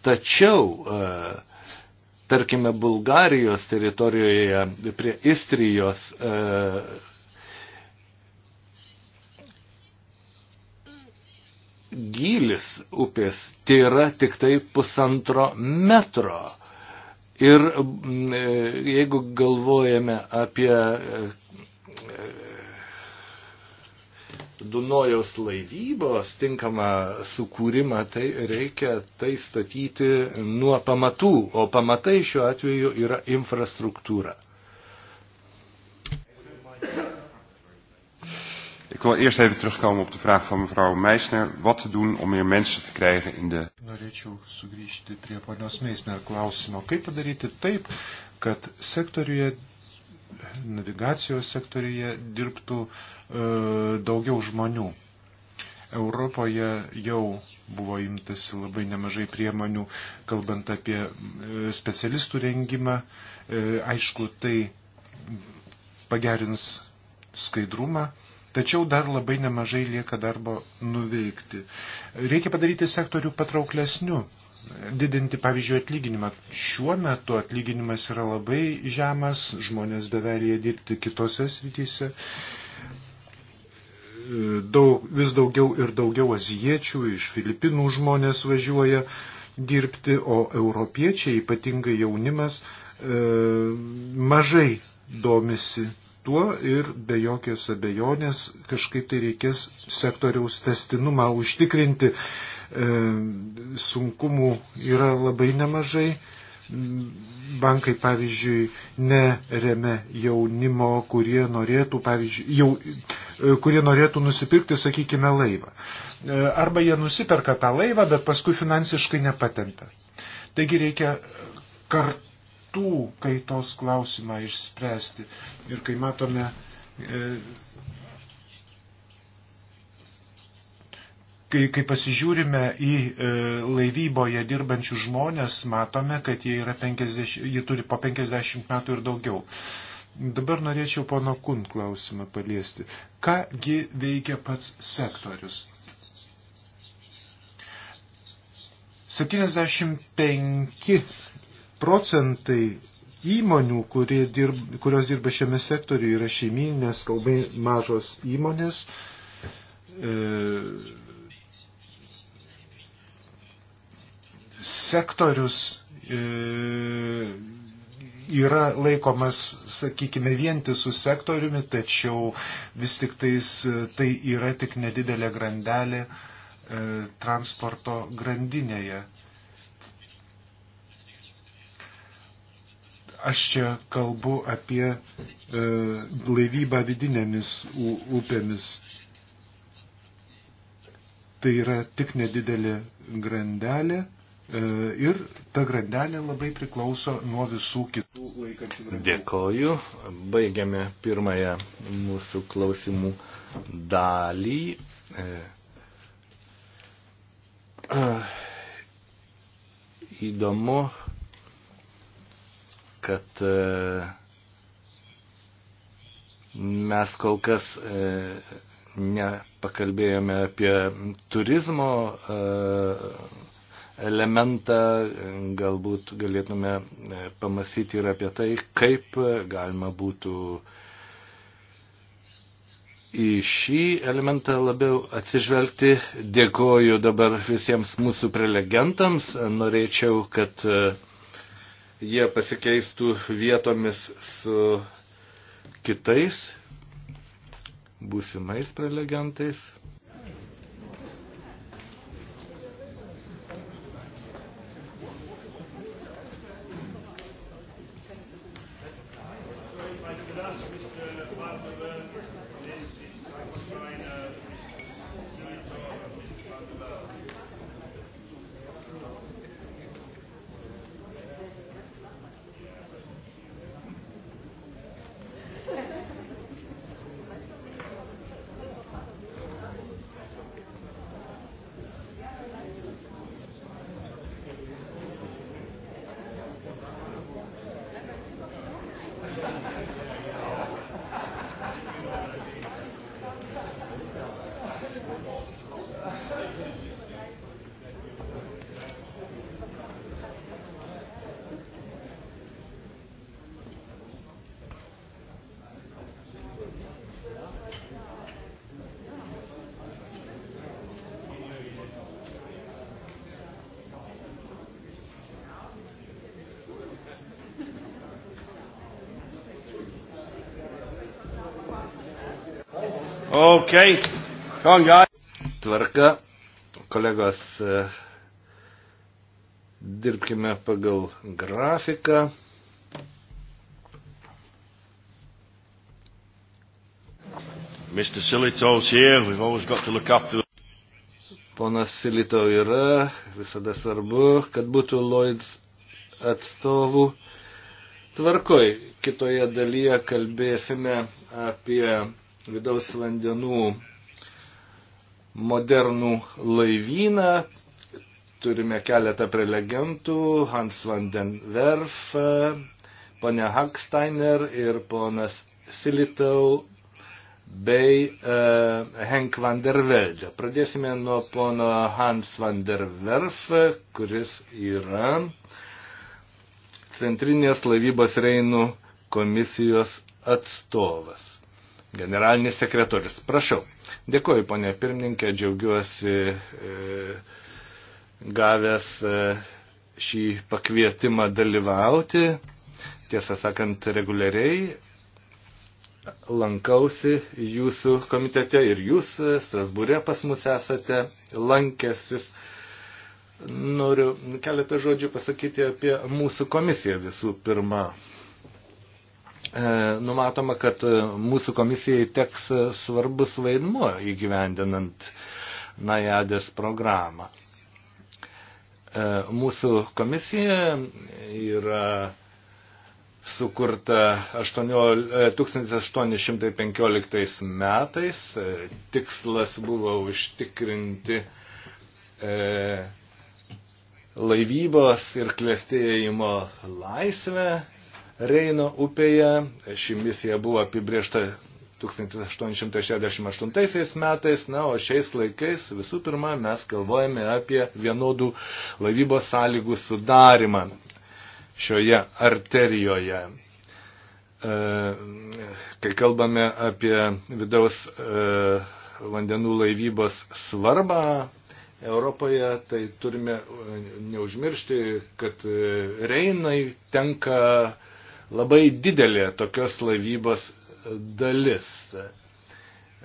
Tačiau, tarkime, Bulgarijos teritorijoje prie Istrijos gylis upės tai yra tik tai pusantro metro. Ir mm, e, jeigu galvojame apie e, e, Dunojaus laivybos tinkamą sukūrimą, tai reikia tai statyti nuo pamatų, o pamatai šiuo atveju yra infrastruktūra. Ik wil eerst even terugkomen op de vraag van mevrouw Meisner. Wat te doen om meer mensen te krijgen in de... Norėčiau sugrįžti prie ponios Meisner klausimo. Kaip padaryti taip, kad sektoriuje, navigacijos sektoriuje dirbtų e, daugiau žmonių? Europoje jau buvo imtasi labai nemažai priemonių, kalbant apie e, specialistų rengimą. E, aišku, tai pagerins skaidrumą, Tačiau dar labai nemažai lieka darbo nuveikti. Reikia padaryti sektorių patrauklesniu, didinti, pavyzdžiui, atlyginimą. Šiuo metu atlyginimas yra labai žemas, žmonės bevelėje dirbti kitose srityse. Daug, vis daugiau ir daugiau aziečių iš Filipinų žmonės važiuoja dirbti, o europiečiai, ypatingai jaunimas, e, mažai domisi tuo ir be jokios abejonės kažkaip tai reikės sektoriaus testinumą užtikrinti. E, sunkumų yra labai nemažai. Bankai, pavyzdžiui, neremia jaunimo, kurie norėtų, pavyzdžiui, jau, e, kurie norėtų nusipirkti, sakykime, laivą. E, arba jie nusiperka tą laivą, bet paskui finansiškai nepatenta. Taigi reikia kartu kartų kaitos klausimą išspręsti. Ir kai matome, e, kai, kai pasižiūrime į e, laivyboje dirbančių žmonės, matome, kad jie, 50, jie turi po 50 metų ir daugiau. Dabar norėčiau pono Kun klausimą paliesti. Kągi veikia pats sektorius? 75 procentai įmonių, dirb, kurios dirba šiame sektoriu, yra šeiminės, labai mažos įmonės. E, sektorius e, yra laikomas, sakykime, vientisu sektoriumi, tačiau vis tik tais e, tai yra tik nedidelė grandelė e, transporto grandinėje. Aš čia kalbu apie e, laivybą vidinėmis upėmis. Tai yra tik nedidelė grandelė e, ir ta grandelė labai priklauso nuo visų kitų laikančių grandelių. Dėkoju. Baigiame pirmąją mūsų klausimų dalį. E, e įdomu kad e, mes kol kas e, nepakalbėjome apie turizmo e, elementą, galbūt galėtume pamastyti ir apie tai, kaip galima būtų į šį elementą labiau atsižvelgti. Dėkoju dabar visiems mūsų prelegentams. Norėčiau, kad jie pasikeistų vietomis su kitais būsimais prelegentais. Okay. Come on, guys. Tvarka, kolegos, e, dirbkime pagal grafiką. Mr. Silito's here, we've always got to look after Ponas Silito yra, visada svarbu, kad būtų Lloyds atstovų. Tvarkoj, kitoje dalyje kalbėsime apie vidaus vandenų modernų laivyną. Turime keletą prelegentų, Hans van den Werf, ponia Hacksteiner ir ponas Silitau bei uh, Henk van der Velde. Pradėsime nuo pono Hans van der Werf, kuris yra Centrinės laivybos Reinų komisijos atstovas generalinis sekretorius. Prašau. Dėkuoju, ponė pirmininkė, džiaugiuosi e, gavęs e, šį pakvietimą dalyvauti. Tiesą sakant, reguliariai lankausi jūsų komitete ir jūs e, Strasbūrė pas mus esate lankęsis. Noriu keletą žodžių pasakyti apie mūsų komisiją visų pirma. E, numatoma, kad e, mūsų komisijai teks e, svarbus vaidmuo įgyvendinant Najadės programą. Mūsų komisija yra sukurta 1815 metais. Tikslas buvo užtikrinti laivybos ir klėstėjimo laisvę Reino upėje. Ši misija buvo apibriešta 1868 metais, na, o šiais laikais visų pirma mes galvojame apie vienodų laivybos sąlygų sudarimą šioje arterijoje. E, kai kalbame apie vidaus e, vandenų laivybos svarbą, Europoje, tai turime e, neužmiršti, kad Reinai tenka labai didelė tokios laivybos dalis.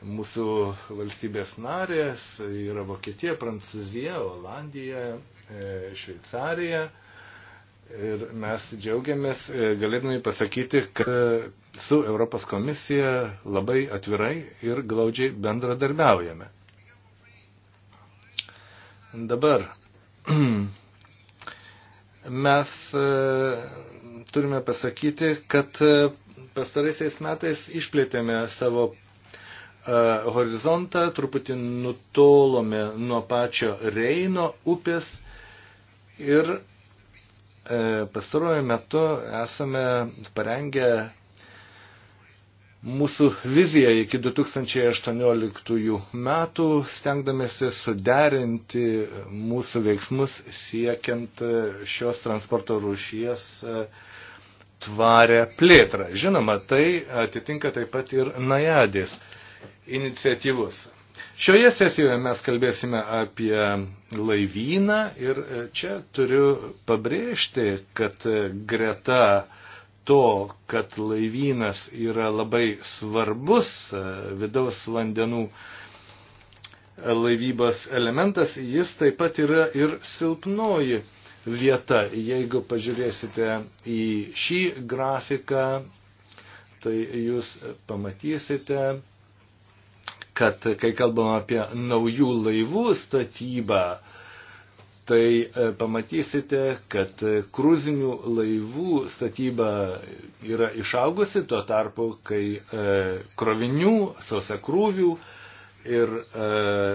Mūsų valstybės narės yra Vokietija, Prancūzija, Olandija, e, Šveicarija. Ir mes džiaugiamės, e, galėdami pasakyti, kad e, su Europos komisija labai atvirai ir glaudžiai bendradarbiaujame. Dabar mes turime pasakyti, kad e, pastaraisiais metais išplėtėme savo e, horizontą, truputį nutolome nuo pačio Reino upės ir e, pastaruoju metu esame parengę mūsų viziją iki 2018 metų, stengdamėsi suderinti mūsų veiksmus siekiant šios transporto rūšies uh, tvarę plėtrą. Žinoma, tai atitinka taip pat ir Najadės iniciatyvus. Šioje sesijoje mes kalbėsime apie laivyną ir e, čia turiu pabrėžti, kad e, greta to, kad laivynas yra labai svarbus e, vidaus vandenų laivybos elementas, jis taip pat yra ir silpnoji vieta. Jeigu pažiūrėsite į šį grafiką, tai jūs pamatysite, kad kai kalbam apie naujų laivų statybą, tai e, pamatysite, kad kruzinių laivų statyba yra išaugusi, tuo tarpu, kai e, krovinių, sausakrūvių ir e,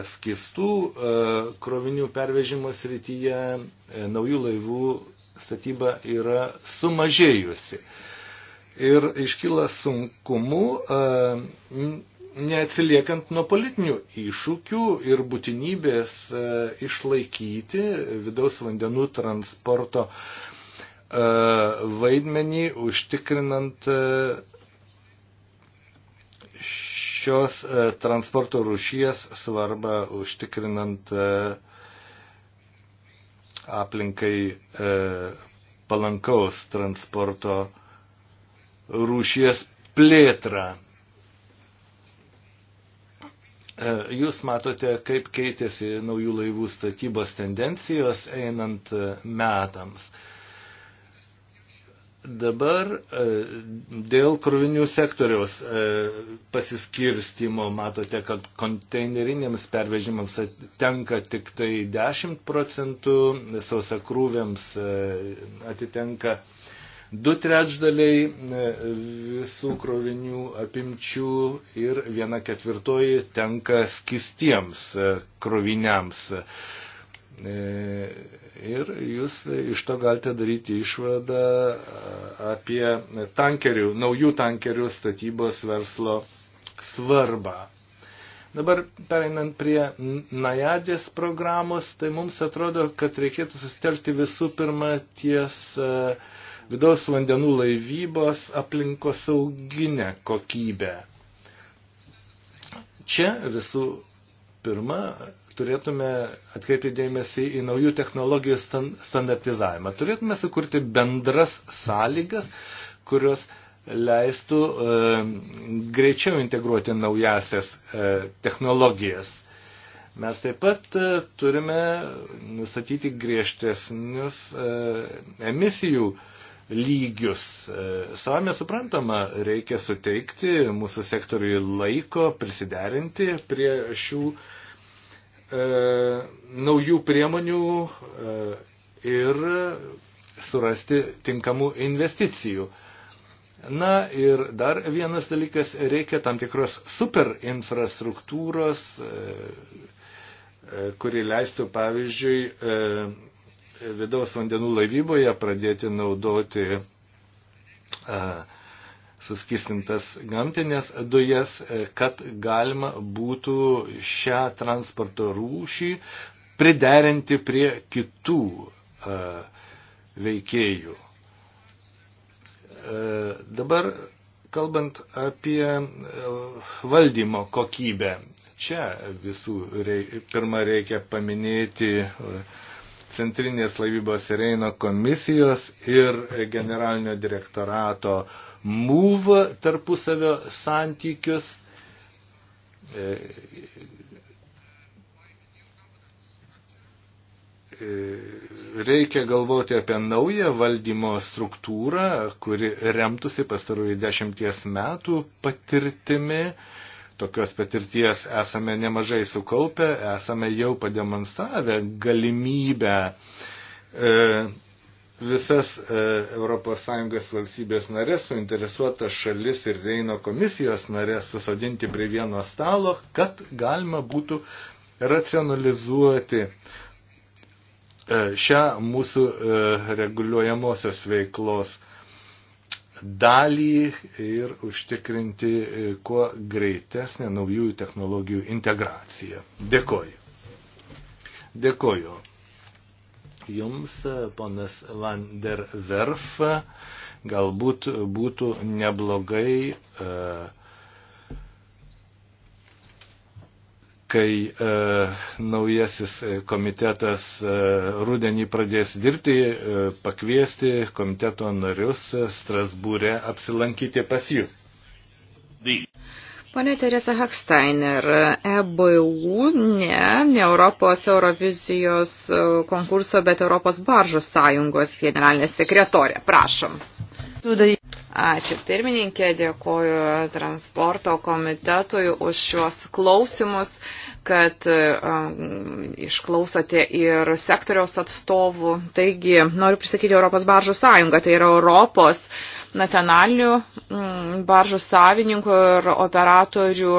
skistų e, krovinių pervežimo srityje e, naujų laivų statyba yra sumažėjusi. Ir iškyla sunkumu e, neatsiliekant nuo politinių iššūkių ir būtinybės e, išlaikyti vidaus vandenų transporto e, vaidmenį, užtikrinant e, šios e, transporto rūšies svarbą užtikrinant e, aplinkai e, palankaus transporto rūšies plėtrą. Jūs matote, kaip keitėsi naujų laivų statybos tendencijos einant metams. Dabar e, dėl krovinių sektoriaus e, pasiskirstimo matote, kad konteineriniams pervežimams tenka tik tai 10 procentų, sausakrūviams e, atitenka 2 trečdaliai visų krovinių apimčių ir viena ketvirtoji tenka skistiems kroviniams. E, ir jūs iš to galite daryti išvadą e, apie tankerių, naujų tankerių statybos verslo svarbą. Dabar pereinant prie Najadės programos, tai mums atrodo, kad reikėtų sustelkti visų pirma ties e, vidaus vandenų laivybos aplinkosauginę kokybę. Čia visų pirma turėtume atkreipti dėmesį į naujų technologijų standartizavimą. Turėtume sukurti bendras sąlygas, kurios leistų e, greičiau integruoti naujasias e, technologijas. Mes taip pat e, turime nustatyti griežtesnius e, emisijų lygius. E, Savame suprantama, reikia suteikti mūsų sektoriui laiko prisiderinti prie šių e, E, naujų priemonių e, ir surasti tinkamų investicijų. Na ir dar vienas dalykas, reikia tam tikros superinfrastruktūros, e, kuri leistų, pavyzdžiui, vidaus vandenų laivyboje pradėti naudoti uh, suskistintas gamtinės dujas, e, kad galima būtų šią transporto rūšį priderinti prie kitų e, veikėjų. E, dabar kalbant apie valdymo kokybę, čia visų rei, pirmą reikia paminėti Centrinės laivybos Reino komisijos ir generalinio direktorato uh, MUV tarpusavio santykius. E, e, reikia galvoti apie naują valdymo struktūrą, kuri remtųsi pastarųjų dešimties metų patirtimi. Tokios patirties esame nemažai sukaupę, esame jau pademonstravę galimybę e, visas ES valstybės narės, suinteresuotas šalis ir Reino komisijos narės susodinti prie vieno stalo, kad galima būtų racionalizuoti e, šią mūsų e, reguliuojamosios veiklos dalį ir užtikrinti e, kuo greitesnę naujųjų technologijų integraciją. Dėkoju. Dėkoju jums, ponas Van der Werf, galbūt būtų neblogai, e, kai e, naujasis komitetas e, rudenį pradės dirbti, pakviesti komiteto narius Strasbūrė apsilankyti pas jūs. Pane Teresa Haksteiner, EBU ne, ne Europos Eurovizijos e, konkurso, bet Europos baržos sąjungos generalinė sekretorė. Prašom. Ačiū pirmininkė, dėkoju transporto komitetui už šios klausimus, kad um, išklausote ir sektoriaus atstovų. Taigi, noriu pristatyti Europos baržų sąjungą, tai yra Europos uh, nacionalinių mm, baržų savininkų ir operatorių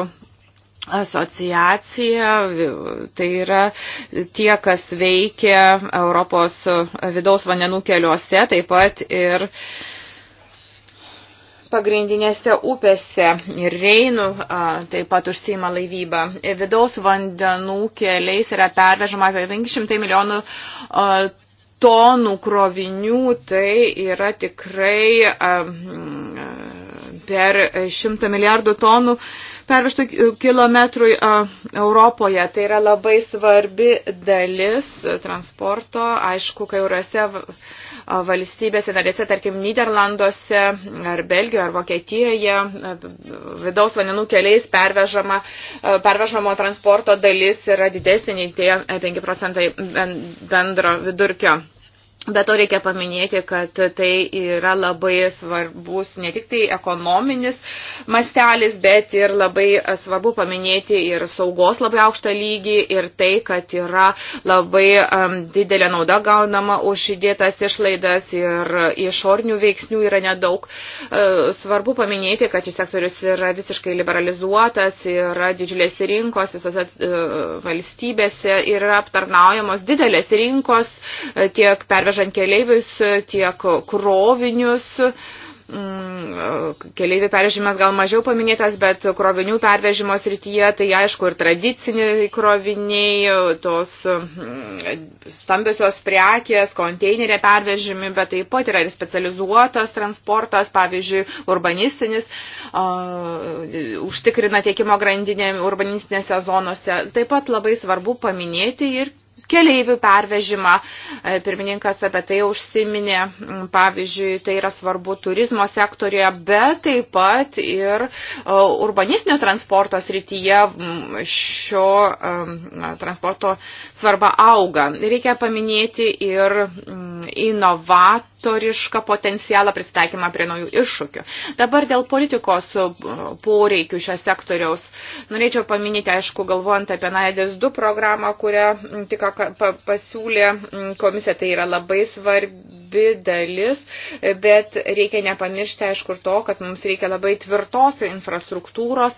asociacija, tai yra tie, kas veikia Europos vidaus vandenų keliuose, taip pat ir pagrindinėse upėse ir Reinų taip pat užsima laivybą. Vidaus vandenų keliais yra pervežama apie 500 milijonų tonų krovinių, tai yra tikrai per 100 milijardų tonų pervežtų kilometrų Europoje. Tai yra labai svarbi dalis transporto. Aišku, kai eurose valstybėse narėse, tarkim, Niderlanduose ar Belgijoje ar Vokietijoje vidaus vandenų keliais pervežama, pervežamo transporto dalis yra didesnė nei tie 5 procentai bendro vidurkio. Bet to reikia paminėti, kad tai yra labai svarbus ne tik tai ekonominis mastelis, bet ir labai svarbu paminėti ir saugos labai aukštą lygį ir tai, kad yra labai um, didelė nauda gaunama už įdėtas išlaidas ir išornių veiksnių yra nedaug. Uh, svarbu paminėti, kad šis sektorius yra visiškai liberalizuotas, yra didžiulės rinkos, visose uh, valstybėse yra aptarnaujamos didelės rinkos uh, tiek pervežamos vežant keleivius, tiek krovinius mm, keliaivių pervežimas gal mažiau paminėtas, bet krovinių pervežimo srityje, tai aišku ir tradiciniai kroviniai, tos mm, stambiosios prekės, konteinerė pervežimi, bet taip pat yra ir specializuotas transportas, pavyzdžiui, urbanistinis, uh, užtikrina tiekimo grandinė urbanistinėse zonose. Taip pat labai svarbu paminėti ir keleivių pervežimą. E, pirmininkas apie tai užsiminė, mm, pavyzdžiui, tai yra svarbu turizmo sektorija, bet taip pat ir e, urbanistinio transporto srityje mm, šio e, transporto svarba auga. Reikia paminėti ir mm, inovatų novatorišką potencialą pristaikymą prie naujų iššūkių. Dabar dėl politikos poreikių šios sektoriaus. Norėčiau paminėti, aišku, galvojant apie Naidės 2 programą, kurią tik pasiūlė mm, komisija, tai yra labai svarbi dalis, bet reikia nepamiršti, aišku, ir to, kad mums reikia labai tvirtos infrastruktūros,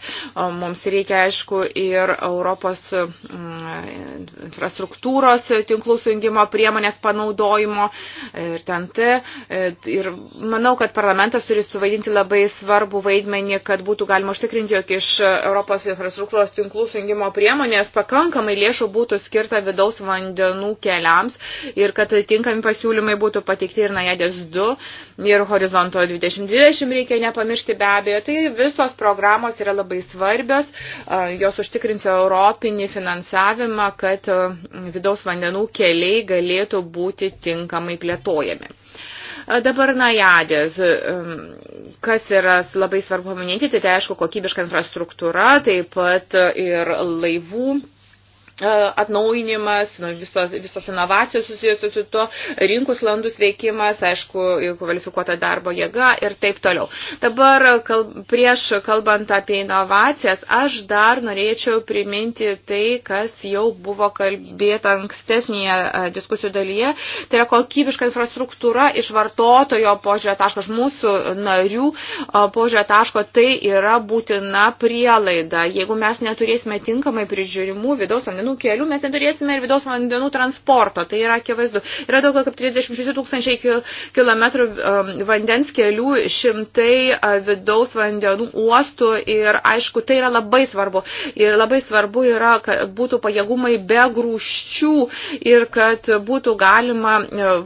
mums reikia, aišku, ir Europos mm, infrastruktūros tinklų sujungimo priemonės panaudojimo ir ten tai. Ir manau, kad parlamentas turi suvaidinti labai svarbų vaidmenį, kad būtų galima užtikrinti, jog iš Europos infrastruktūros tinklų sujungimo priemonės pakankamai lėšų būtų skirta vidaus vandenų vandenų keliams ir kad tinkami pasiūlymai būtų pateikti ir Najadės 2 ir Horizonto 2020 reikia nepamiršti be abejo. Tai visos programos yra labai svarbios, jos užtikrins europinį finansavimą, kad vidaus vandenų keliai galėtų būti tinkamai plėtojami. Dabar najadės, um, kas yra labai svarbu paminėti, tai, tai aišku kokybiška infrastruktūra, taip pat ir laivų E, atnaujinimas, nu, visos, visos inovacijos susijusios su tuo, rinkų slandus veikimas, aišku, kvalifikuota darbo jėga ir taip toliau. Dabar kal, prieš kalbant apie inovacijas, aš dar norėčiau priminti tai, kas jau buvo kalbėta ankstesnėje e, diskusijų dalyje, tai yra kokybiška infrastruktūra iš vartotojo požiūrio taško, iš mūsų narių e, požiūrio taško, tai yra būtina prielaida. Jeigu mes neturėsime tinkamai prižiūrimų vidaus vandens vandenų kelių, mes neturėsime ir vidaus vandenų transporto. Tai yra akivaizdu. Yra daugiau kaip 36 tūkstančiai kilometrų um, vandens kelių, šimtai uh, vidaus vandenų uostų ir aišku, tai yra labai svarbu. Ir labai svarbu yra, kad būtų pajėgumai be grūščių ir kad būtų galima uh,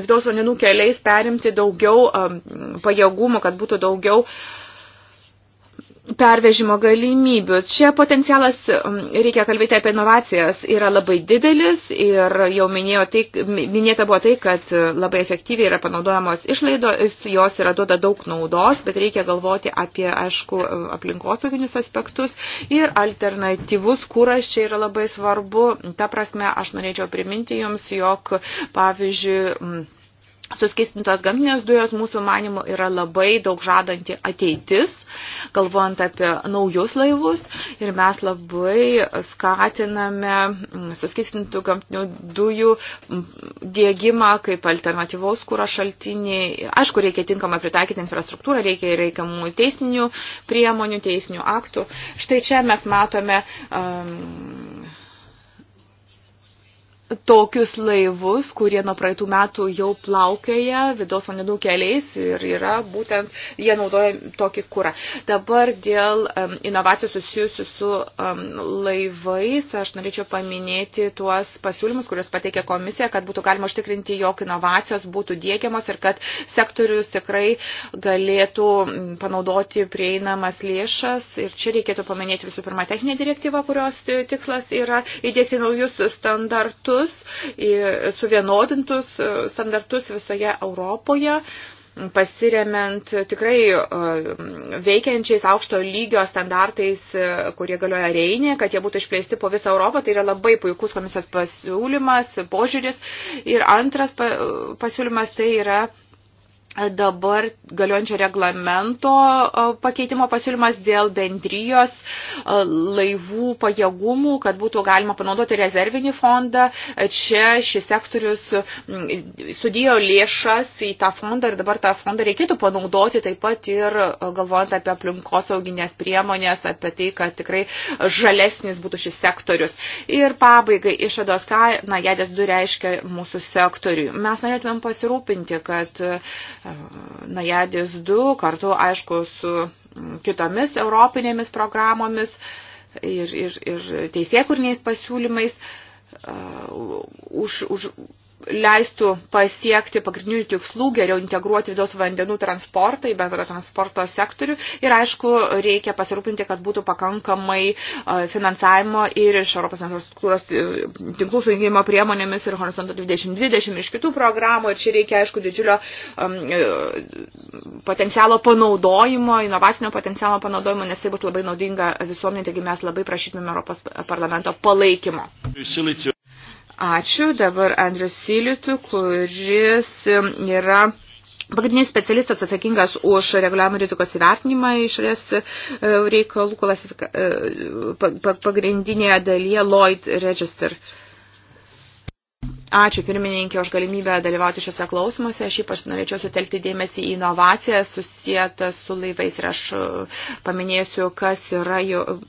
vidaus vandenų keliais perimti daugiau um, pajėgumų, kad būtų daugiau uh, pervežimo galimybių. Čia potencialas, um, reikia kalbėti apie inovacijas, yra labai didelis ir jau minėjo tai, minėta buvo tai, kad uh, labai efektyviai yra panaudojamos išlaidos, jos yra duoda daug naudos, bet reikia galvoti apie, aišku, uh, aplinkosauginius aspektus ir alternatyvus kūras čia yra labai svarbu. Ta prasme, aš norėčiau priminti jums, jog, pavyzdžiui, Suskistintos gaminės dujos mūsų manimo yra labai daug žadanti ateitis, galvojant apie naujus laivus ir mes labai skatiname mm, suskistintų gamtinių dujų mm, dėgymą kaip alternatyvaus kūro šaltinį. Aišku, reikia tinkamai pritaikyti infrastruktūrą, reikia reikiamų teisinių priemonių, teisinių aktų. Štai čia mes matome. Um, tokius laivus, kurie nuo praeitų metų jau plaukėja vidaus vandenų keliais ir yra būtent, jie naudoja tokį kūrą. Dabar dėl um, inovacijų susijusių su um, laivais, aš norėčiau paminėti tuos pasiūlymus, kuriuos pateikė komisija, kad būtų galima užtikrinti, jog inovacijos būtų dėkiamos ir kad sektorius tikrai galėtų panaudoti prieinamas lėšas. Ir čia reikėtų paminėti visų pirma techninę direktyvą, kurios e, tikslas yra įdėkti naujus standartus standartus, suvienodintus e, standartus visoje Europoje pasiremiant tikrai e, veikiančiais aukšto lygio standartais, e, kurie galioja Reinė, kad jie būtų išplėsti po visą Europą. Tai yra labai puikus komisijos pasiūlymas, požiūris. Ir antras pasiūlymas tai yra dabar galiojančio reglamento pakeitimo pasiūlymas dėl bendrijos laivų pajėgumų, kad būtų galima panaudoti rezervinį fondą. Čia šis sektorius sudėjo lėšas į tą fondą ir dabar tą fondą reikėtų panaudoti taip pat ir galvojant apie aplinkosauginės priemonės, apie tai, kad tikrai žalesnis būtų šis sektorius. Ir pabaigai išvados, ką Najedės du reiškia mūsų sektoriui. Mes norėtumėm pasirūpinti, kad Najadis 2, kartu, aišku, su mm, kitomis europinėmis programomis ir, ir, ir teisėkurniais pasiūlymais. Uh, už, už, leistų pasiekti pagrindinių tikslų, geriau integruoti vidaus vandenų transportą į bendrą transporto sektorių ir aišku, reikia pasirūpinti, kad būtų pakankamai e, finansavimo ir iš Europos infrastruktūros e, tinklų sujungimo priemonėmis ir horizonto 2020 iš kitų programų ir čia reikia, aišku, didžiulio um, potencialo panaudojimo, inovacinio potencialo panaudojimo, nes tai bus labai naudinga visuomenė, taigi mes labai prašytumėm Europos parlamento palaikymo. Siūlyčiau Ačiū. Dabar Andrius Silitų, kuris um, yra. Pagrindinis specialistas atsakingas už reguliavimo rizikos įvertinimą išorės e, reikalų klasifika, e, pagrindinėje dalyje Lloyd Register. Ačiū pirmininkė už galimybę dalyvauti šiuose klausimuose. Aš ypač norėčiau sutelkti dėmesį į inovacijas susijęta su laivais ir aš e, paminėsiu, kas yra,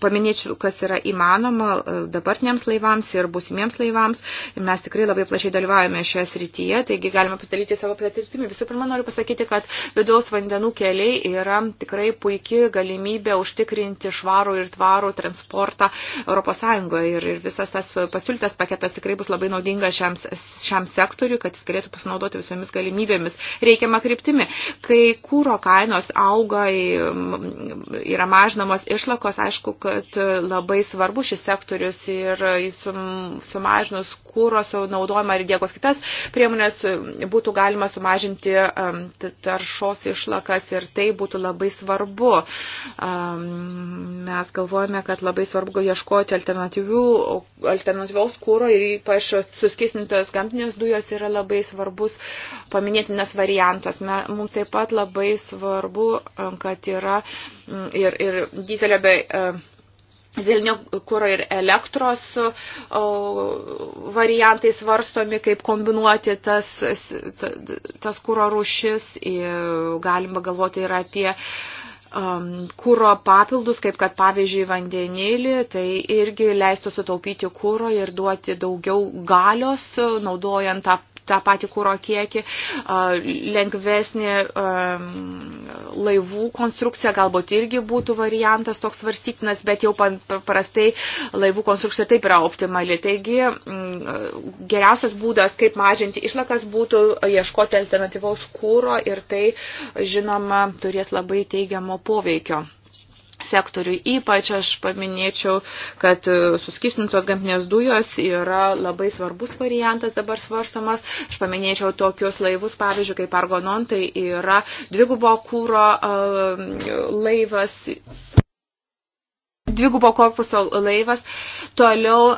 paminėsiu, kas yra įmanoma e, dabartiniams laivams ir būsimiems laivams. Mes tikrai labai plačiai dalyvaujame šioje srityje, taigi galime pasidalyti savo patirtimi. Visų pirma, noriu pasakyti, kad vidaus vandenų keliai yra tikrai puikia galimybė užtikrinti švarų ir tvarų transportą Europos Sąjungoje ir, ir visas tas pasiūlytas paketas tikrai bus labai naudingas šiams šiam sektoriui, kad jis galėtų pasinaudoti visomis galimybėmis reikiamą kryptimį. Kai kūro kainos auga, yra mažinamos išlakos, aišku, kad labai svarbu šis sektorius ir sumažinus kūro naudojimą ir dėkos kitas priemonės būtų galima sumažinti taršos išlakas ir tai būtų labai svarbu. Mes galvojame, kad labai svarbu ieškoti alternatyviaus kūro ir ypač suskisninto dujos, gamtinės dujos yra labai svarbus paminėtinas variantas. Mums taip pat labai svarbu, e, kad yra ir, ir dizelio bei. Uh, e, Zelinio kūro ir elektros variantai svarstomi, kaip kombinuoti tas, tas kūro rušis. Galima galvoti ir apie uh, um, kūro papildus, kaip kad pavyzdžiui vandenėlį, tai irgi leistų sutaupyti kūro ir duoti daugiau galios, naudojant tą tą patį kūro kiekį, lengvesnė laivų konstrukcija, galbūt irgi būtų variantas toks varstytinas, bet jau paprastai laivų konstrukcija taip yra optimali. Taigi mm, geriausias būdas, kaip mažinti išlakas, būtų ieškoti alternatyvaus kūro ir tai, žinoma, turės labai teigiamo poveikio sektoriui. Ypač aš paminėčiau, kad e, suskistintos gamtinės dujos yra labai svarbus variantas dabar svarstomas. Aš paminėčiau tokius laivus, pavyzdžiui, kaip Argonon, tai yra dvigubo kūro laivas, dvigubo korpuso laivas. Toliau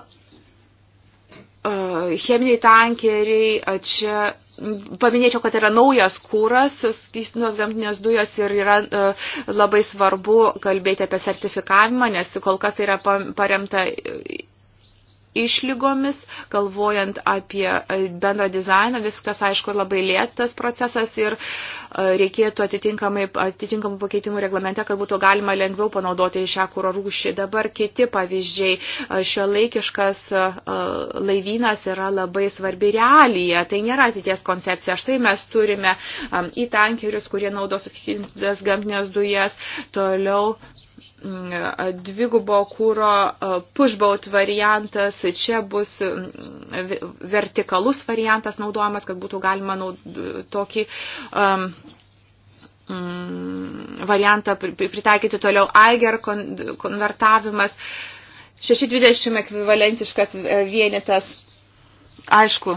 cheminiai tankeriai, čia paminėčiau, kad yra naujas kūras, skystinos gamtinės dujos ir yra e, labai svarbu kalbėti apie sertifikavimą, nes kol kas tai yra paremta išlygomis, galvojant apie e, bendrą dizainą, viskas aišku labai lėtas procesas ir e, reikėtų atitinkamai, atitinkamų pakeitimų reglamente, kad būtų galima lengviau panaudoti šią kūro rūšį. Dabar kiti pavyzdžiai, e, šio laikiškas laivynas yra labai svarbi realija, tai nėra ateities koncepcija. Štai mes turime į tankerius, kurie naudos atitinkamas gamtinės dujas, toliau dvigubo kūro e, pushbaut variantas, čia bus vertikalus variantas naudojamas, kad būtų galima naud... tokį um, variantą pritaikyti toliau Aiger konvertavimas. 620 ekvivalentiškas vienetas. Aišku,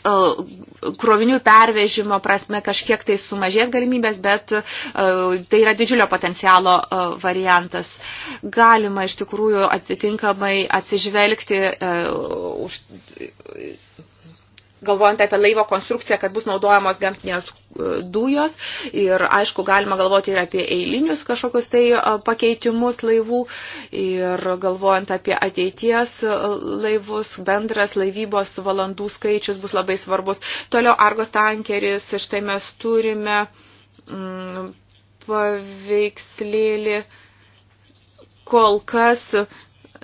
E, krovinių pervežimo prasme kažkiek tai sumažės galimybės, bet e, tai yra didžiulio potencialo e, variantas. Galima iš tikrųjų atsitinkamai atsižvelgti už galvojant apie laivo konstrukciją, kad bus naudojamos gamtinės e, dujos ir aišku galima galvoti ir apie eilinius kažkokius tai e, pakeitimus laivų ir galvojant apie ateities e, laivus, bendras laivybos valandų skaičius bus labai svarbus. Toliau Argos tankeris, štai mes turime mm, paveikslėlį kol kas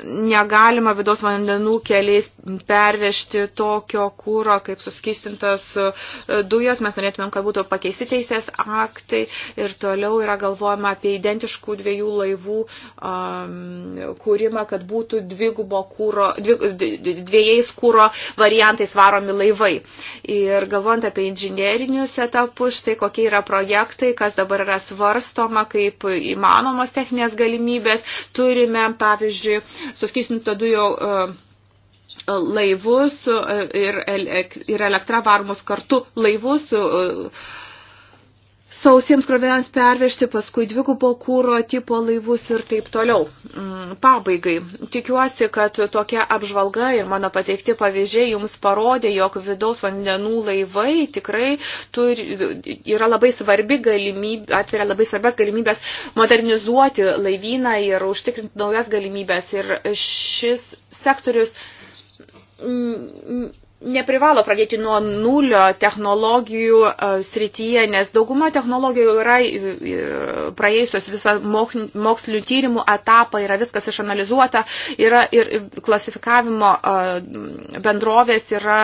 negalima vidaus vandenų keliais pervežti tokio kūro, kaip suskistintas e, dujos. Mes norėtumėm, kad būtų pakeisti teisės aktai ir toliau yra galvojama apie identiškų dviejų laivų um, kūrimą, kad būtų dvigubo kūro, dvi, dviejais kūro variantais varomi laivai. Ir galvojant apie inžinierinius etapus, štai kokie yra projektai, kas dabar yra svarstoma, kaip įmanomos techninės galimybės. Turime, pavyzdžiui, suskystinto dujo e, laivus e, ir, e, ir elektra varomus kartu laivus sausiems kroviniams pervežti, paskui dvigubo kūro tipo laivus ir taip toliau. Mm, pabaigai, tikiuosi, kad tokia apžvalga ir mano pateikti pavyzdžiai jums parodė, jog vidaus vandenų laivai tikrai turi, yra labai svarbi galimybė, atveria labai svarbias galimybės modernizuoti laivyną ir užtikrinti naujas galimybės. Ir šis sektorius mm, neprivalo pradėti nuo nulio technologijų e, srityje, nes dauguma technologijų yra e, e, praėjusios visą mokslinių tyrimų etapą, yra viskas išanalizuota, yra ir klasifikavimo bendrovės yra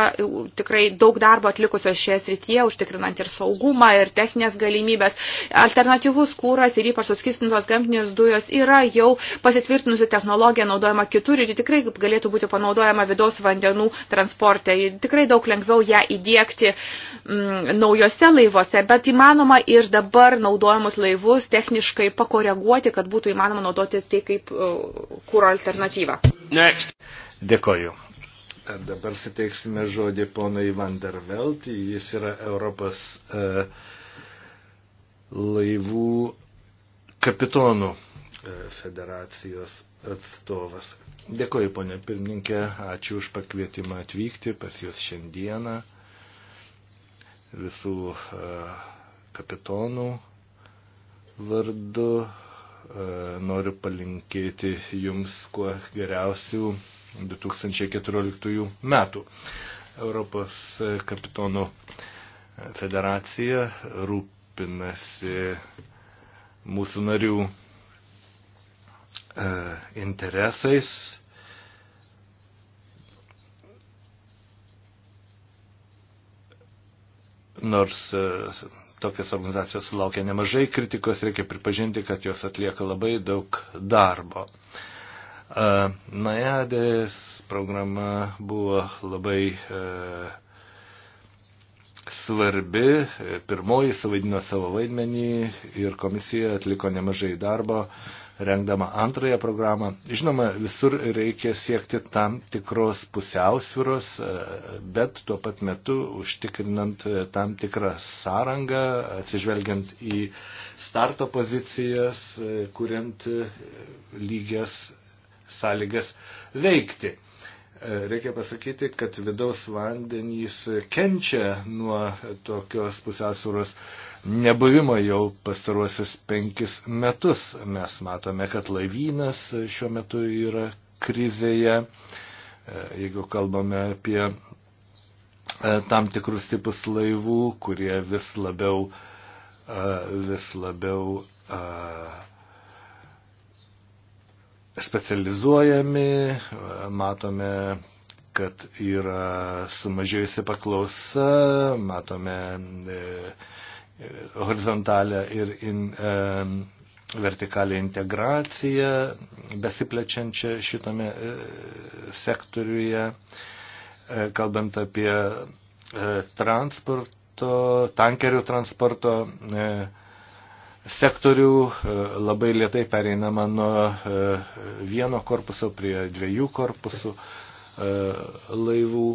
tikrai daug darbo atlikusios šioje srityje, užtikrinant ir saugumą, ir techninės galimybės. Alternatyvus kūras ir ypač suskistintos gamtinės dujos yra jau pasitvirtinusi technologija naudojama kitur ir tikrai galėtų būti panaudojama vidaus vandenų transporte Tikrai daug lengviau ją įdėkti mm, naujose laivuose, bet įmanoma ir dabar naudojamus laivus techniškai pakoreguoti, kad būtų įmanoma naudoti tai kaip e, kūro alternatyvą. Next. Dėkoju. Dabar suteiksime žodį ponui Van der Velt. Jis yra Europos e, laivų kapitonų e, federacijos atstovas. Dėkoju, ponė pirmininkė, ačiū už pakvietimą atvykti pas Jūs šiandieną visų e, kapitonų vardu. E, noriu palinkėti Jums kuo geriausių 2014 metų. Europos kapitonų federacija rūpinasi mūsų narių E, interesais. Nors e, tokios organizacijos sulaukia nemažai kritikos, reikia pripažinti, kad jos atlieka labai daug darbo. E, Najadės programa buvo labai svarbi, pirmoji suvaidino savo vaidmenį ir komisija atliko nemažai darbo, rengdama antrąją programą. Žinoma, visur reikia siekti tam tikros pusiausviros, bet tuo pat metu užtikrinant tam tikrą sąrangą, atsižvelgiant į starto pozicijas, kuriant lygias sąlygas veikti. Reikia pasakyti, kad vidaus vandenys kenčia nuo tokios pusiausvėros nebuvimo jau pastaruosius penkis metus. Mes matome, kad laivynas šiuo metu yra krizėje. E, jeigu kalbame apie e, tam tikrus tipus laivų, kurie vis labiau, e, vis labiau specializuojami, matome, kad yra sumažėjusi paklausa, matome horizontalę ir in, e, vertikalę integraciją besiplečiančią šitame e, sektoriuje, e, kalbant apie e, transporto, tankerių transporto. E, sektorių e, labai lietai pereinama nuo e, vieno korpuso prie dviejų korpusų e, laivų.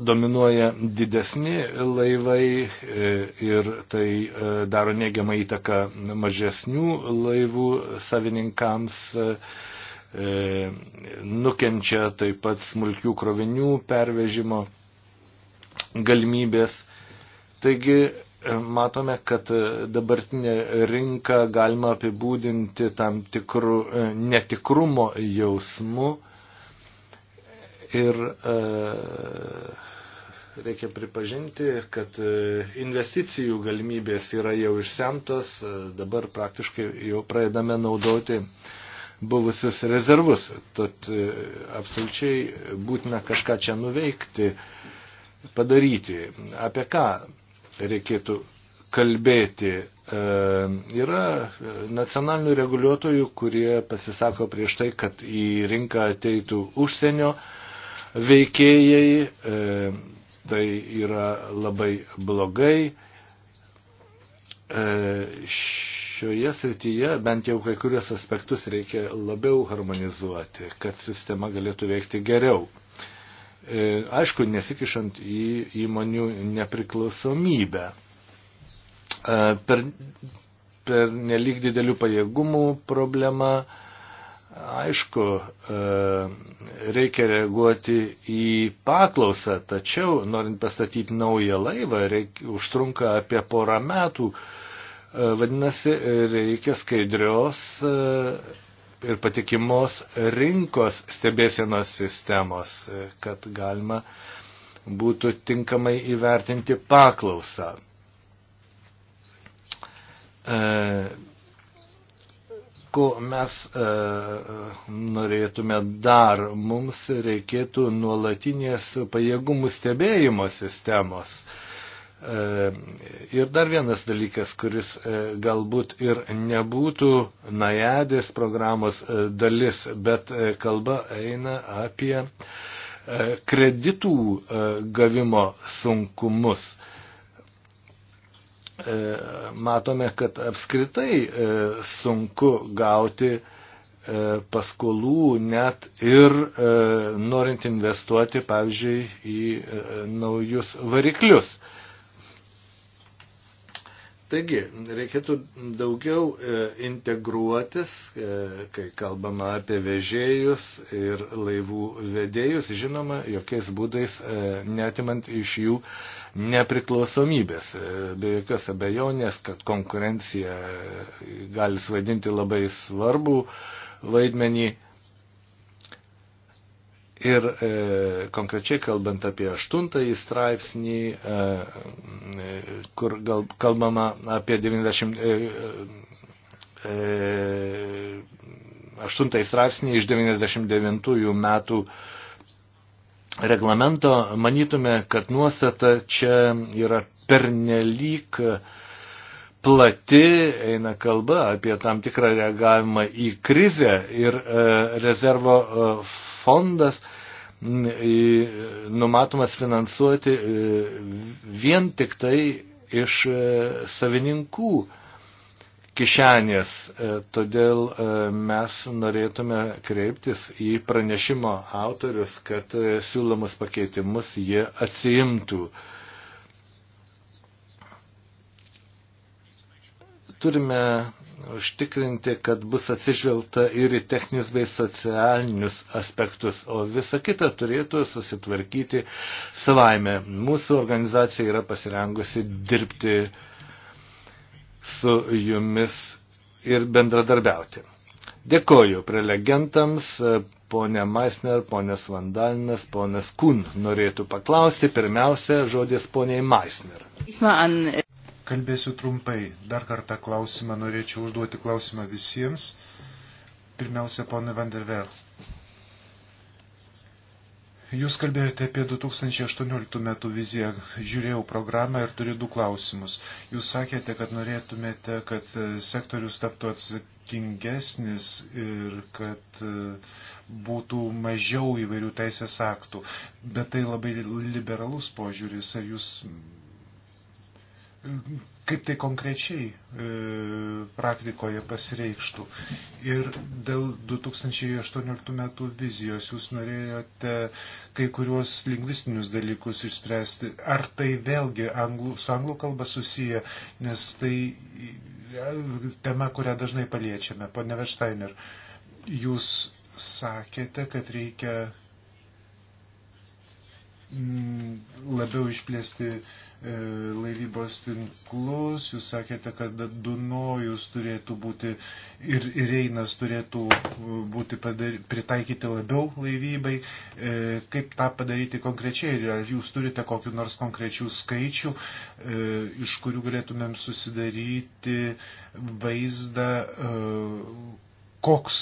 dominuoja didesni laivai e, ir tai e, daro neigiamą įtaką mažesnių laivų savininkams. E, nukenčia taip pat smulkių krovinių pervežimo galimybės. Taigi matome, kad dabartinę rinką galima apibūdinti tam tikrų netikrumo jausmu Ir e, reikia pripažinti, kad e, investicijų galimybės yra jau išsemtos, e, dabar praktiškai jau pradedame naudoti buvusius rezervus. Tad e, absoliučiai būtina kažką čia nuveikti, padaryti. Apie ką reikėtų kalbėti? E, yra nacionalinių reguliuotojų, kurie pasisako prieš tai, kad į rinką ateitų užsienio, e, veikėjai, e, tai yra labai blogai. E, šioje srityje bent jau kai kurias aspektus reikia labiau harmonizuoti, kad sistema galėtų veikti geriau. E, aišku, nesikišant į įmonių nepriklausomybę. E, per, per nelik didelių pajėgumų problema, e, Aišku, e, reikia reaguoti į paklausą, tačiau norint pastatyti naują laivą, reik, užtrunka apie porą metų. E, vadinasi, reikia skaidrios e, ir patikimos rinkos stebėsienos sistemos, kad galima būtų tinkamai įvertinti paklausą ko mes e, norėtume dar, mums reikėtų nuolatinės pajėgumų stebėjimo sistemos. E, ir dar vienas dalykas, kuris e, galbūt ir nebūtų najadės programos e, dalis, bet e, kalba eina apie e, kreditų e, gavimo sunkumus. E, matome, kad apskritai e, sunku gauti e, paskolų net ir norint investuoti, pavyzdžiui, į naujus variklius. Taigi, reikėtų daugiau integruotis, kai kalbama apie vežėjus ir laivų vedėjus, žinoma, jokiais būdais netimant iš jų nepriklausomybės. E, be jokios abejonės, kad konkurencija gali svaidinti labai svarbų vaidmenį. Ir e, konkrečiai kalbant apie aštuntąjį straipsnį, e, e kur gal, kalbama apie 90. E, e, e, aštuntąjį straipsnį iš 99 metų e, reglamento, manytume, kad nuostata čia yra pernelyg plati, eina kalba apie tam tikrą reagavimą į krizę ir e, rezervo e, fondas numatomas finansuoti e, vien tik tai iš e, savininkų kišenės. E, todėl e, mes norėtume kreiptis į pranešimo autorius, kad e, siūlomus pakeitimus jie atsiimtų. Turime užtikrinti, kad bus atsižvelgta ir į techninius bei socialinius aspektus, o visa kita turėtų susitvarkyti savaime. Mūsų organizacija yra pasirengusi dirbti uh, su jumis ir bendradarbiauti. Dėkoju prelegentams, ponė Maisner, ponės Vandalinas, ponas Kun norėtų paklausti. Pirmiausia, žodis poniai Maisner. Kalbėsiu trumpai. Dar kartą klausimą norėčiau užduoti klausimą visiems. Pirmiausia, ponai Vandervel. Jūs kalbėjote apie 2018 metų viziją, žiūrėjau programą ir turiu du klausimus. Jūs sakėte, kad norėtumėte, kad e, sektorius taptų atsakingesnis ir kad e, būtų mažiau įvairių teisės aktų, bet tai labai liberalus požiūris. Ar jūs kaip tai konkrečiai e, praktikoje pasireikštų. Ir dėl 2018 metų vizijos jūs norėjote kai kuriuos lingvistinius dalykus išspręsti. Ar tai vėlgi anglų, su anglų kalba susiję, nes tai e, tema, kurią dažnai paliečiame. Pone Versteiner, jūs sakėte, kad reikia Mm, labiau išplėsti e, laivybos tinklus. Jūs sakėte, kad Dunojus turėtų būti ir Reinas turėtų e, būti padary, pritaikyti labiau laivybai. E, kaip tą padaryti konkrečiai? Ar jūs turite kokiu nors konkrečių skaičių, iš kurių galėtumėm susidaryti vaizdą, koks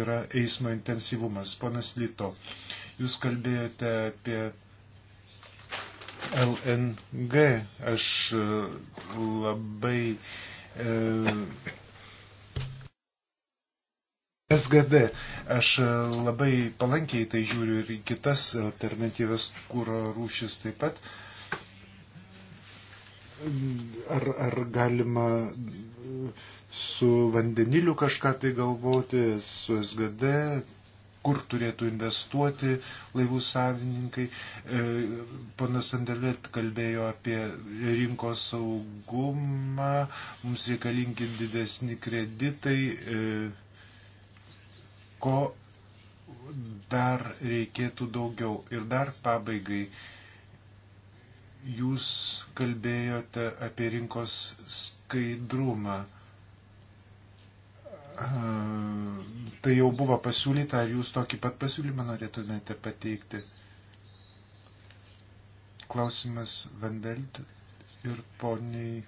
yra eismo intensyvumas? Ponas Lito, jūs kalbėjote apie LNG. Aš e, labai. E, SGD. Aš e, labai palankiai tai žiūriu ir į kitas alternatyves kūro rūšis taip pat. Ar, ar galima su vandeniliu kažką tai galvoti, su SGD, kur turėtų investuoti laivų savininkai. E, Panas Sandelėt kalbėjo apie rinkos saugumą, mums reikalingi didesni kreditai, e, ko dar reikėtų daugiau. Ir dar pabaigai. Jūs kalbėjote apie rinkos skaidrumą. Ehm, tai jau buvo pasiūlyta, ar jūs tokį pat pasiūlymą norėtumėte pateikti? Klausimas Vandelt ir poniai.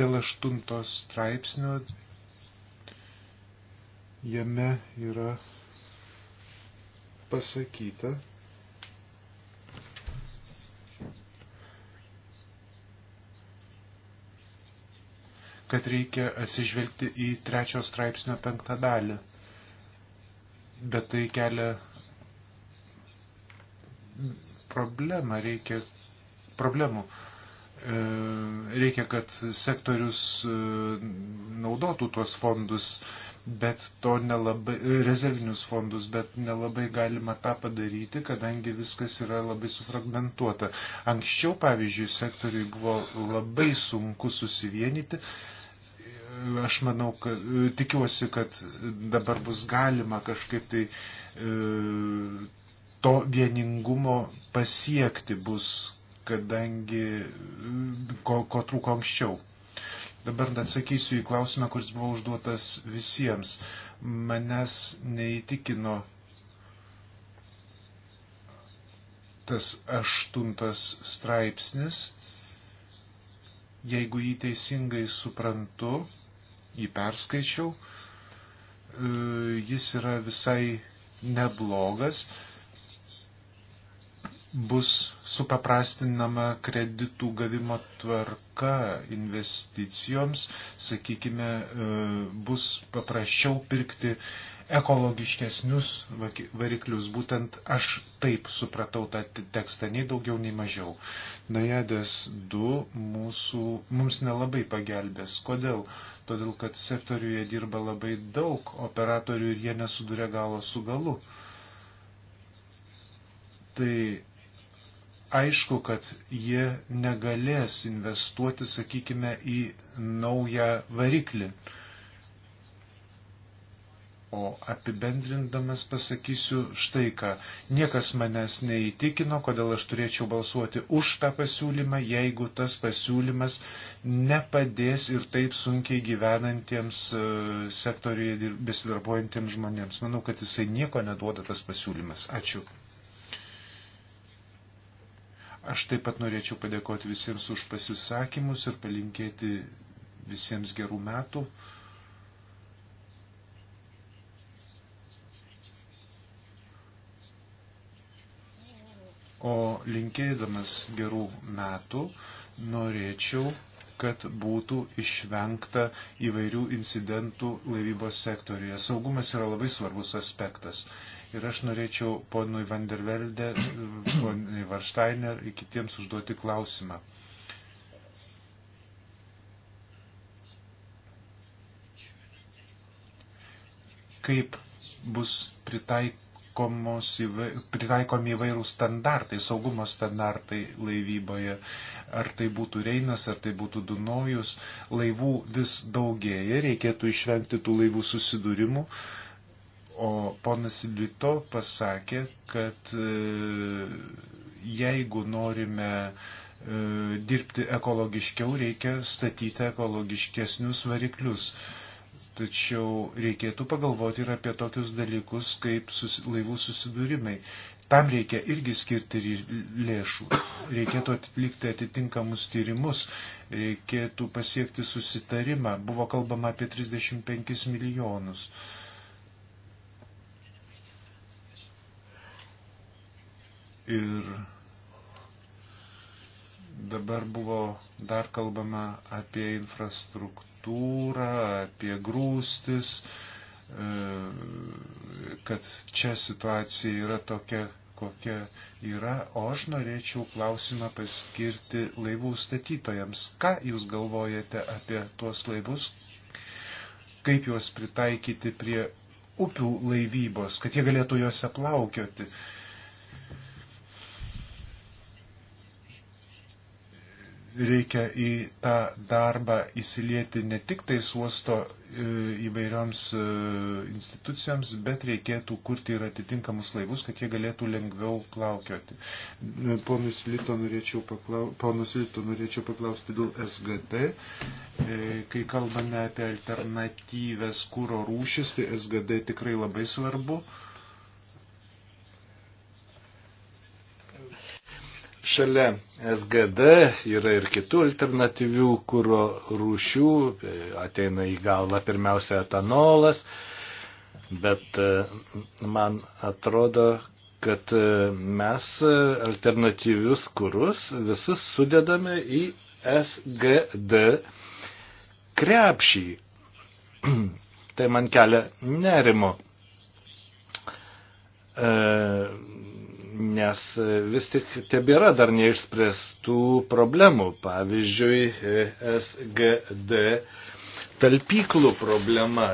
Dėl aštuntos straipsnio jame yra pasakyta, kad reikia atsižvelgti į trečio straipsnio penktą dalį. Bet tai kelia problemą, reikia problemų. E, reikia, kad sektorius e, naudotų tuos fondus, bet to nelabai, rezervinius fondus, bet nelabai galima tą padaryti, kadangi viskas yra labai sufragmentuota. Anksčiau, pavyzdžiui, sektoriui buvo labai sunku susivienyti, aš manau, kad e, tikiuosi, kad dabar bus galima kažkaip tai e, to vieningumo pasiekti bus, kadangi e, ko, ko trūko anksčiau. Dabar atsakysiu į klausimą, kuris buvo užduotas visiems. Manęs neįtikino tas aštuntas straipsnis. Jeigu jį teisingai suprantu, jį perskaičiau. E, jis yra visai neblogas. Bus supaprastinama kreditų gavimo tvarka investicijoms, sakykime, e, bus paprasčiau pirkti ekologiškesnius variklius. Būtent aš taip supratau tą tekstą, nei daugiau, nei mažiau. Najadės 2 mūsų, mums nelabai pagelbės. Kodėl? Todėl, kad sektoriuje dirba labai daug operatorių ir jie nesuduria galo su galu. Tai aišku, kad jie negalės investuoti, sakykime, į naują variklį. Uh, O apibendrindamas pasakysiu štai ką. Niekas manęs neįtikino, kodėl aš turėčiau balsuoti už tą pasiūlymą, jeigu tas pasiūlymas nepadės ir taip sunkiai gyvenantiems e, sektoriuje besidarbuojantiems žmonėms. Manau, kad jisai nieko neduoda tas pasiūlymas. Ačiū. Aš taip pat norėčiau padėkoti visiems už pasisakymus ir palinkėti visiems gerų metų. O linkėdamas gerų metų norėčiau, kad būtų išvengta įvairių incidentų laivybos sektorija. Saugumas yra labai svarbus aspektas. Ir aš norėčiau ponui Vandervelde, ponui Varsteiner ir kitiems užduoti klausimą. Kaip bus pritaikyti pritaikomi įvairų standartai, saugumo standartai laivyboje. Ar tai būtų Reinas, ar tai būtų Dunojus, laivų vis daugėja, reikėtų išvengti tų laivų susidūrimų. O ponas Lito pasakė, kad e, jeigu norime e, dirbti ekologiškiau, reikia statyti ekologiškesnius variklius. Tačiau reikėtų pagalvoti ir apie tokius dalykus kaip susi, laivų susidūrimai. Tam reikia irgi skirti lėšų. Reikėtų atlikti atitinkamus tyrimus, reikėtų pasiekti susitarimą. Buvo kalbama apie 35 milijonus. Ir Dabar buvo dar kalbama apie infrastruktūrą, apie grūstis, e, kad čia situacija yra tokia, kokia yra, o aš norėčiau klausimą paskirti laivų statytojams. Ką jūs galvojate apie tuos laivus, kaip juos pritaikyti prie upių laivybos, kad jie galėtų juose plaukioti? Uh, reikia į tą darbą įsilieti ne tik tai uosto e, įvairioms e, institucijoms, bet reikėtų kurti ir atitinkamus laivus, kad jie galėtų lengviau plaukioti. E, Ponus Lito norėčiau, paklau... Ponus Lito norėčiau paklausti dėl SGD. Kai kalbame apie alternatyves kūro rūšis, tai SGD tikrai labai svarbu Šalia SGD yra ir kitų alternatyvių kūro rūšių, e, ateina į galvą pirmiausia etanolas, bet e, man atrodo, kad e, mes alternatyvius kurus visus sudedame į SGD krepšį. Tai man kelia nerimo. E, nes e, vis tik tebėra dar neišspręstų problemų, pavyzdžiui, e, SGD talpyklų problema.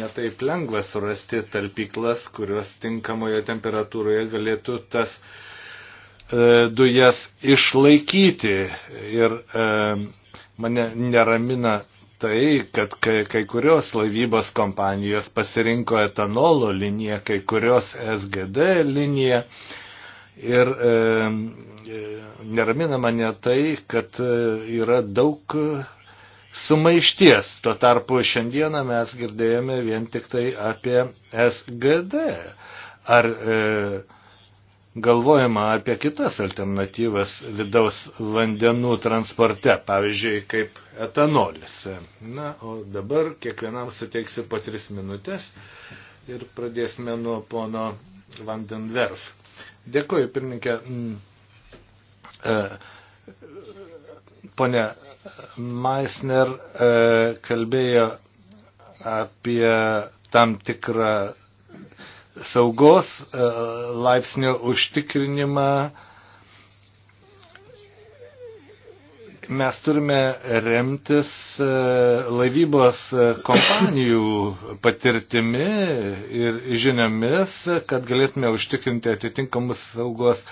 Netaip lengva surasti talpyklas, kurios tinkamoje temperatūroje galėtų tas e, dujas išlaikyti. Ir mane neramina tai, kad kai, kai kurios laivybos kompanijos pasirinko etanolo liniją, kai kurios SGD liniją, Ir e, e neramina mane tai, kad e, yra daug sumaišties. Tuo tarpu šiandieną mes girdėjome vien tik tai apie SGD. Ar e, galvojama apie kitas alternatyvas vidaus vandenų transporte, pavyzdžiui, kaip etanolis. Na, o dabar kiekvienam suteiksiu po tris minutės ir pradėsime nuo pono Vandenwerf. Dėkuoju, pirmininkė. Mm. E, Pone Meisner e, kalbėjo apie tam tikrą saugos e, laipsnio užtikrinimą mes turime remtis e, laivybos e, kompanijų patirtimi ir žiniomis, kad galėtume užtikrinti atitinkamus saugos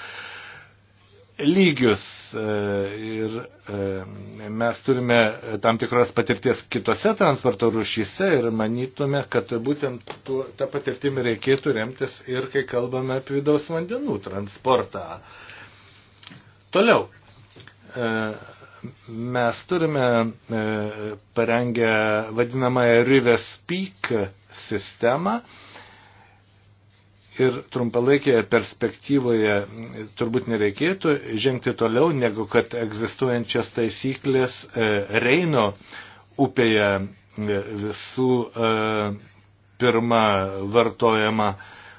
lygius. E, ir mes turime tam tikros patirties kitose transporto rušyse ir manytume, kad būtent tuo, tą patirtimį reikėtų remtis ir kai kalbame apie vidaus vandenų transportą. Toliau Mes turime e, parengę vadinamąją Rives Peak sistemą ir trumpalaikėje perspektyvoje turbūt nereikėtų žengti toliau, negu kad egzistuojančias taisyklės e, Reino upėje e, visų pirma vartojama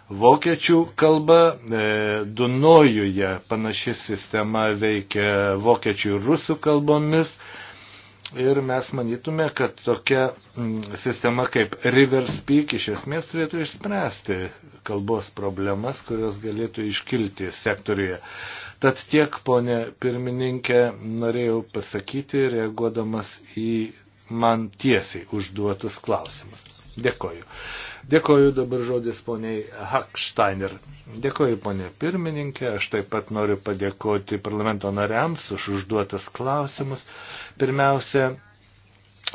vokiečių kalba. E, Dunojuje panaši sistema veikia vokiečių ir rusų kalbomis. Ir mes manytume, kad tokia sistema kaip Riverspeak iš esmės turėtų išspręsti kalbos problemas, kurios galėtų iškilti sektoriuje. Tad tiek, ponė pirmininkė, norėjau pasakyti, reaguodamas į man tiesiai užduotus klausimus. Dėkoju. Dėkoju dabar žodis poniai Haksteiner. Dėkoju ponė pirmininkė, aš taip pat noriu padėkoti parlamento nariams už užduotas klausimus. Pirmiausia,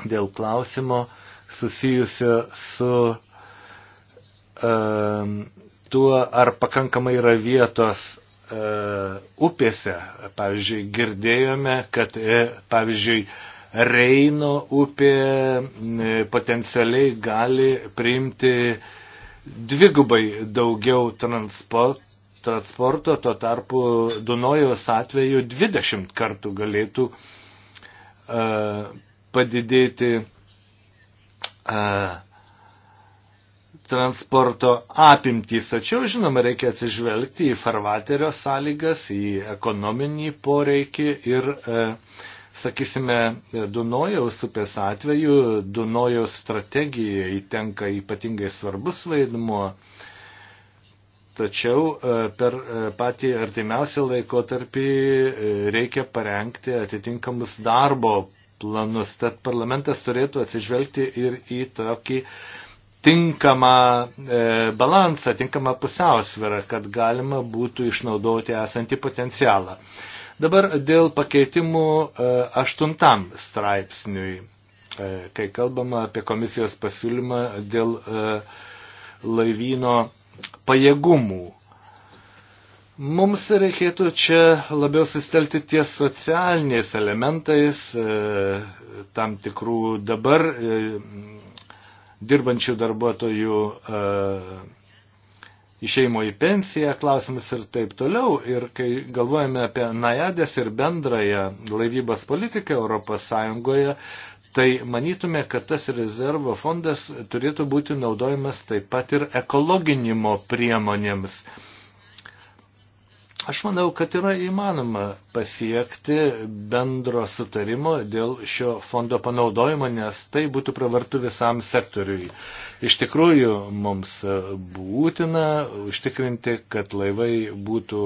dėl klausimo susijusio su um, tuo, ar pakankamai yra vietos uh, upėse. Pavyzdžiui, girdėjome, kad, uh, pavyzdžiui, uh, Reino upė potencialiai gali priimti dvigubai daugiau transporto transporto, tuo tarpu Dunojos atveju 20 kartų galėtų uh, padidėti uh, transporto apimtys. Tačiau, žinoma, reikia atsižvelgti į farvaterio sąlygas, į ekonominį poreikį ir uh, Sakysime, Dunojaus upės atveju Dunojaus strategijai tenka ypatingai svarbus vaidmuo, tačiau e, per e, patį artimiausią laikotarpį e, reikia parengti atitinkamus darbo planus. Tad parlamentas turėtų atsižvelgti ir į tokį tinkamą e, balansą, tinkamą pusiausvyrą, kad galima būtų išnaudoti esantį potencialą. Dabar dėl pakeitimų e, aštuntam straipsniui, e, kai kalbama apie komisijos pasiūlymą dėl e, laivyno pajėgumų. Mums reikėtų čia labiau sustelti ties socialiniais elementais, tam tikrų dabar dirbančių darbuotojų išeimo į pensiją klausimus ir taip toliau. Ir kai galvojame apie najadės ir bendrąją laivybos politiką Europos Sąjungoje, tai manytume, kad tas rezervo fondas turėtų būti naudojamas taip pat ir ekologinimo priemonėms. Aš manau, kad yra įmanoma pasiekti bendro sutarimo dėl šio fondo panaudojimo, nes tai būtų pravartu visam sektoriui. Iš tikrųjų, mums e, būtina užtikrinti, kad laivai būtų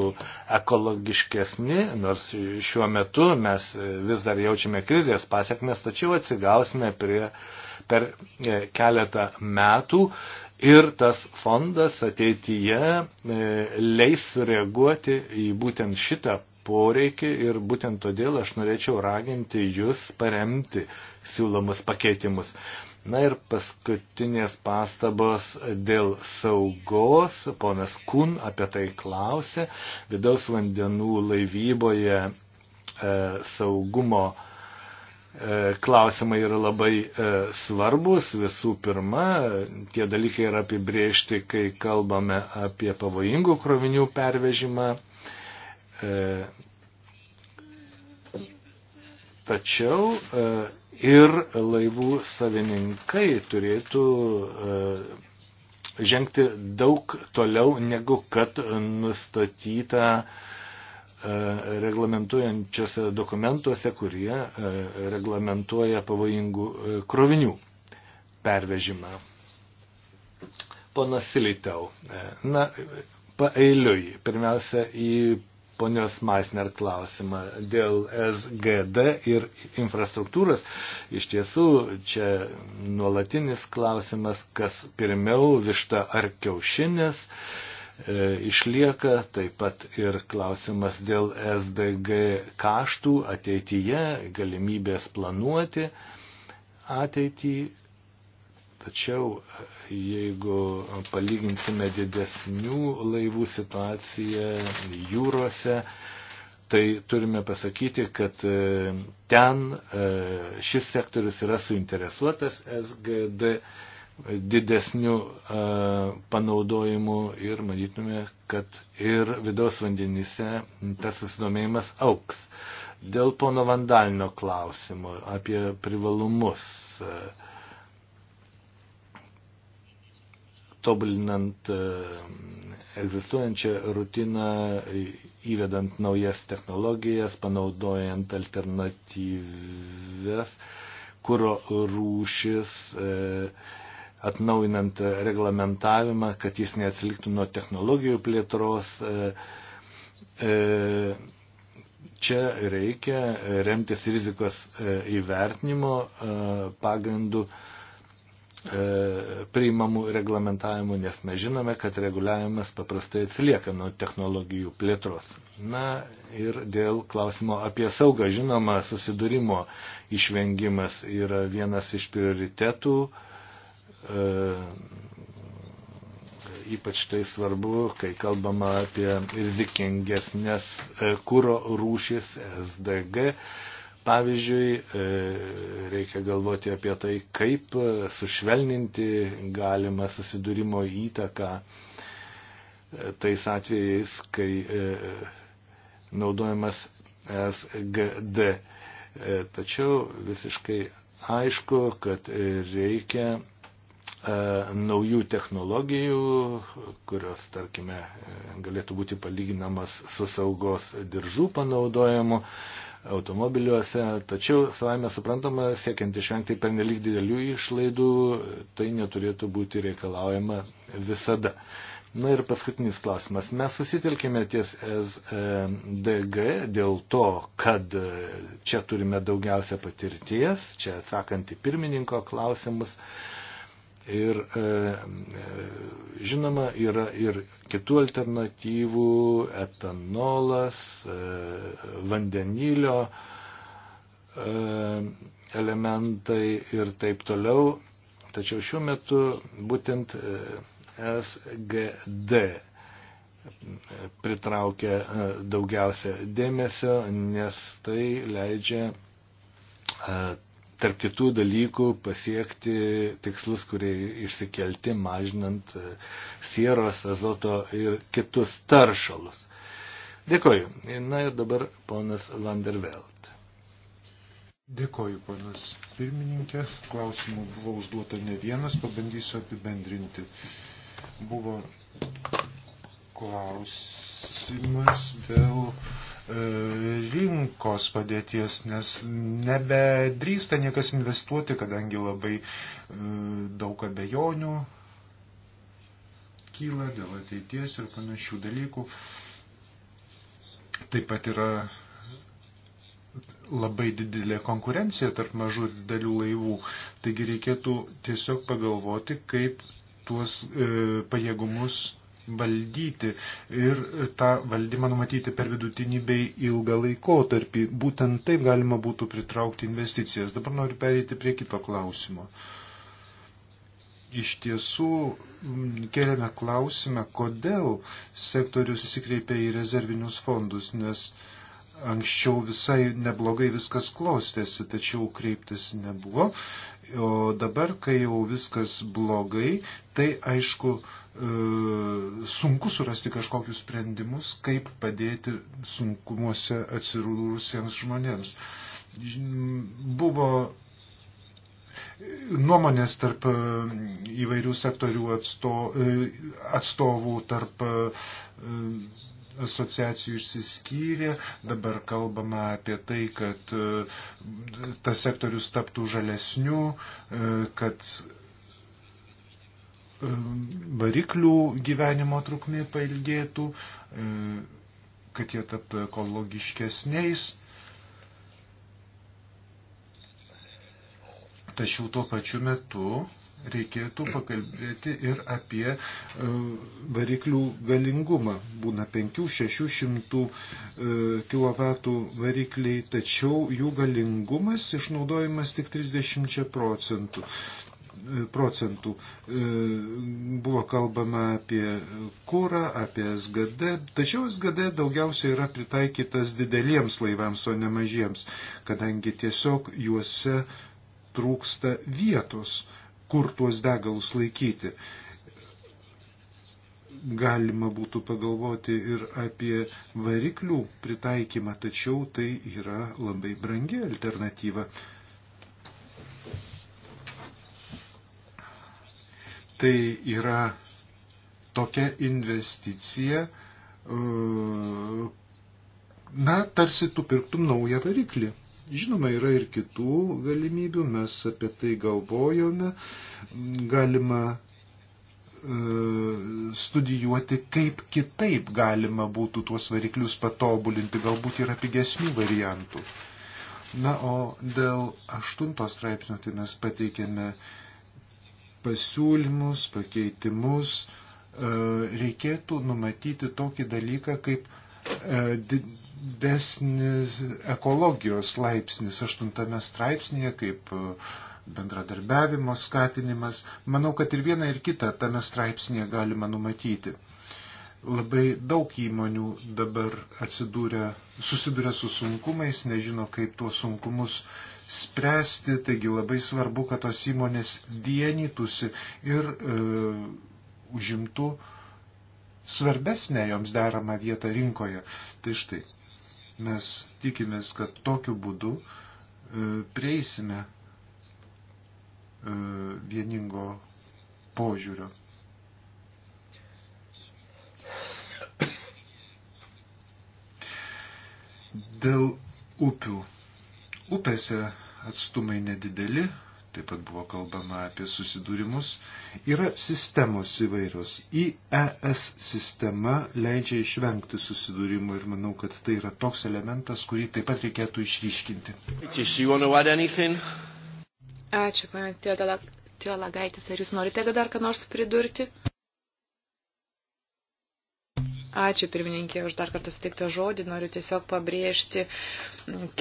ekologiškesni, nors šiuo metu mes e, vis dar jaučiame krizės pasiekmes, tačiau atsigausime prie, per e, keletą metų ir tas fondas ateityje leis sureaguoti į būtent šitą poreikį ir būtent todėl aš norėčiau raginti jūs paremti siūlomus pakeitimus. Na ir paskutinės pastabos dėl saugos. Ponas Kun apie tai klausė. Vidaus vandenų laivyboje e, saugumo e, klausimai yra labai e, svarbus. Visų pirma, tie dalykai yra apibriežti, kai kalbame apie pavojingų krovinių pervežimą. E, tačiau e, ir laivų savininkai turėtų e, žengti daug toliau negu kad nustatyta e, reglamentuojančiose dokumentuose, kurie e, reglamentuoja pavojingų krovinių pervežimą. Ponas Silitau, na, paeiliui, pirmiausia į ponios Maisner klausimą dėl SGD ir infrastruktūros. Iš tiesų, čia nuolatinis klausimas, kas pirmiau višta ar kiaušinis. E, išlieka taip pat ir klausimas dėl SDG kaštų ateityje, galimybės planuoti ateitį Tačiau e, jeigu palyginsime didesnių laivų situaciją jūrose, tai turime pasakyti, kad e, ten e, šis sektorius yra suinteresuotas SGD didesnių panaudojimų ir manytume, kad ir vidaus vandenyse tas susidomėjimas auks. Dėl pono Vandalino klausimo apie privalumus. A, tobulinant e, egzistuojančią rutiną, e, įvedant naujas technologijas, panaudojant alternatyves kūro rūšis, e, atnaujinant reglamentavimą, kad jis neatsiliktų nuo technologijų plėtros. Čia reikia remtis rizikos įvertinimo pagrindų E, priimamų reglamentavimų, nes mes žinome, kad reguliavimas paprastai atsilieka nuo technologijų plėtros. Na ir dėl klausimo apie saugą, žinoma, susidūrimo išvengimas yra vienas iš prioritetų, e, ypač tai svarbu, kai kalbama apie rizikingesnės e, kūro rūšis SDG. E, Pavyzdžiui, e, reikia galvoti apie tai, kaip sušvelninti galima susidūrimo įtaką e, tais atvejais, kai e, naudojamas SGD. Tačiau visiškai aišku, kad reikia naujų technologijų, kurios, tarkime, galėtų būti palyginamas su saugos diržų panaudojimu automobiliuose, tačiau savame suprantama, siekiant išvengti pernelyg didelių išlaidų, tai neturėtų būti reikalaujama visada. Na ir paskutinis klausimas. Mes susitelkime ties SDG e dėl to, kad čia turime daugiausia patirties, čia atsakant į pirmininko klausimus. E, Ir e, e, žinoma, yra ir kitų alternatyvų, etanolas, e, vandenilio elementai ir taip toliau. Tačiau šiuo metu būtent SGD pritraukia daugiausia dėmesio, nes tai leidžia tarp kitų dalykų pasiekti tikslus, kurie išsikelti mažinant e, sieros, azoto ir kitus taršalus. Dėkoju. Na ir dabar ponas Landerveld. Dėkoju, panas pirmininkė. Klausimų buvo užduota ne vienas, pabandysiu apibendrinti. Buvo klausimas dėl E, rinkos padėties, nes nebedrįsta niekas investuoti, kadangi labai e, daug abejonių kyla dėl ateities ir panašių dalykų. Taip pat yra labai didelė konkurencija tarp mažų ir didelių laivų. Taigi reikėtų tiesiog pagalvoti, kaip tuos e, pajėgumus valdyti ir tą valdymą numatyti per vidutinį bei ilgą laikotarpį. Būtent taip galima būtų pritraukti investicijas. Dabar noriu pereiti prie kito klausimo. Iš tiesų keliame klausimą, kodėl sektorius įsikreipia į rezervinius fondus, nes Anksčiau visai neblogai viskas klostėsi, tačiau kreiptis nebuvo. O dabar, kai jau viskas blogai, tai aišku, E, sunku surasti kažkokius sprendimus, kaip padėti sunkumuose atsirūrusiems žmonėms. Buvo nuomonės tarp e, įvairių sektorių atsto, e, atstovų, tarp asociacijų išsiskyrė, dabar kalbama apie tai, kad tas sektorius taptų žalesniu, kad E, variklių gyvenimo trukmė pailgėtų, e, kad jie taptų ekologiškesniais. Tačiau tuo pačiu metu reikėtų pakalbėti ir apie e, variklių galingumą. Būna 5-600 kW varikliai, tačiau jų galingumas išnaudojimas tik 30 procentų procentų. E, buvo kalbama apie kūrą, apie SGD, tačiau SGD daugiausiai yra pritaikytas dideliems laivams, o ne mažiems, kadangi tiesiog juose trūksta vietos, kur tuos degalus laikyti galima būtų pagalvoti ir apie variklių pritaikymą, tačiau tai yra labai brangi alternatyva. Tai yra tokia investicija, e, na, tarsi tu pirktum naują variklį. Žinoma, yra ir kitų galimybių, mes apie tai galvojome, galima e, studijuoti, kaip kitaip galima būtų tuos variklius patobulinti, galbūt yra pigesnių variantų. Na, o dėl aštunto straipsnio tai mes pateikėme uh, pasiūlymus, pakeitimus, e, reikėtų numatyti tokį dalyką kaip e, didesnis ekologijos laipsnis aštuntame straipsnėje, kaip e, bendradarbiavimo skatinimas. Manau, kad ir vieną ir kitą tame straipsnėje galima numatyti. Labai daug įmonių dabar atsidūrė, susiduria su sunkumais, nežino, kaip tuos sunkumus uh, spręsti, taigi labai svarbu, kad tos įmonės vienytųsi ir e, užimtų svarbesnę joms deramą vietą rinkoje. Tai štai, mes tikimės, kad tokiu būdu e, prieisime e, vieningo požiūrio. Dėl upių Upėse atstumai nedideli, taip pat buvo kalbama apie susidūrimus. Yra sistemos įvairios. IES sistema leidžia išvengti susidūrimų ir manau, kad tai yra toks elementas, kurį taip pat reikėtų išryškinti. Ačiū, pana Teolagaitis. Ar jūs norite dar ką nors pridurti? Ačiū pirmininkė už dar kartą suteiktą žodį. Noriu tiesiog pabrėžti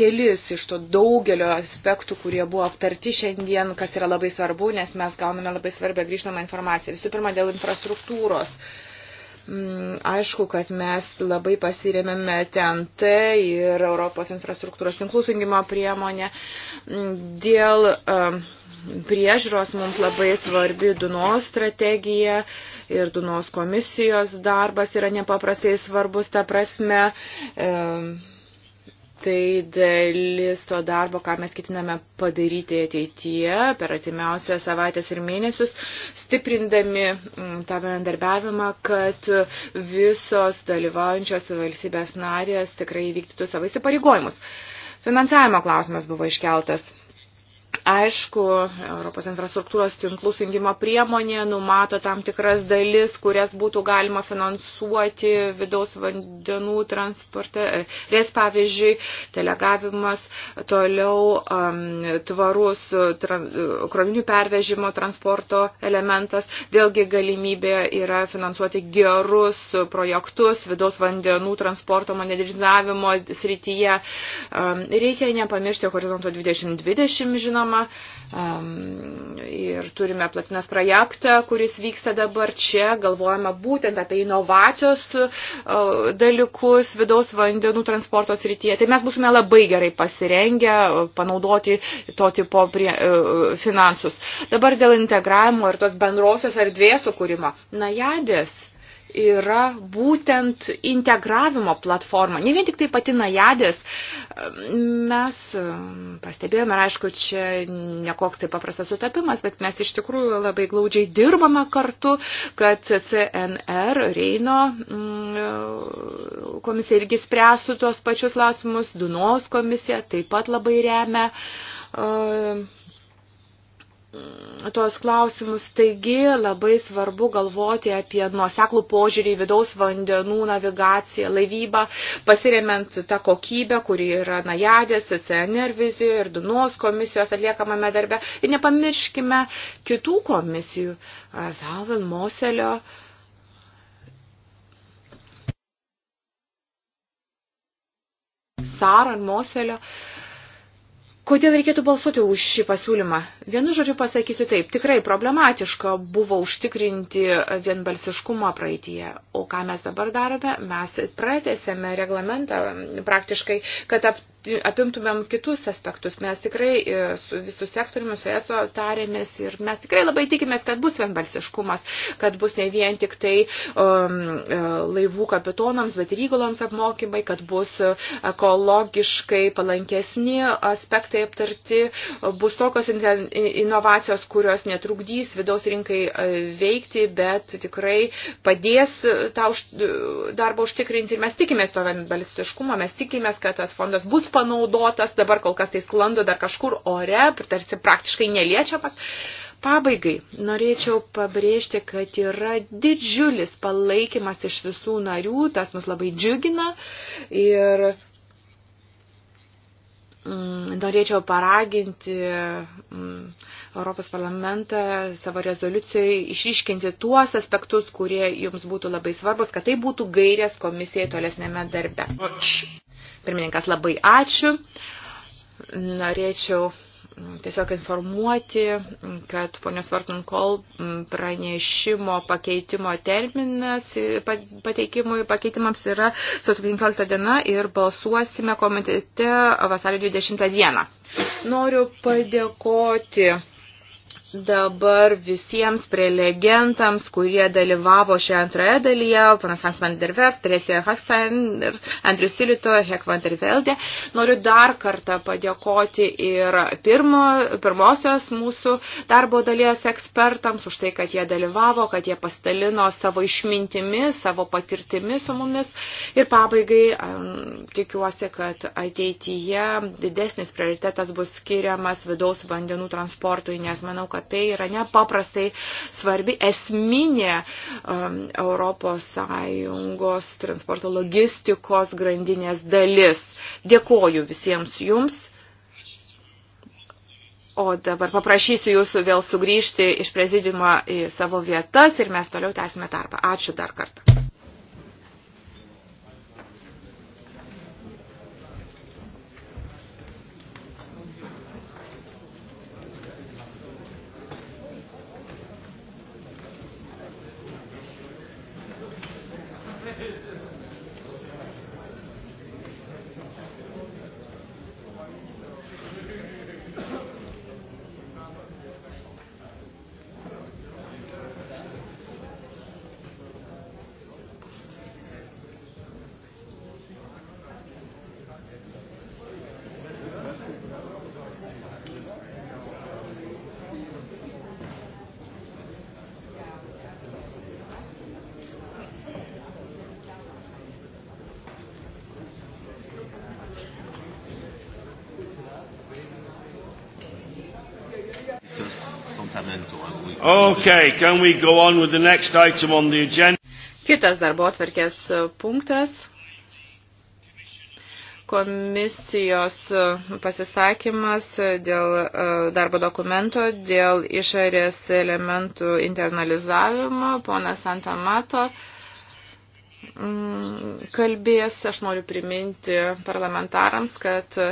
kelis iš to daugelio aspektų, kurie buvo aptarti šiandien, kas yra labai svarbu, nes mes gauname labai svarbę grįžtamą informaciją. Visų pirma, dėl infrastruktūros. Uh, Mm, aišku, kad mes labai pasiremėme TNT ir Europos infrastruktūros tinklų sujungimo priemonę. Mm, dėl um, priežiūros mums labai svarbi Dunos strategija ir Dunos komisijos darbas yra nepaprastai svarbus, ta prasme. E, tai dalis to darbo, ką mes ketiname padaryti ateityje per atimiausią savaitės ir mėnesius, stiprindami mm, tą bendarbiavimą, kad visos dalyvaujančios valstybės narės tikrai vykdytų savo įsipareigojimus. Finansavimo klausimas buvo iškeltas. Aišku, Europos infrastruktūros tinklų sujungimo priemonė numato tam tikras dalis, kurias būtų galima finansuoti vidaus vandenų transporte. Res pavyzdžiui, delegavimas toliau um, tvarus tran, krovinių pervežimo transporto elementas. Vėlgi galimybė yra finansuoti gerus projektus vidaus vandenų transporto modernizavimo srityje. Um, reikia nepamiršti horizonto 2020, žinoma reformą ir turime platinos projektą, kuris vyksta dabar čia, galvojame būtent apie inovacijos e, dalykus vidaus vandenų transporto srityje. Tai mes būsime labai gerai pasirengę e, panaudoti to tipo prie, e, finansus. Dabar dėl integravimo ir tos bendrosios erdvės sukūrimo. Najadės yra būtent integravimo platforma. Ne vien tik tai pati najadės. Mes mm, pastebėjome, ir aišku, čia nekoks tai paprastas sutapimas, bet mes iš tikrųjų labai glaudžiai dirbame kartu, kad CNR Reino mm, komisija irgi spręsų tuos pačius klausimus, Dunos komisija taip pat labai remia. Uh, tuos klausimus. Taigi labai svarbu galvoti apie nuoseklų požiūrį į vidaus vandenų navigaciją, laivybą, pasiremiant tą kokybę, kuri yra Najadės, CCNR vizijoje ir Dunos komisijos atliekamame darbe. Ir nepamirškime kitų komisijų, Zalvin, Moselio. Saran Moselio. Uh, Kodėl reikėtų balsuoti už šį pasiūlymą? Vienu žodžiu pasakysiu taip, tikrai problematiška buvo užtikrinti vienbalsiškumą praeitie. O ką mes dabar darome? Mes pratėsėme reglamentą praktiškai, kad ap, apimtumėm kitus aspektus. Mes tikrai e, su visų sektoriumi, su ESO tarėmės ir mes tikrai labai tikimės, kad bus vienbalsiškumas, kad bus ne vien tik tai um, e, laivų kapitonams, bet ir įguloms apmokymai, kad bus ekologiškai palankesni aspektai aptarti, bus tokios inovacijos, kurios netrukdys vidaus rinkai e, veikti, bet tikrai padės tą už, darbą užtikrinti ir mes tikimės to vienbalsiškumo, mes tikimės, kad tas fondas bus panaudotas, dabar kol kas tai sklando dar kažkur ore, tarsi praktiškai neliečiamas. Pabaigai norėčiau pabrėžti, kad yra didžiulis palaikymas iš visų narių, tas mus labai džiugina ir mm, norėčiau paraginti mm, Europos parlamentą savo rezoliucijoje išiškinti tuos aspektus, kurie jums būtų labai svarbus, kad tai būtų gairės komisijai tolesnėme darbe. Pirmininkas, labai ačiū. Norėčiau tiesiog informuoti, kad ponios Vartun Kol pranešimo pakeitimo terminas pateikimui pakeitimams yra sausio 15 diena ir balsuosime komitete vasario 20 dieną. Noriu padėkoti dabar visiems prelegentams, kurie dalyvavo šioje antroje dalyje, panas Hans van der Werf, Teresija Hakstein ir Andrius Silito, Hek van der Velde, noriu dar kartą padėkoti ir pirmo, pirmosios mūsų darbo dalies ekspertams už tai, kad jie dalyvavo, kad jie pastalino savo išmintimi, savo patirtimi su mumis. Ir pabaigai tikiuosi, kad ateityje didesnis prioritetas bus skiriamas vidaus vandenų transportui, nes manau, kad tai yra nepaprastai svarbi esminė um, Europos Sąjungos transporto logistikos grandinės dalis. Dėkoju visiems jums. O dabar paprašysiu jūsų vėl sugrįžti iš prezidiumo į savo vietas ir mes toliau tęsime darbą. Ačiū dar kartą. Okay, can we go on with the next item on the agenda? Kitas darbo atverkės e, punktas komisijos e, pasisakymas e, dėl darbo dokumento, dėl išorės elementų internalizavimo. Ponas Antamato mm, kalbės, aš noriu priminti parlamentarams, kad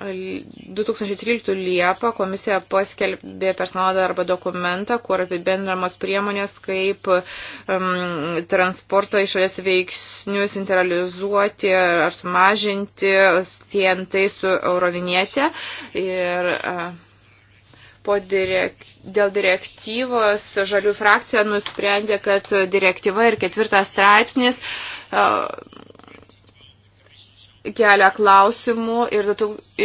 2013 Liepą komisija paskelbė personalo darbo dokumentą, kur apibendramos priemonės, kaip um, transporto išorės veiksnius interalizuoti ar sumažinti, siejant tai su eurovinietė. Ir, uh, direk, dėl direktyvos žalių frakcija nusprendė, kad direktyva ir ketvirtas straipsnis uh, kelia klausimų ir,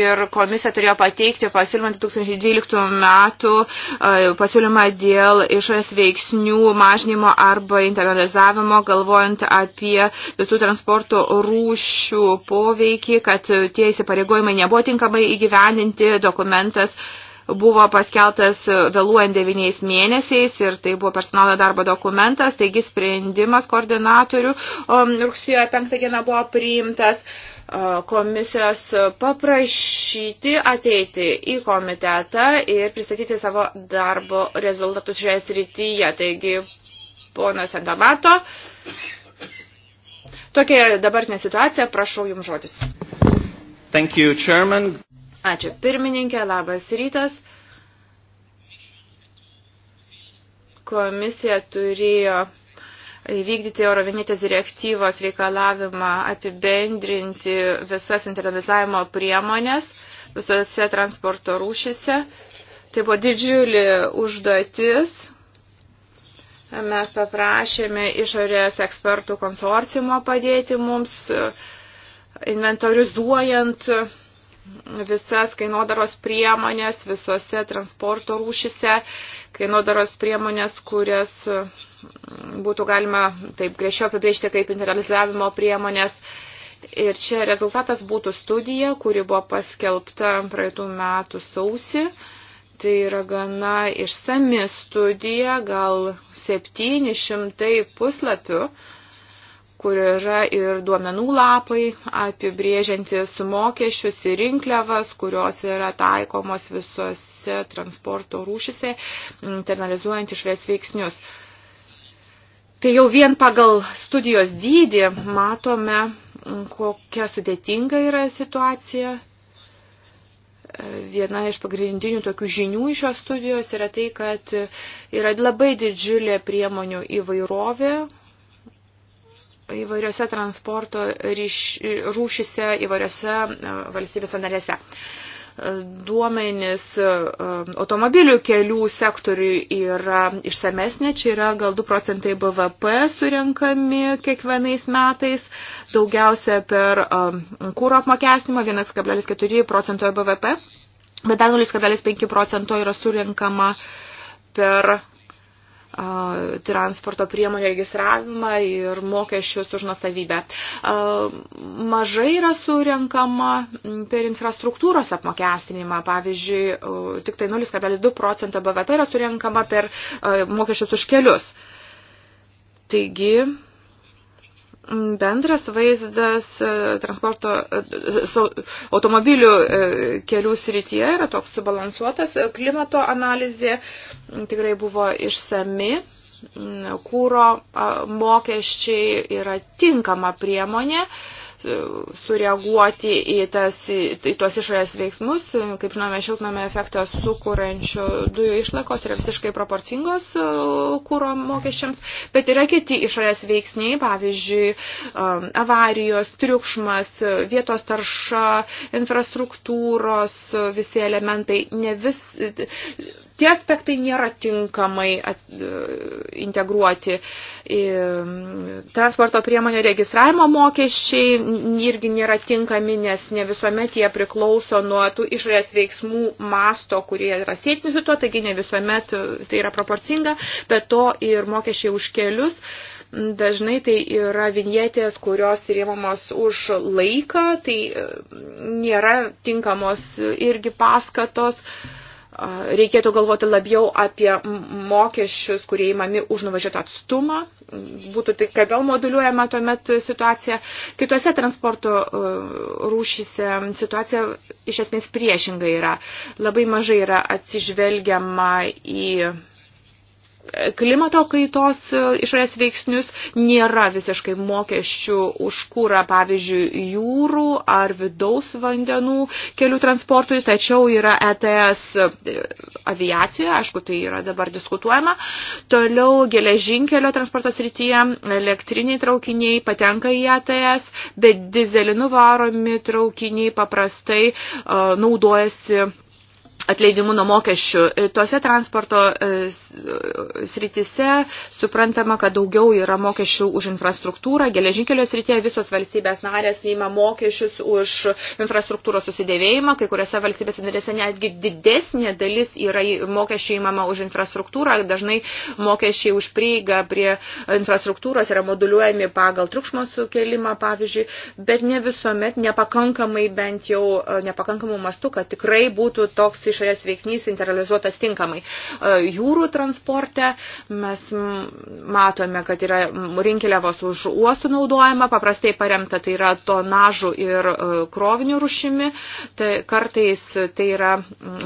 ir komisija turėjo pateikti pasiūlymą 2012 metų e, pasiūlymą dėl išorės veiksnių mažnymo arba internalizavimo, galvojant apie visų transporto rūšių poveikį, kad tie įsipareigojimai nebuvo tinkamai įgyvendinti, dokumentas buvo paskeltas vėluojant devyniais mėnesiais ir tai buvo personalo darbo dokumentas, taigi sprendimas koordinatorių rugsėjo 5 dieną buvo priimtas komisijos paprašyti ateiti į komitetą ir pristatyti savo darbo rezultatus šioje srityje. Taigi, ponas Endomato, tokia yra dabartinė situacija, prašau jums žodis. Thank you, chairman. Ačiū pirmininkė, labas rytas. Komisija turėjo įvykdyti Eurovinėtės direktyvos reikalavimą apibendrinti visas internalizavimo priemonės visose transporto rūšise. Tai buvo didžiulė užduotis. Mes paprašėme išorės ekspertų konsortimo padėti mums, e, inventorizuojant visas kainodaros priemonės visose transporto rūšise, kainodaros priemonės, kurias būtų galima taip griežčiau apibrėžti kaip internalizavimo priemonės. Ir čia rezultatas būtų studija, kuri buvo paskelbta praeitų metų sausi. Tai yra gana išsami studija, gal 700 puslapių kur yra ir duomenų lapai apibrėžiantis mokesčius ir rinkliavas, kurios yra taikomos visose transporto rūšise, internalizuojant išvės veiksnius. Tai jau vien pagal studijos dydį matome, kokia sudėtinga yra situacija. E, viena iš pagrindinių tokių žinių iš šios studijos yra tai, kad yra labai didžiulė priemonių įvairovė įvairiose transporto ryš, rūšise, įvairiose e, valstybėse narėse duomenys e, automobilių kelių sektoriui yra išsamesnė, čia yra gal 2 procentai BVP surinkami kiekvienais metais, daugiausia per e, kūro apmokestimą 1,4 procento BVP, bet dar 0,5 procento yra surinkama per transporto priemonių registravimą ir mokesčius už nusavybę. Mažai yra surenkama per infrastruktūros apmokestinimą. Pavyzdžiui, tik tai 0,2 procento BVP yra surenkama per mokesčius už kelius. Taigi, bendras vaizdas e, transporto e, automobilių e, kelių srityje yra toks subalansuotas. Klimato analizė tikrai buvo išsami. Kūro mokesčiai yra tinkama priemonė. Uh, sureaguoti į, tas, į tuos išorės veiksmus. Kaip žinome, šiltnamio efektą sukūrančių dujų išlakos yra visiškai proporcingos e, kūro mokesčiams, bet yra kiti išorės veiksniai, pavyzdžiui, e, avarijos, triukšmas, vietos tarša, infrastruktūros, e, visi elementai. Ne vis, tie aspektai nėra tinkamai e, integruoti. E, transporto priemonių registravimo mokesčiai irgi nėra tinkami, nes ne visuomet jie priklauso nuo tų išorės veiksmų masto, kurie yra sėtini su tuo, taigi ne visuomet e, tai yra proporcinga, bet to ir mokesčiai už kelius dažnai tai yra vinjetės, kurios rėmamos už laiką, tai nėra tinkamos irgi paskatos. Uh, reikėtų galvoti labiau apie mokesčius, kurie įmami už nuvažiuotą atstumą, būtų tik kaip vėl moduliuojama tuomet situacija. Kitose transporto e, rūšyse situacija iš esmės priešingai yra. Labai mažai yra atsižvelgiama į klimato kaitos e, išorės veiksnius, nėra visiškai mokesčių už kūrą, pavyzdžiui, jūrų ar vidaus vandenų kelių transportui, tačiau yra ETS e, aviacijoje, aišku, tai yra dabar diskutuojama. Toliau geležinkelio transporto srityje elektriniai traukiniai patenka į ETS, bet dizelinu varomi traukiniai paprastai uh, naudojasi atleidimu nuo mokesčių. E, Tose transporto e, e, sritise suprantama, kad daugiau yra mokesčių už infrastruktūrą. Geležinkelio srityje visos valstybės narės neima mokesčius už infrastruktūros susidėvėjimą. Kai kuriuose valstybės narėse netgi didesnė dalis yra mokesčiai įmama už infrastruktūrą. Dažnai mokesčiai už prieigą prie infrastruktūros yra moduliuojami pagal triukšmo sukelimą, pavyzdžiui, bet ne visuomet, nepakankamai bent jau, nepakankamų mastų, kad tikrai būtų toks išorės veiksnys internalizuotas tinkamai. E, jūrų transporte mes matome, kad yra rinkeliavos už uostų naudojama, paprastai paremta tai yra tonažų ir e, krovinių rušimi, tai kartais tai yra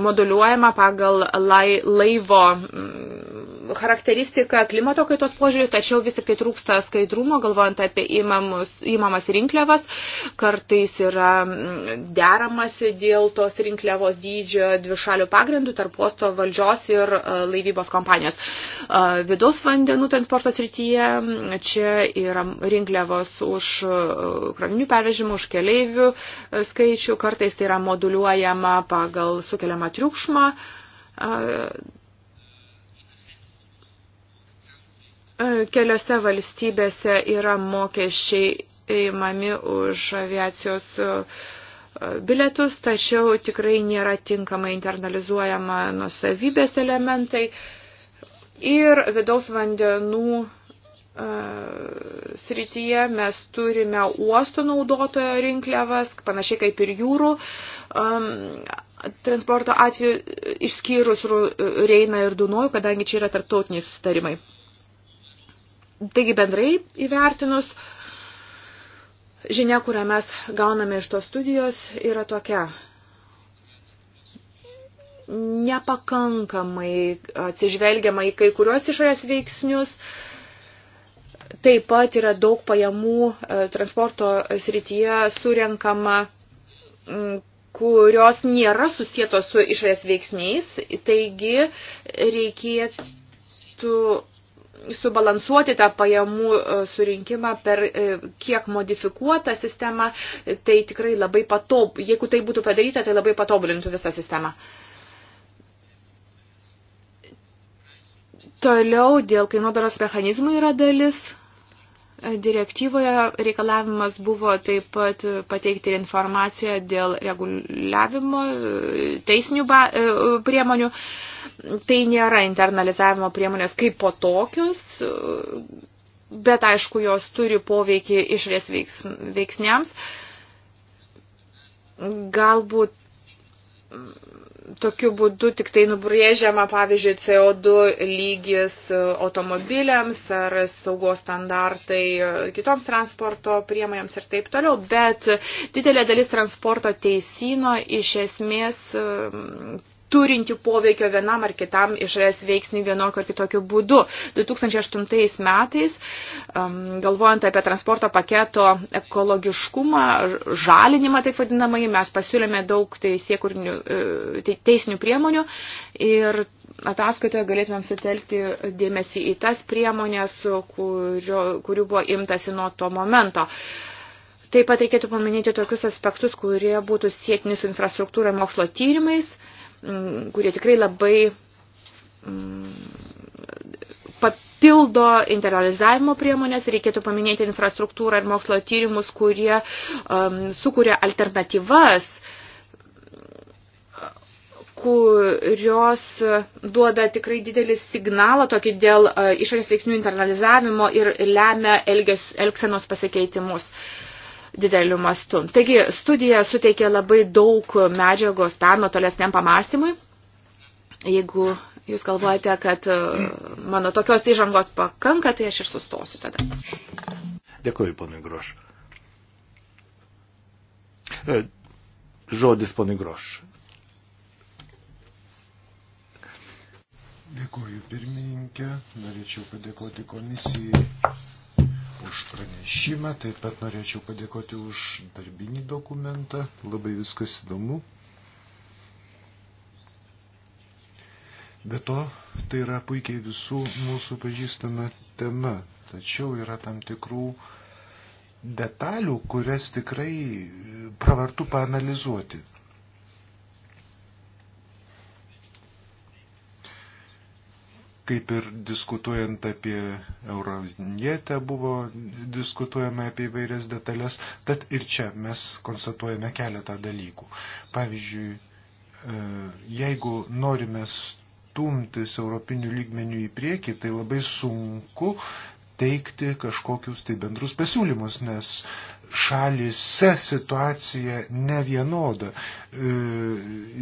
moduliuojama pagal lai, laivo charakteristiką klimato kaitos požiūrį, tačiau vis tik tai trūksta skaidrumo, galvojant apie įmamus, įmamas rinkliavas, kartais yra deramas dėl tos rinkliavos dydžio dvi dvišalių pagrindų tarp uosto valdžios ir e, laivybos kompanijos. E, vidaus vandenų transporto srityje čia yra rinkliavos už e, krovinių pervežimų, už keleivių skaičių, kartais tai yra moduliuojama pagal sukeliamą triukšmą. Keliose valstybėse yra mokesčiai įmami už aviacijos uh, bilietus, tačiau tikrai nėra tinkamai internalizuojama nusavybės elementai ir vidaus vandenų e, srityje mes turime uosto naudotojo rinkliavas, panašiai kaip ir jūrų um, transporto atveju, išskyrus Reiną ir Dunojų, kadangi čia yra tarptautiniai susitarimai. Taigi bendrai įvertinus, uh, Žinia, kurią mes gauname iš tos studijos, yra tokia nepakankamai atsižvelgiama į kai kuriuos išorės veiksnius. Taip pat yra daug pajamų e, transporto srityje surenkama, kurios nėra susijęto su išorės veiksniais. Taigi reikėtų subalansuoti tą pajamų e, surinkimą per e, kiek modifikuotą sistemą, tai tikrai labai patob, jeigu tai būtų padaryta, tai labai patobulintų visą sistemą. Toliau dėl kainodaros mechanizmų yra dalis Direktyvoje reikalavimas buvo taip pat pateikti informaciją dėl reguliavimo e, teisinių e, priemonių. Tai nėra internalizavimo priemonės kaip po tokius, e, bet aišku, jos turi poveikį išrės veiksniams. Galbūt tokiu būdu tik tai nubrėžiama, pavyzdžiui, CO2 lygis automobiliams ar saugos standartai kitoms transporto priemonėms ir taip toliau, bet didelė dalis transporto teisino iš esmės turinti poveikio vienam ar kitam išorės veiksniui vienokiu ar kitokiu būdu. 2008 metais, um, galvojant apie transporto paketo ekologiškumą, žalinimą, taip vadinamai, mes pasiūlėme daug e, teisinių priemonių ir ataskaitoje galėtumėm sutelkti dėmesį į tas priemonės, kurio, kurių buvo imtasi nuo to momento. Taip pat reikėtų paminėti tokius aspektus, kurie būtų sėtini su infrastruktūra mokslo tyrimais – Mm, kurie tikrai labai mm, papildo internalizavimo priemonės, reikėtų paminėti infrastruktūrą ir mokslo tyrimus, kurie um, sukuria alternatyvas kurios duoda tikrai didelį signalą tokį dėl uh, išorės veiksnių internalizavimo ir lemia elges, elgsenos pasikeitimus. Uh, dideliu mastu. Taigi studija suteikė labai daug medžiagos peno tolesniam pamastymui. Jeigu jūs galvojate, kad e, mano tokios įžangos pakanka, tai aš ir sustosiu tada. Dėkuoju, ponui Groš. E, žodis ponui Groš. Dėkuoju pirmininkė, norėčiau padėkoti komisijai už pranešimą, taip pat norėčiau padėkoti už darbinį dokumentą, labai viskas įdomu. Be to, tai yra puikiai visų mūsų pažįstama tema, tačiau yra tam tikrų detalių, kurias tikrai pravartu paanalizuoti. Kaip ir diskutuojant apie Eurovinietę buvo diskutuojama apie įvairias detalės, tad ir čia mes konstatuojame keletą dalykų. Pavyzdžiui, e, jeigu norime stumtis europinių lygmenių į priekį, tai labai sunku teikti kažkokius tai bendrus pasiūlymus, nes šalise situacija nevienoda. E,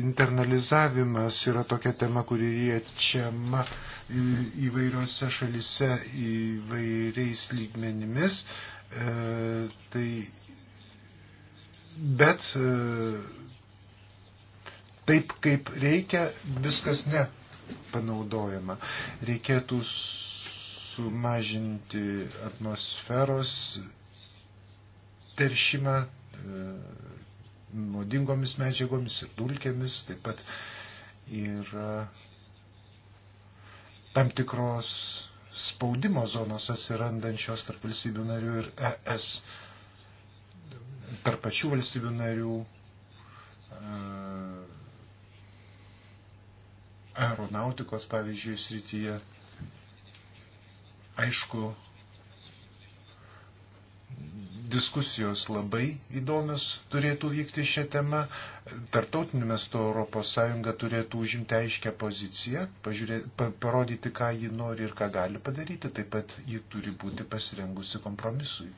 internalizavimas yra tokia tema, kuri riečiama e, įvairiose šalise įvairiais lygmenimis. E, tai, bet taip kaip reikia, viskas ne panaudojama. Reikėtų sumažinti atmosferos teršimą e, nuodingomis medžiagomis ir dulkėmis, taip pat yra tam tikros spaudimo zonos atsirandančios tarp valstybių narių ir ES, tarp pačių valstybių narių e, aeronautikos, pavyzdžiui, srityje Aišku, diskusijos labai įdomios turėtų vykti šią temą. Tartautiniu mestu ES turėtų užimti aiškę poziciją, pažiūrė, pa, parodyti, ką ji nori ir ką gali padaryti, taip pat ji turi būti pasirengusi kompromisui.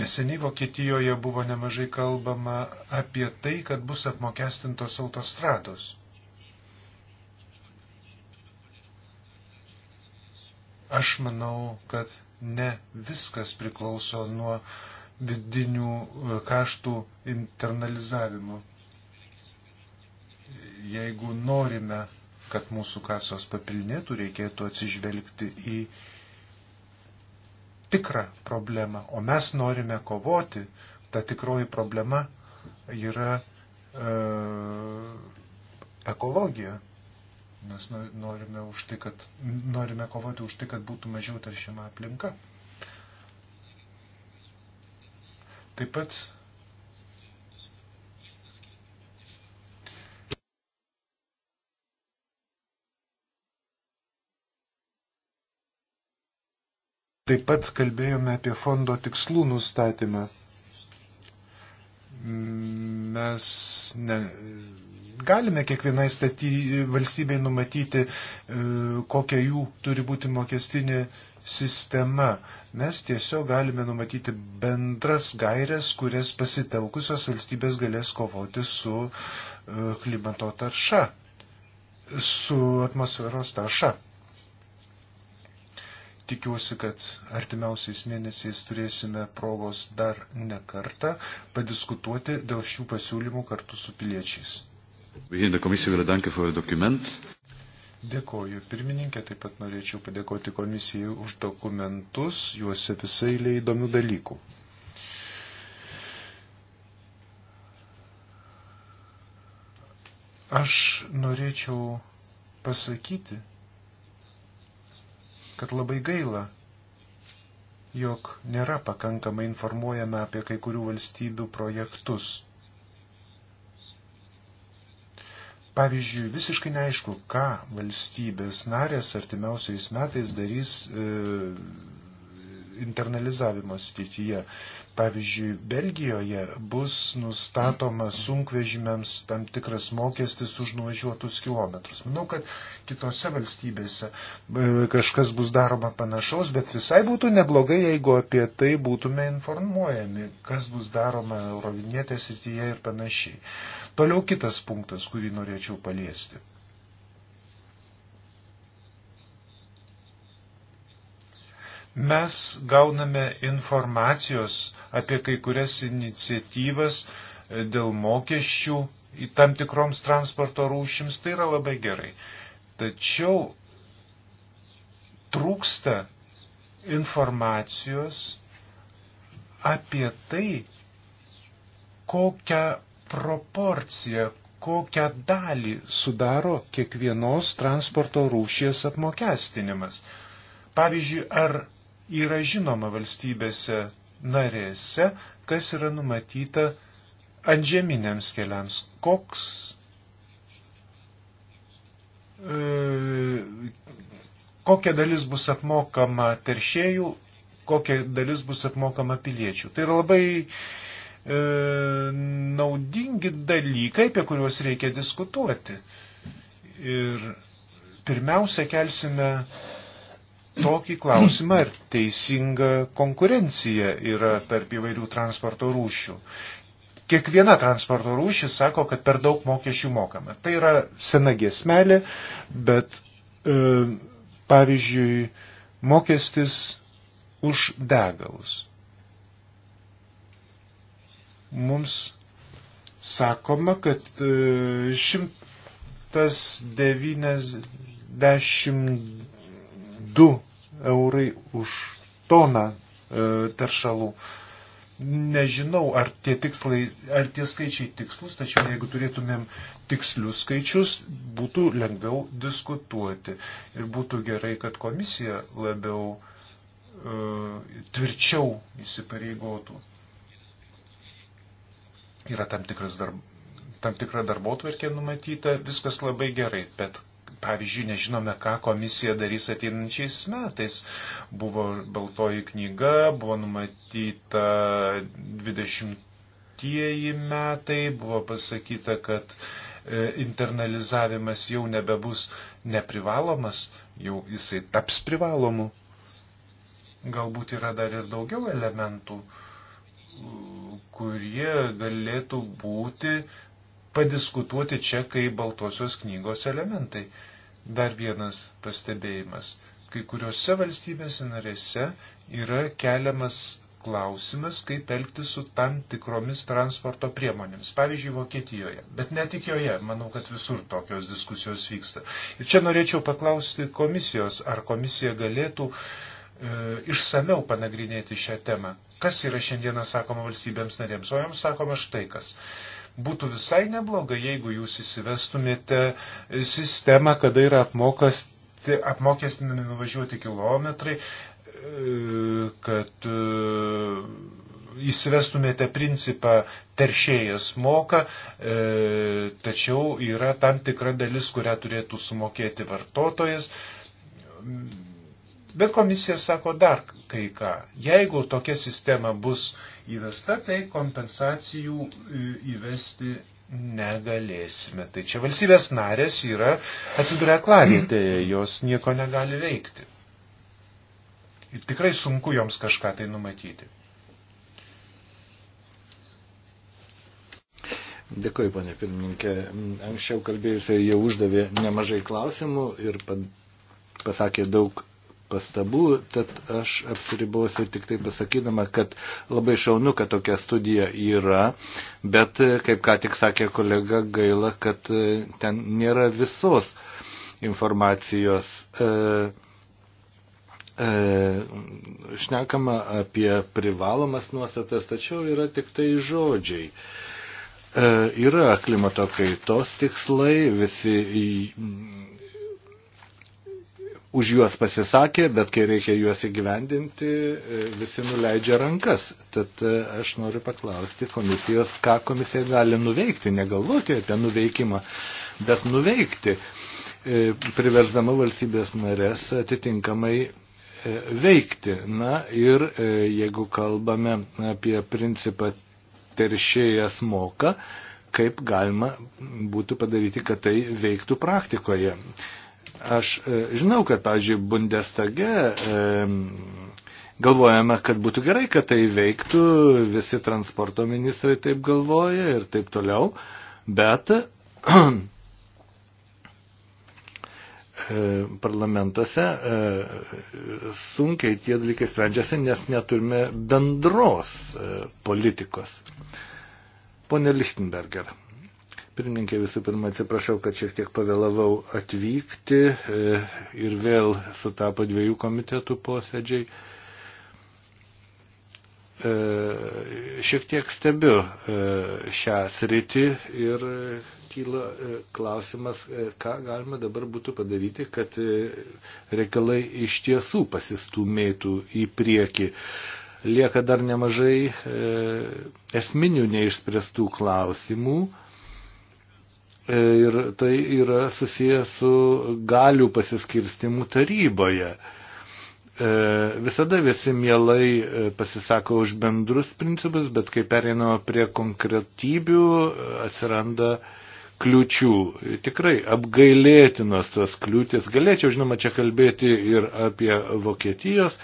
Neseniai Vokietijoje buvo nemažai kalbama apie tai, kad bus apmokestintos autostrados. Aš manau, kad ne viskas priklauso nuo vidinių e, kaštų internalizavimo. Jeigu norime, kad mūsų kasos papilnėtų, reikėtų atsižvelgti į tikrą problemą, o mes norime kovoti. Ta tikroji problema yra e, ekologija. Mes norime, už tai, kad, norime kovoti už tai, kad būtų mažiau taršiama aplinka. Taip pat Taip pat kalbėjome apie fondo tikslų nustatymą. Mes ne, galime kiekvienai staty, valstybei numatyti, e, kokia jų turi būti mokestinė sistema. Mes tiesiog galime numatyti bendras gairias, kurias pasitelkusios valstybės galės kovoti su e, klimato tarša, su atmosferos tarša tikiuosi, kad artimiausiais mėnesiais turėsime progos dar ne kartą padiskutuoti dėl šių pasiūlymų kartu su piliečiais. Dėkoju pirmininkė, taip pat norėčiau padėkoti komisijai už dokumentus, juose visai įdomių dalykų. Aš norėčiau pasakyti, kad labai gaila, jog nėra pakankamai informuojama apie kai kurių valstybių projektus. Pavyzdžiui, visiškai neaišku, ką valstybės narės artimiausiais metais darys e, internalizavimo stityje. Pavyzdžiui, Belgijoje bus nustatoma sunkvežimiams tam tikras mokestis už nuvažiuotus kilometrus. Manau, kad kitose valstybėse e, kažkas bus daroma panašaus, bet visai būtų neblogai, jeigu apie tai būtume informuojami, kas bus daroma Eurovinėtės rytyje ir panašiai. Toliau kitas punktas, kurį norėčiau paliesti. Mes gauname informacijos apie kai kurias iniciatyvas e, dėl mokesčių į tam tikroms transporto rūšims, tai yra labai gerai. Tačiau trūksta informacijos apie tai, kokią proporciją, kokią dalį sudaro kiekvienos transporto rūšies apmokestinimas. Pavyzdžiui, ar yra žinoma valstybėse narėse, kas yra numatyta antžeminiams keliams, koks e, kokia dalis bus apmokama teršėjų, kokia dalis bus apmokama piliečių. Tai yra labai E, naudingi dalykai, apie kuriuos reikia diskutuoti. Ir pirmiausia, kelsime tokį klausimą, ar teisinga konkurencija yra tarp įvairių transporto rūšių. Kiekviena transporto rūšis sako, kad per daug mokesčių mokama. Tai yra sena gesmelė, bet e, pavyzdžiui, mokestis už degalus mums sakoma, kad 192 e, eurai už toną e, taršalų. Nežinau, ar tie, tikslai, ar tie skaičiai tikslus, tačiau jeigu turėtumėm tikslius skaičius, būtų lengviau diskutuoti. Ir būtų gerai, kad komisija labiau e, tvirčiau įsipareigotų yra tam, darb, tam tikra darbotvarkė numatyta, viskas labai gerai, bet pavyzdžiui, nežinome, ką komisija darys ateinančiais metais. Buvo baltoji knyga, buvo numatyta 20-ieji metai, buvo pasakyta, kad e, internalizavimas jau nebebus neprivalomas, jau jisai taps privalomu. Galbūt yra dar ir daugiau elementų, kurie galėtų būti padiskutuoti čia kaip Baltosios knygos elementai. Dar vienas pastebėjimas. Kai kuriuose valstybėse narėse yra keliamas klausimas, kaip elgtis su tam tikromis transporto priemonėmis. Pavyzdžiui, Vokietijoje. Bet ne tik joje. Manau, kad visur tokios diskusijos vyksta. Ir čia norėčiau paklausti komisijos, ar komisija galėtų e, išsameu panagrinėti šią temą. Kas yra šiandieną sakoma valstybėms narėms? O joms sakoma štai kas. Būtų visai nebloga, jeigu jūs įsivestumėte sistemą, kada yra apmokas, apmokestinami nuvažiuoti kilometrai, e, kad e, įsivestumėte principą teršėjas moka, e, tačiau yra tam tikra dalis, kurią turėtų sumokėti vartotojas. Bet komisija sako dar kai ką. Jeigu tokia sistema bus įvesta, tai kompensacijų e, įvesti negalėsime. Tai čia valstybės narės yra atsidūrę klavietėje, jos nieko negali veikti. Ir tikrai sunku joms kažką tai numatyti. Dėkuoju, ponė pirmininkė. Anksčiau kalbėjusiai jau uždavė nemažai klausimų ir pasakė daug pastabų, tad aš apsiribosiu tik tai pasakydama, kad labai šaunu, kad tokia studija yra, bet, kaip ką tik sakė kolega, gaila, kad e, ten nėra visos informacijos. E, e, šnekama apie privalomas nuostatas, tačiau yra tik tai žodžiai. E, yra klimato kaitos tikslai, visi už juos pasisakė, bet kai reikia juos įgyvendinti, e, visi nuleidžia rankas. Tad e, aš noriu paklausti komisijos, ką komisija gali nuveikti, negalvoti apie nuveikimą, bet nuveikti, e, priversdama valstybės narės atitinkamai veikti. Na ir jeigu kalbame apie principą teršėjas moka, kaip galima būtų padaryti, kad tai veiktų praktikoje. Aš e, žinau, kad, pavyzdžiui, Bundestage e, galvojame, kad būtų gerai, kad tai veiktų, visi transporto ministrai taip galvoja ir taip toliau, bet e, parlamentuose sunkiai tie dalykai sprendžiasi, nes neturime bendros politikos. Pone Lichtenberger. Pirmininkė, visų pirma, atsiprašau, kad šiek tiek pavėlavau atvykti e, ir vėl sutapo dviejų komitetų posėdžiai. E, šiek tiek stebiu e, šią sritį ir kyla klausimas, ką galima dabar būtų padaryti, kad reikalai iš tiesų pasistumėtų į priekį lieka dar nemažai e, esminių neišspręstų klausimų. E, ir tai yra susijęs su galių pasiskirstimu taryboje. E, visada visi mielai e, pasisako už bendrus principus, bet kai pereinama prie konkretybių, atsiranda kliučių. Tikrai apgailėtinos tos kliūtis. Galėčiau, žinoma, čia kalbėti ir apie Vokietijos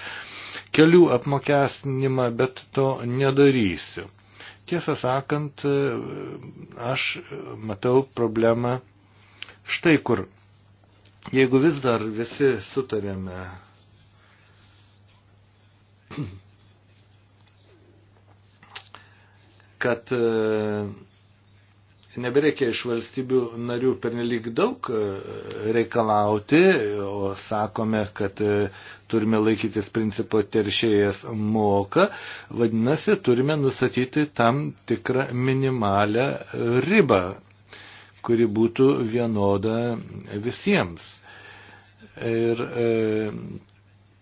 kelių apmokestinimą, bet to nedarysiu. Tiesą sakant, e, aš matau problemą štai kur. Jeigu vis dar visi sutarėme kad e, nebereikia iš valstybių narių pernelyg daug e, reikalauti, o sakome, kad e, turime laikytis principo teršėjas moka, vadinasi, turime nustatyti tam tikrą minimalę ribą, kuri būtų vienoda visiems. Ir e,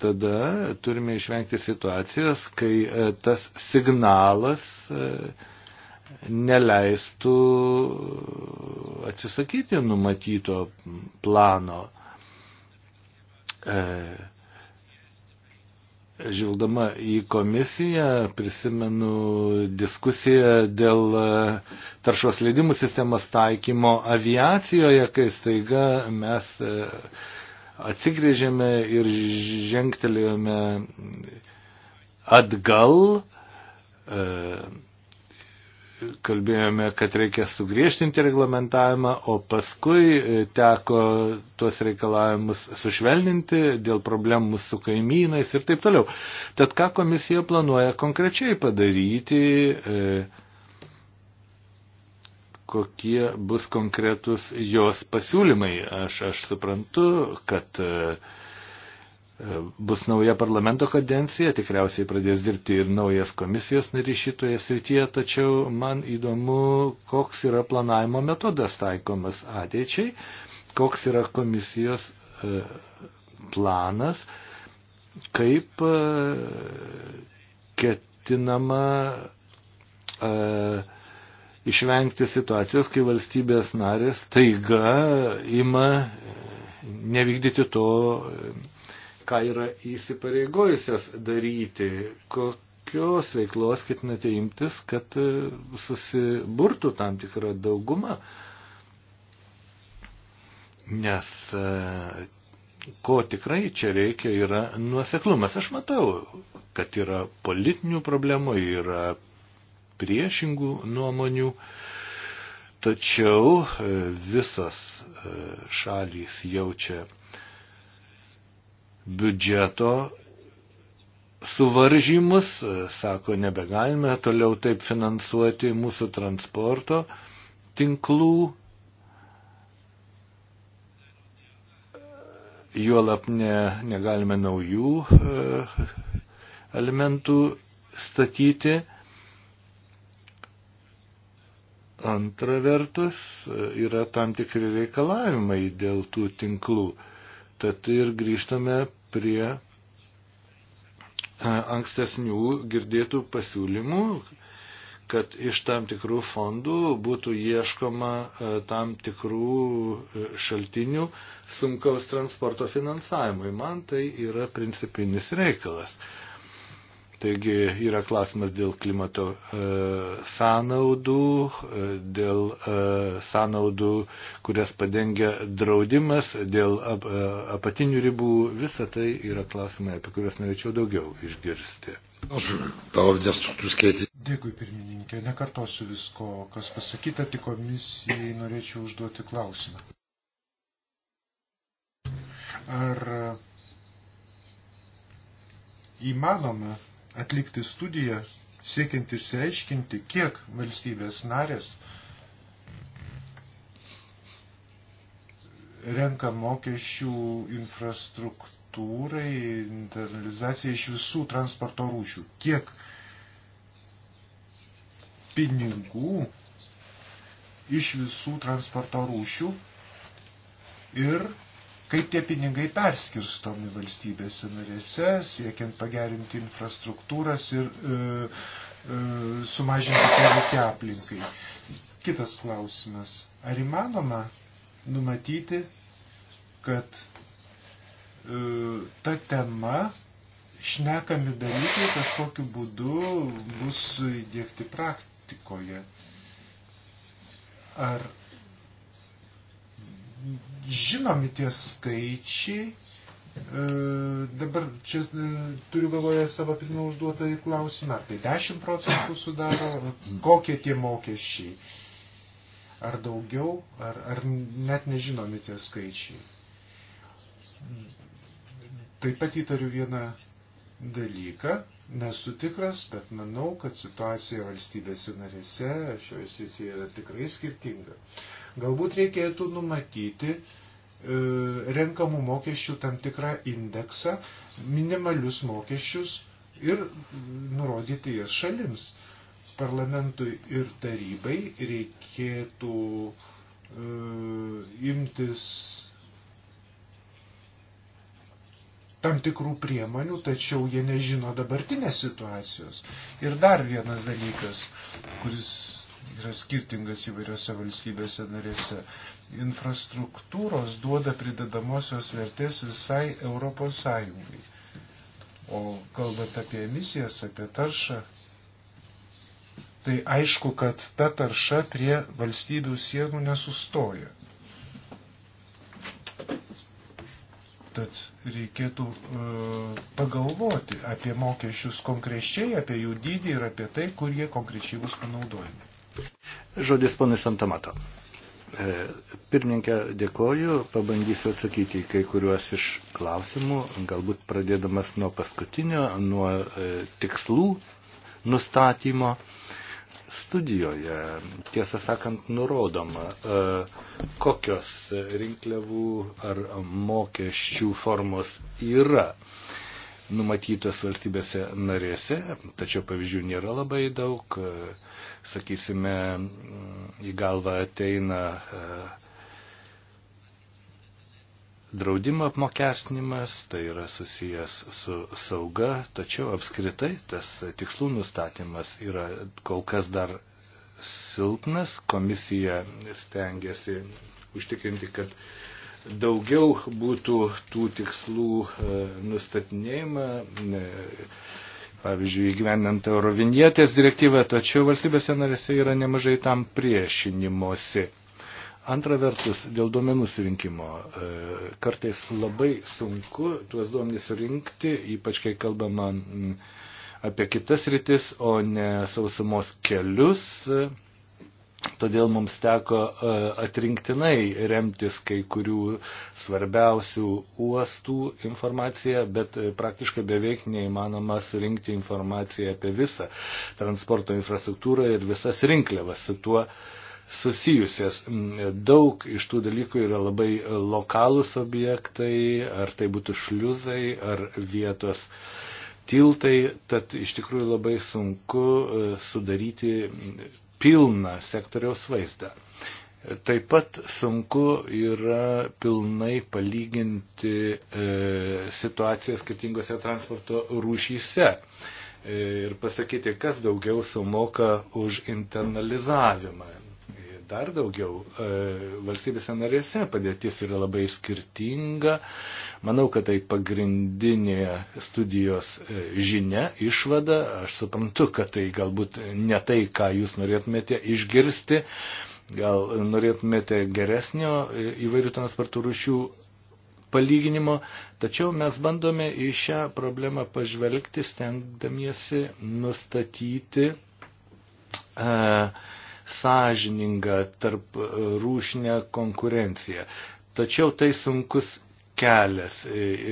tada turime išvengti situacijos, kai e, tas signalas e, neleistų atsisakyti numatyto plano. E, Žvilgdama į komisiją prisimenu diskusiją dėl taršos leidimų sistemos taikymo aviacijoje, kai staiga mes e, atsigrėžėme ir žengtelėjome atgal. E, kalbėjome, kad reikia sugriežtinti reglamentavimą, o paskui e, teko tuos reikalavimus sušvelninti dėl problemų su kaimynais ir taip toliau. Tad ką komisija planuoja konkrečiai padaryti, e, kokie bus konkretus jos pasiūlymai. Aš, aš suprantu, kad e, E, bus nauja parlamento kadencija, tikriausiai pradės dirbti ir naujas komisijos narys šitoje srityje, tačiau man įdomu, koks yra planavimo metodas taikomas ateičiai, koks yra komisijos e, planas, kaip e, ketinama išvengti situacijos, kai valstybės narės taiga ima nevykdyti to ką yra įsipareigojusios daryti, kokios veiklos ketinate imtis, kad e, susiburtų tam tikrą daugumą. Nes e, ko tikrai čia reikia yra nuoseklumas. Aš matau, kad yra politinių problemų, yra priešingų nuomonių, tačiau e, visos šalys jaučia biudžeto suvaržymus, sako, nebegalime toliau taip finansuoti mūsų transporto tinklų, juolap ne, negalime naujų elementų statyti. Antra vertus e, yra tam tikri reikalavimai dėl tų tinklų. E, Tad ir grįžtame prie e, ankstesnių girdėtų pasiūlymų, kad iš tam tikrų fondų būtų ieškoma e, tam tikrų e, šaltinių sunkaus transporto finansavimui. Man tai yra principinis reikalas. Taigi yra klausimas dėl klimato e, sąnaudų, e, dėl e, sąnaudų, kurias padengia draudimas, dėl ap, e, apatinių ribų. Visa tai yra klausimai, apie kuriuos norėčiau daugiau išgirsti. Dėkui pirmininkė, nekartosiu visko, kas pasakyta, tik komisijai norėčiau užduoti klausimą. Ar įmanoma atlikti studiją, siekiant išsiaiškinti, kiek valstybės narės renka mokesčių infrastruktūrai, internalizacijai iš visų transporto rūšių. Kiek pinigų iš visų transporto rūšių ir kaip tie pinigai perskirstomi valstybėse narėse, siekiant pagerinti infrastruktūras ir e, e, sumažinti poveikį aplinkai. Kitas klausimas. Ar įmanoma numatyti, kad e, ta tema, šnekami dalykai kažkokiu būdu bus įdėkti praktikoje? Ar žinomi tie skaičiai. E, dabar čia e, turiu galvoje savo pirmą užduotą klausimą, ar tai 10 procentų sudaro, kokie tie mokesčiai, ar daugiau, ar, ar net nežinomi tie skaičiai. Taip pat įtariu vieną dalyką, Nesu tikras, bet manau, kad situacija valstybėse narėse šioje srityje yra tikrai skirtinga. Galbūt reikėtų numatyti e, renkamų mokesčių tam tikrą indeksą, minimalius mokesčius ir nurodyti jas šalims. Parlamentui ir tarybai reikėtų e, imtis tam tikrų priemonių, tačiau jie nežino dabartinės situacijos. Ir dar vienas dalykas, kuris yra skirtingas įvairiose valstybėse narėse. Infrastruktūros duoda pridedamosios vertės visai Europos Sąjungai. O kalbant apie emisijas, apie taršą, tai aišku, kad ta tarša prie valstybių sienų nesustoja. Tad reikėtų e, pagalvoti apie mokesčius konkrečiai, apie jų dydį ir apie tai, kur jie konkrečiai bus panaudojami. Žodis ponai Santamato. E, pirmininkė, dėkoju, pabandysiu atsakyti į kai kuriuos iš klausimų, galbūt pradėdamas nuo paskutinio, nuo e, tikslų nustatymo studijoje, tiesą sakant, nurodoma, e, kokios rinkliavų ar mokesčių formos yra numatytos valstybėse narėse, tačiau pavyzdžių nėra labai daug. E, sakysime, į galvą ateina e, draudimo apmokestinimas, tai yra susijęs su sauga, tačiau apskritai tas tikslų nustatymas yra kol kas dar silpnas. Komisija stengiasi užtikrinti, kad daugiau būtų tų tikslų e, nustatinėjimą, e, pavyzdžiui, įgyvendant Eurovinietės direktyvą, tačiau valstybėse narėse yra nemažai tam priešinimosi. Antra vertus, dėl duomenų surinkimo. E, kartais labai sunku tuos duomenys surinkti, ypač kai kalbama apie kitas rytis, o ne sausumos kelius. Todėl mums teko e, atrinktinai remtis kai kurių svarbiausių uostų informaciją, bet e, praktiškai beveik neįmanoma surinkti informaciją apie visą transporto infrastruktūrą ir visas rinkliavas. Su tuo uh, susijusias. Mm, daug iš tų dalykų yra labai lokalūs objektai, ar tai būtų šliuzai, ar vietos tiltai, tad iš tikrųjų labai sunku e, sudaryti pilną sektoriaus vaizdą. Taip pat sunku yra pilnai palyginti e, situaciją skirtingose transporto rūšyse e, ir pasakyti, kas daugiau sumoka už internalizavimą dar daugiau, e, valstybėse narėse padėtis yra labai skirtinga. Manau, kad tai pagrindinė studijos e, žinia, išvada. Aš suprantu, kad tai galbūt ne tai, ką jūs norėtumėte išgirsti. Gal norėtumėte geresnio e, įvairių transporto rušių palyginimo, tačiau mes bandome į šią problemą pažvelgti, stengdamiesi nustatyti uh, sąžiningą tarp rūšinę konkurenciją. Tačiau tai sunkus kelias.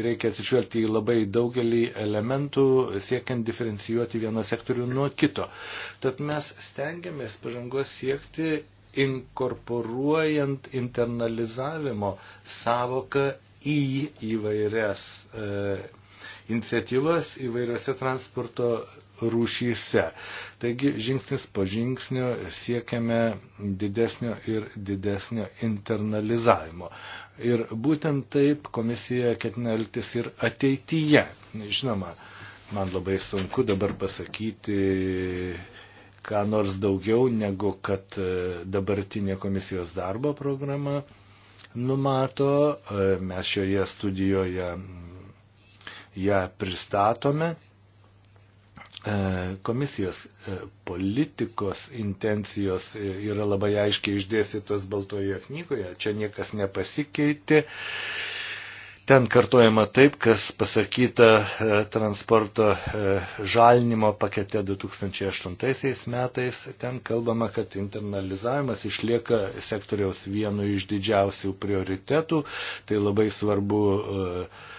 Reikia atsižvelgti į labai daugelį elementų, siekiant diferencijuoti vieną sektorių nuo kito. Tad mes stengiamės pažangos siekti inkorporuojant internalizavimo savoką į įvairias e, iniciatyvas įvairiose transporto rūšyse. Taigi žingsnis po žingsnio siekiame didesnio ir didesnio internalizavimo. Ir būtent taip komisija ketina elgtis ir ateityje. Žinoma, man labai sunku dabar pasakyti ką nors daugiau negu kad e, dabartinė komisijos darbo programa numato. E, mes šioje studijoje ją pristatome. E, komisijos e, politikos intencijos e, yra labai aiškiai išdėstytos Baltojoje knygoje, čia niekas nepasikeitė. Ten kartojama taip, kas pasakyta transporto žalinimo pakete 2008 metais. Ten kalbama, kad internalizavimas išlieka sektoriaus vienu iš didžiausių prioritetų. Tai labai svarbu uh,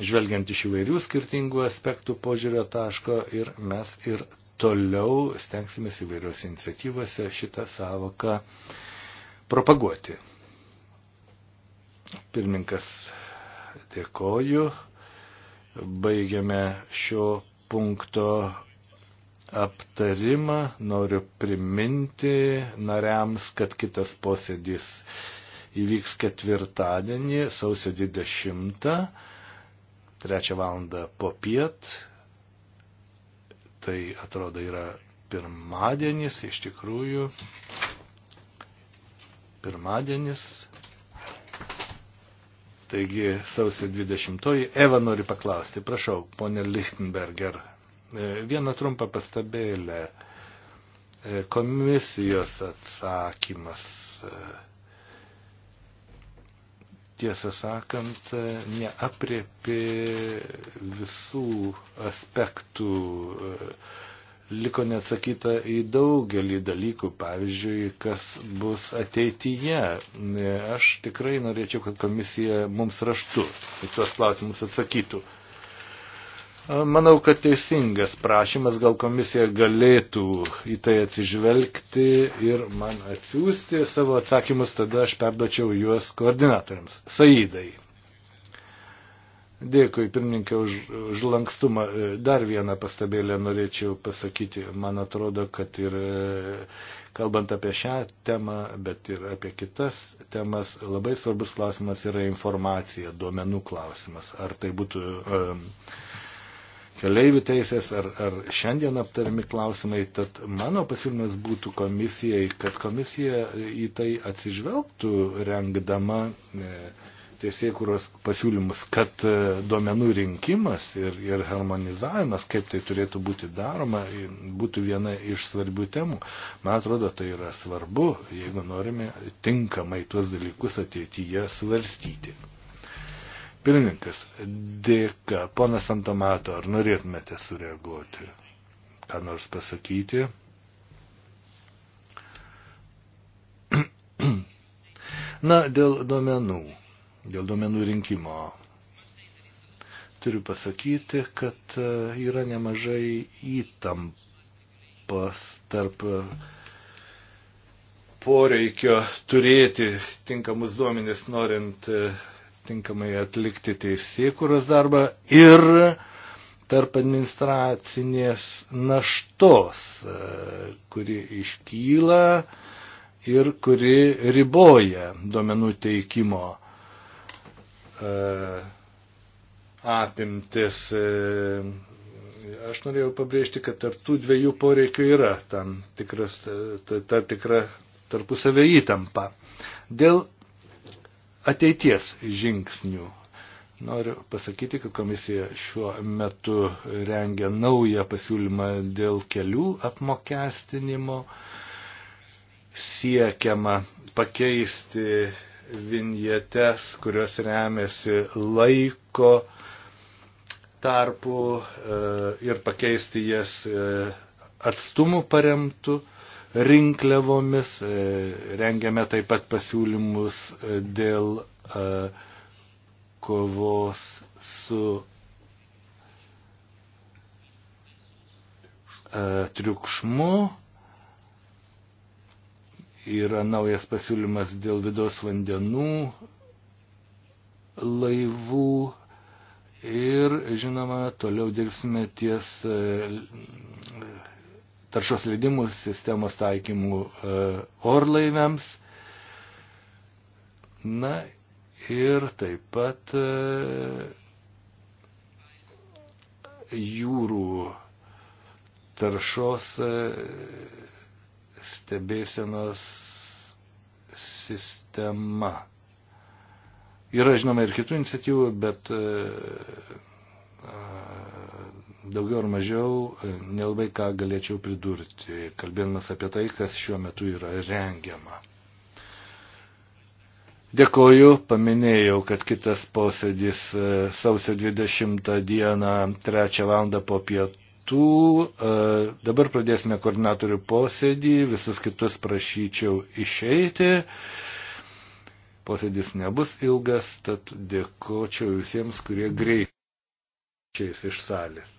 žvelgiant iš įvairių skirtingų aspektų požiūrio taško ir mes ir toliau stengsimės įvairiose iniciatyvose šitą savoką propaguoti. Pirmininkas, dėkoju. Baigiame šio punkto aptarimą. Noriu priminti nariams, kad kitas posėdis įvyks ketvirtadienį, sausio 20. 3 val. po piet. Tai atrodo yra pirmadienis, iš tikrųjų. Pirmadienis. Taigi sausio 20-oji. Eva nori paklausti, prašau, ponė Lichtenberger. E, vieną trumpą pastabėlę. E, komisijos atsakymas e, tiesą sakant, neapriepi visų aspektų, e, liko neatsakyta į daugelį dalykų, pavyzdžiui, kas bus ateityje. E, aš tikrai norėčiau, kad komisija mums raštu į tuos klausimus atsakytų. Manau, kad teisingas prašymas, gal komisija galėtų į tai atsižvelgti ir man atsiųsti savo atsakymus, tada aš perdočiau juos koordinatoriams. Saidai. Dėkui, pirmininkė, už, už lankstumą. E, dar vieną pastabėlę norėčiau pasakyti. Man atrodo, kad ir e, kalbant apie šią temą, bet ir apie kitas temas, labai svarbus klausimas yra informacija, duomenų klausimas. Ar tai būtų. Um, e, keleivių teisės ar, ar šiandien aptarimi klausimai, tad mano pasiūlymas būtų komisijai, kad komisija į tai atsižvelgtų rengdama e, teisėkuros pasiūlymus, kad e, duomenų rinkimas ir, ir harmonizavimas, kaip tai turėtų būti daroma, būtų viena iš svarbių temų. Man atrodo, tai yra svarbu, jeigu norime tinkamai tuos dalykus ateityje svarstyti pirmininkas, dėka, ponas Antomato, ar norėtumėte sureaguoti, ką nors pasakyti? Na, dėl duomenų, dėl duomenų rinkimo. Turiu pasakyti, kad e, yra nemažai įtampas tarp e, poreikio turėti tinkamus duomenis, norint e, tinkamai atlikti teisėkuros darbą ir tarp administracinės naštos, e, kuri iškyla ir kuri riboja duomenų teikimo e, apimtis. E, aš norėjau pabrėžti, kad tarp tų dviejų poreikių yra tam tikras, tam tikra tarpusavė įtampa. Dėl ateities žingsnių. Noriu pasakyti, kad komisija šiuo metu rengia naują pasiūlymą dėl kelių apmokestinimo. Siekiama pakeisti vinjetes, kurios remiasi laiko tarpu e, ir pakeisti jas e, atstumų paremtų rinkliavomis, e, rengiame taip pat pasiūlymus e, dėl e, kovos su triukšmu. Yra naujas pasiūlymas dėl vidaus vandenų laivų ir, žinoma, toliau dirbsime ties taršos leidimų sistemos taikymų e, orlaiviams. Na ir taip pat e, jūrų taršos e, stebėsenos sistema. Yra žinoma ir kitų iniciatyvų, bet daugiau ar mažiau e, nelabai ką galėčiau pridurti, kalbėdamas apie tai, kas šiuo metu yra rengiama. Dėkoju, paminėjau, kad kitas posėdis e, sausio 20 dieną 3 val. po pietų. E, dabar pradėsime koordinatorių posėdį, visus kitus prašyčiau išeiti. Posėdis nebus ilgas, tad dėkočiau visiems, kurie greitai išeičiais iš salės.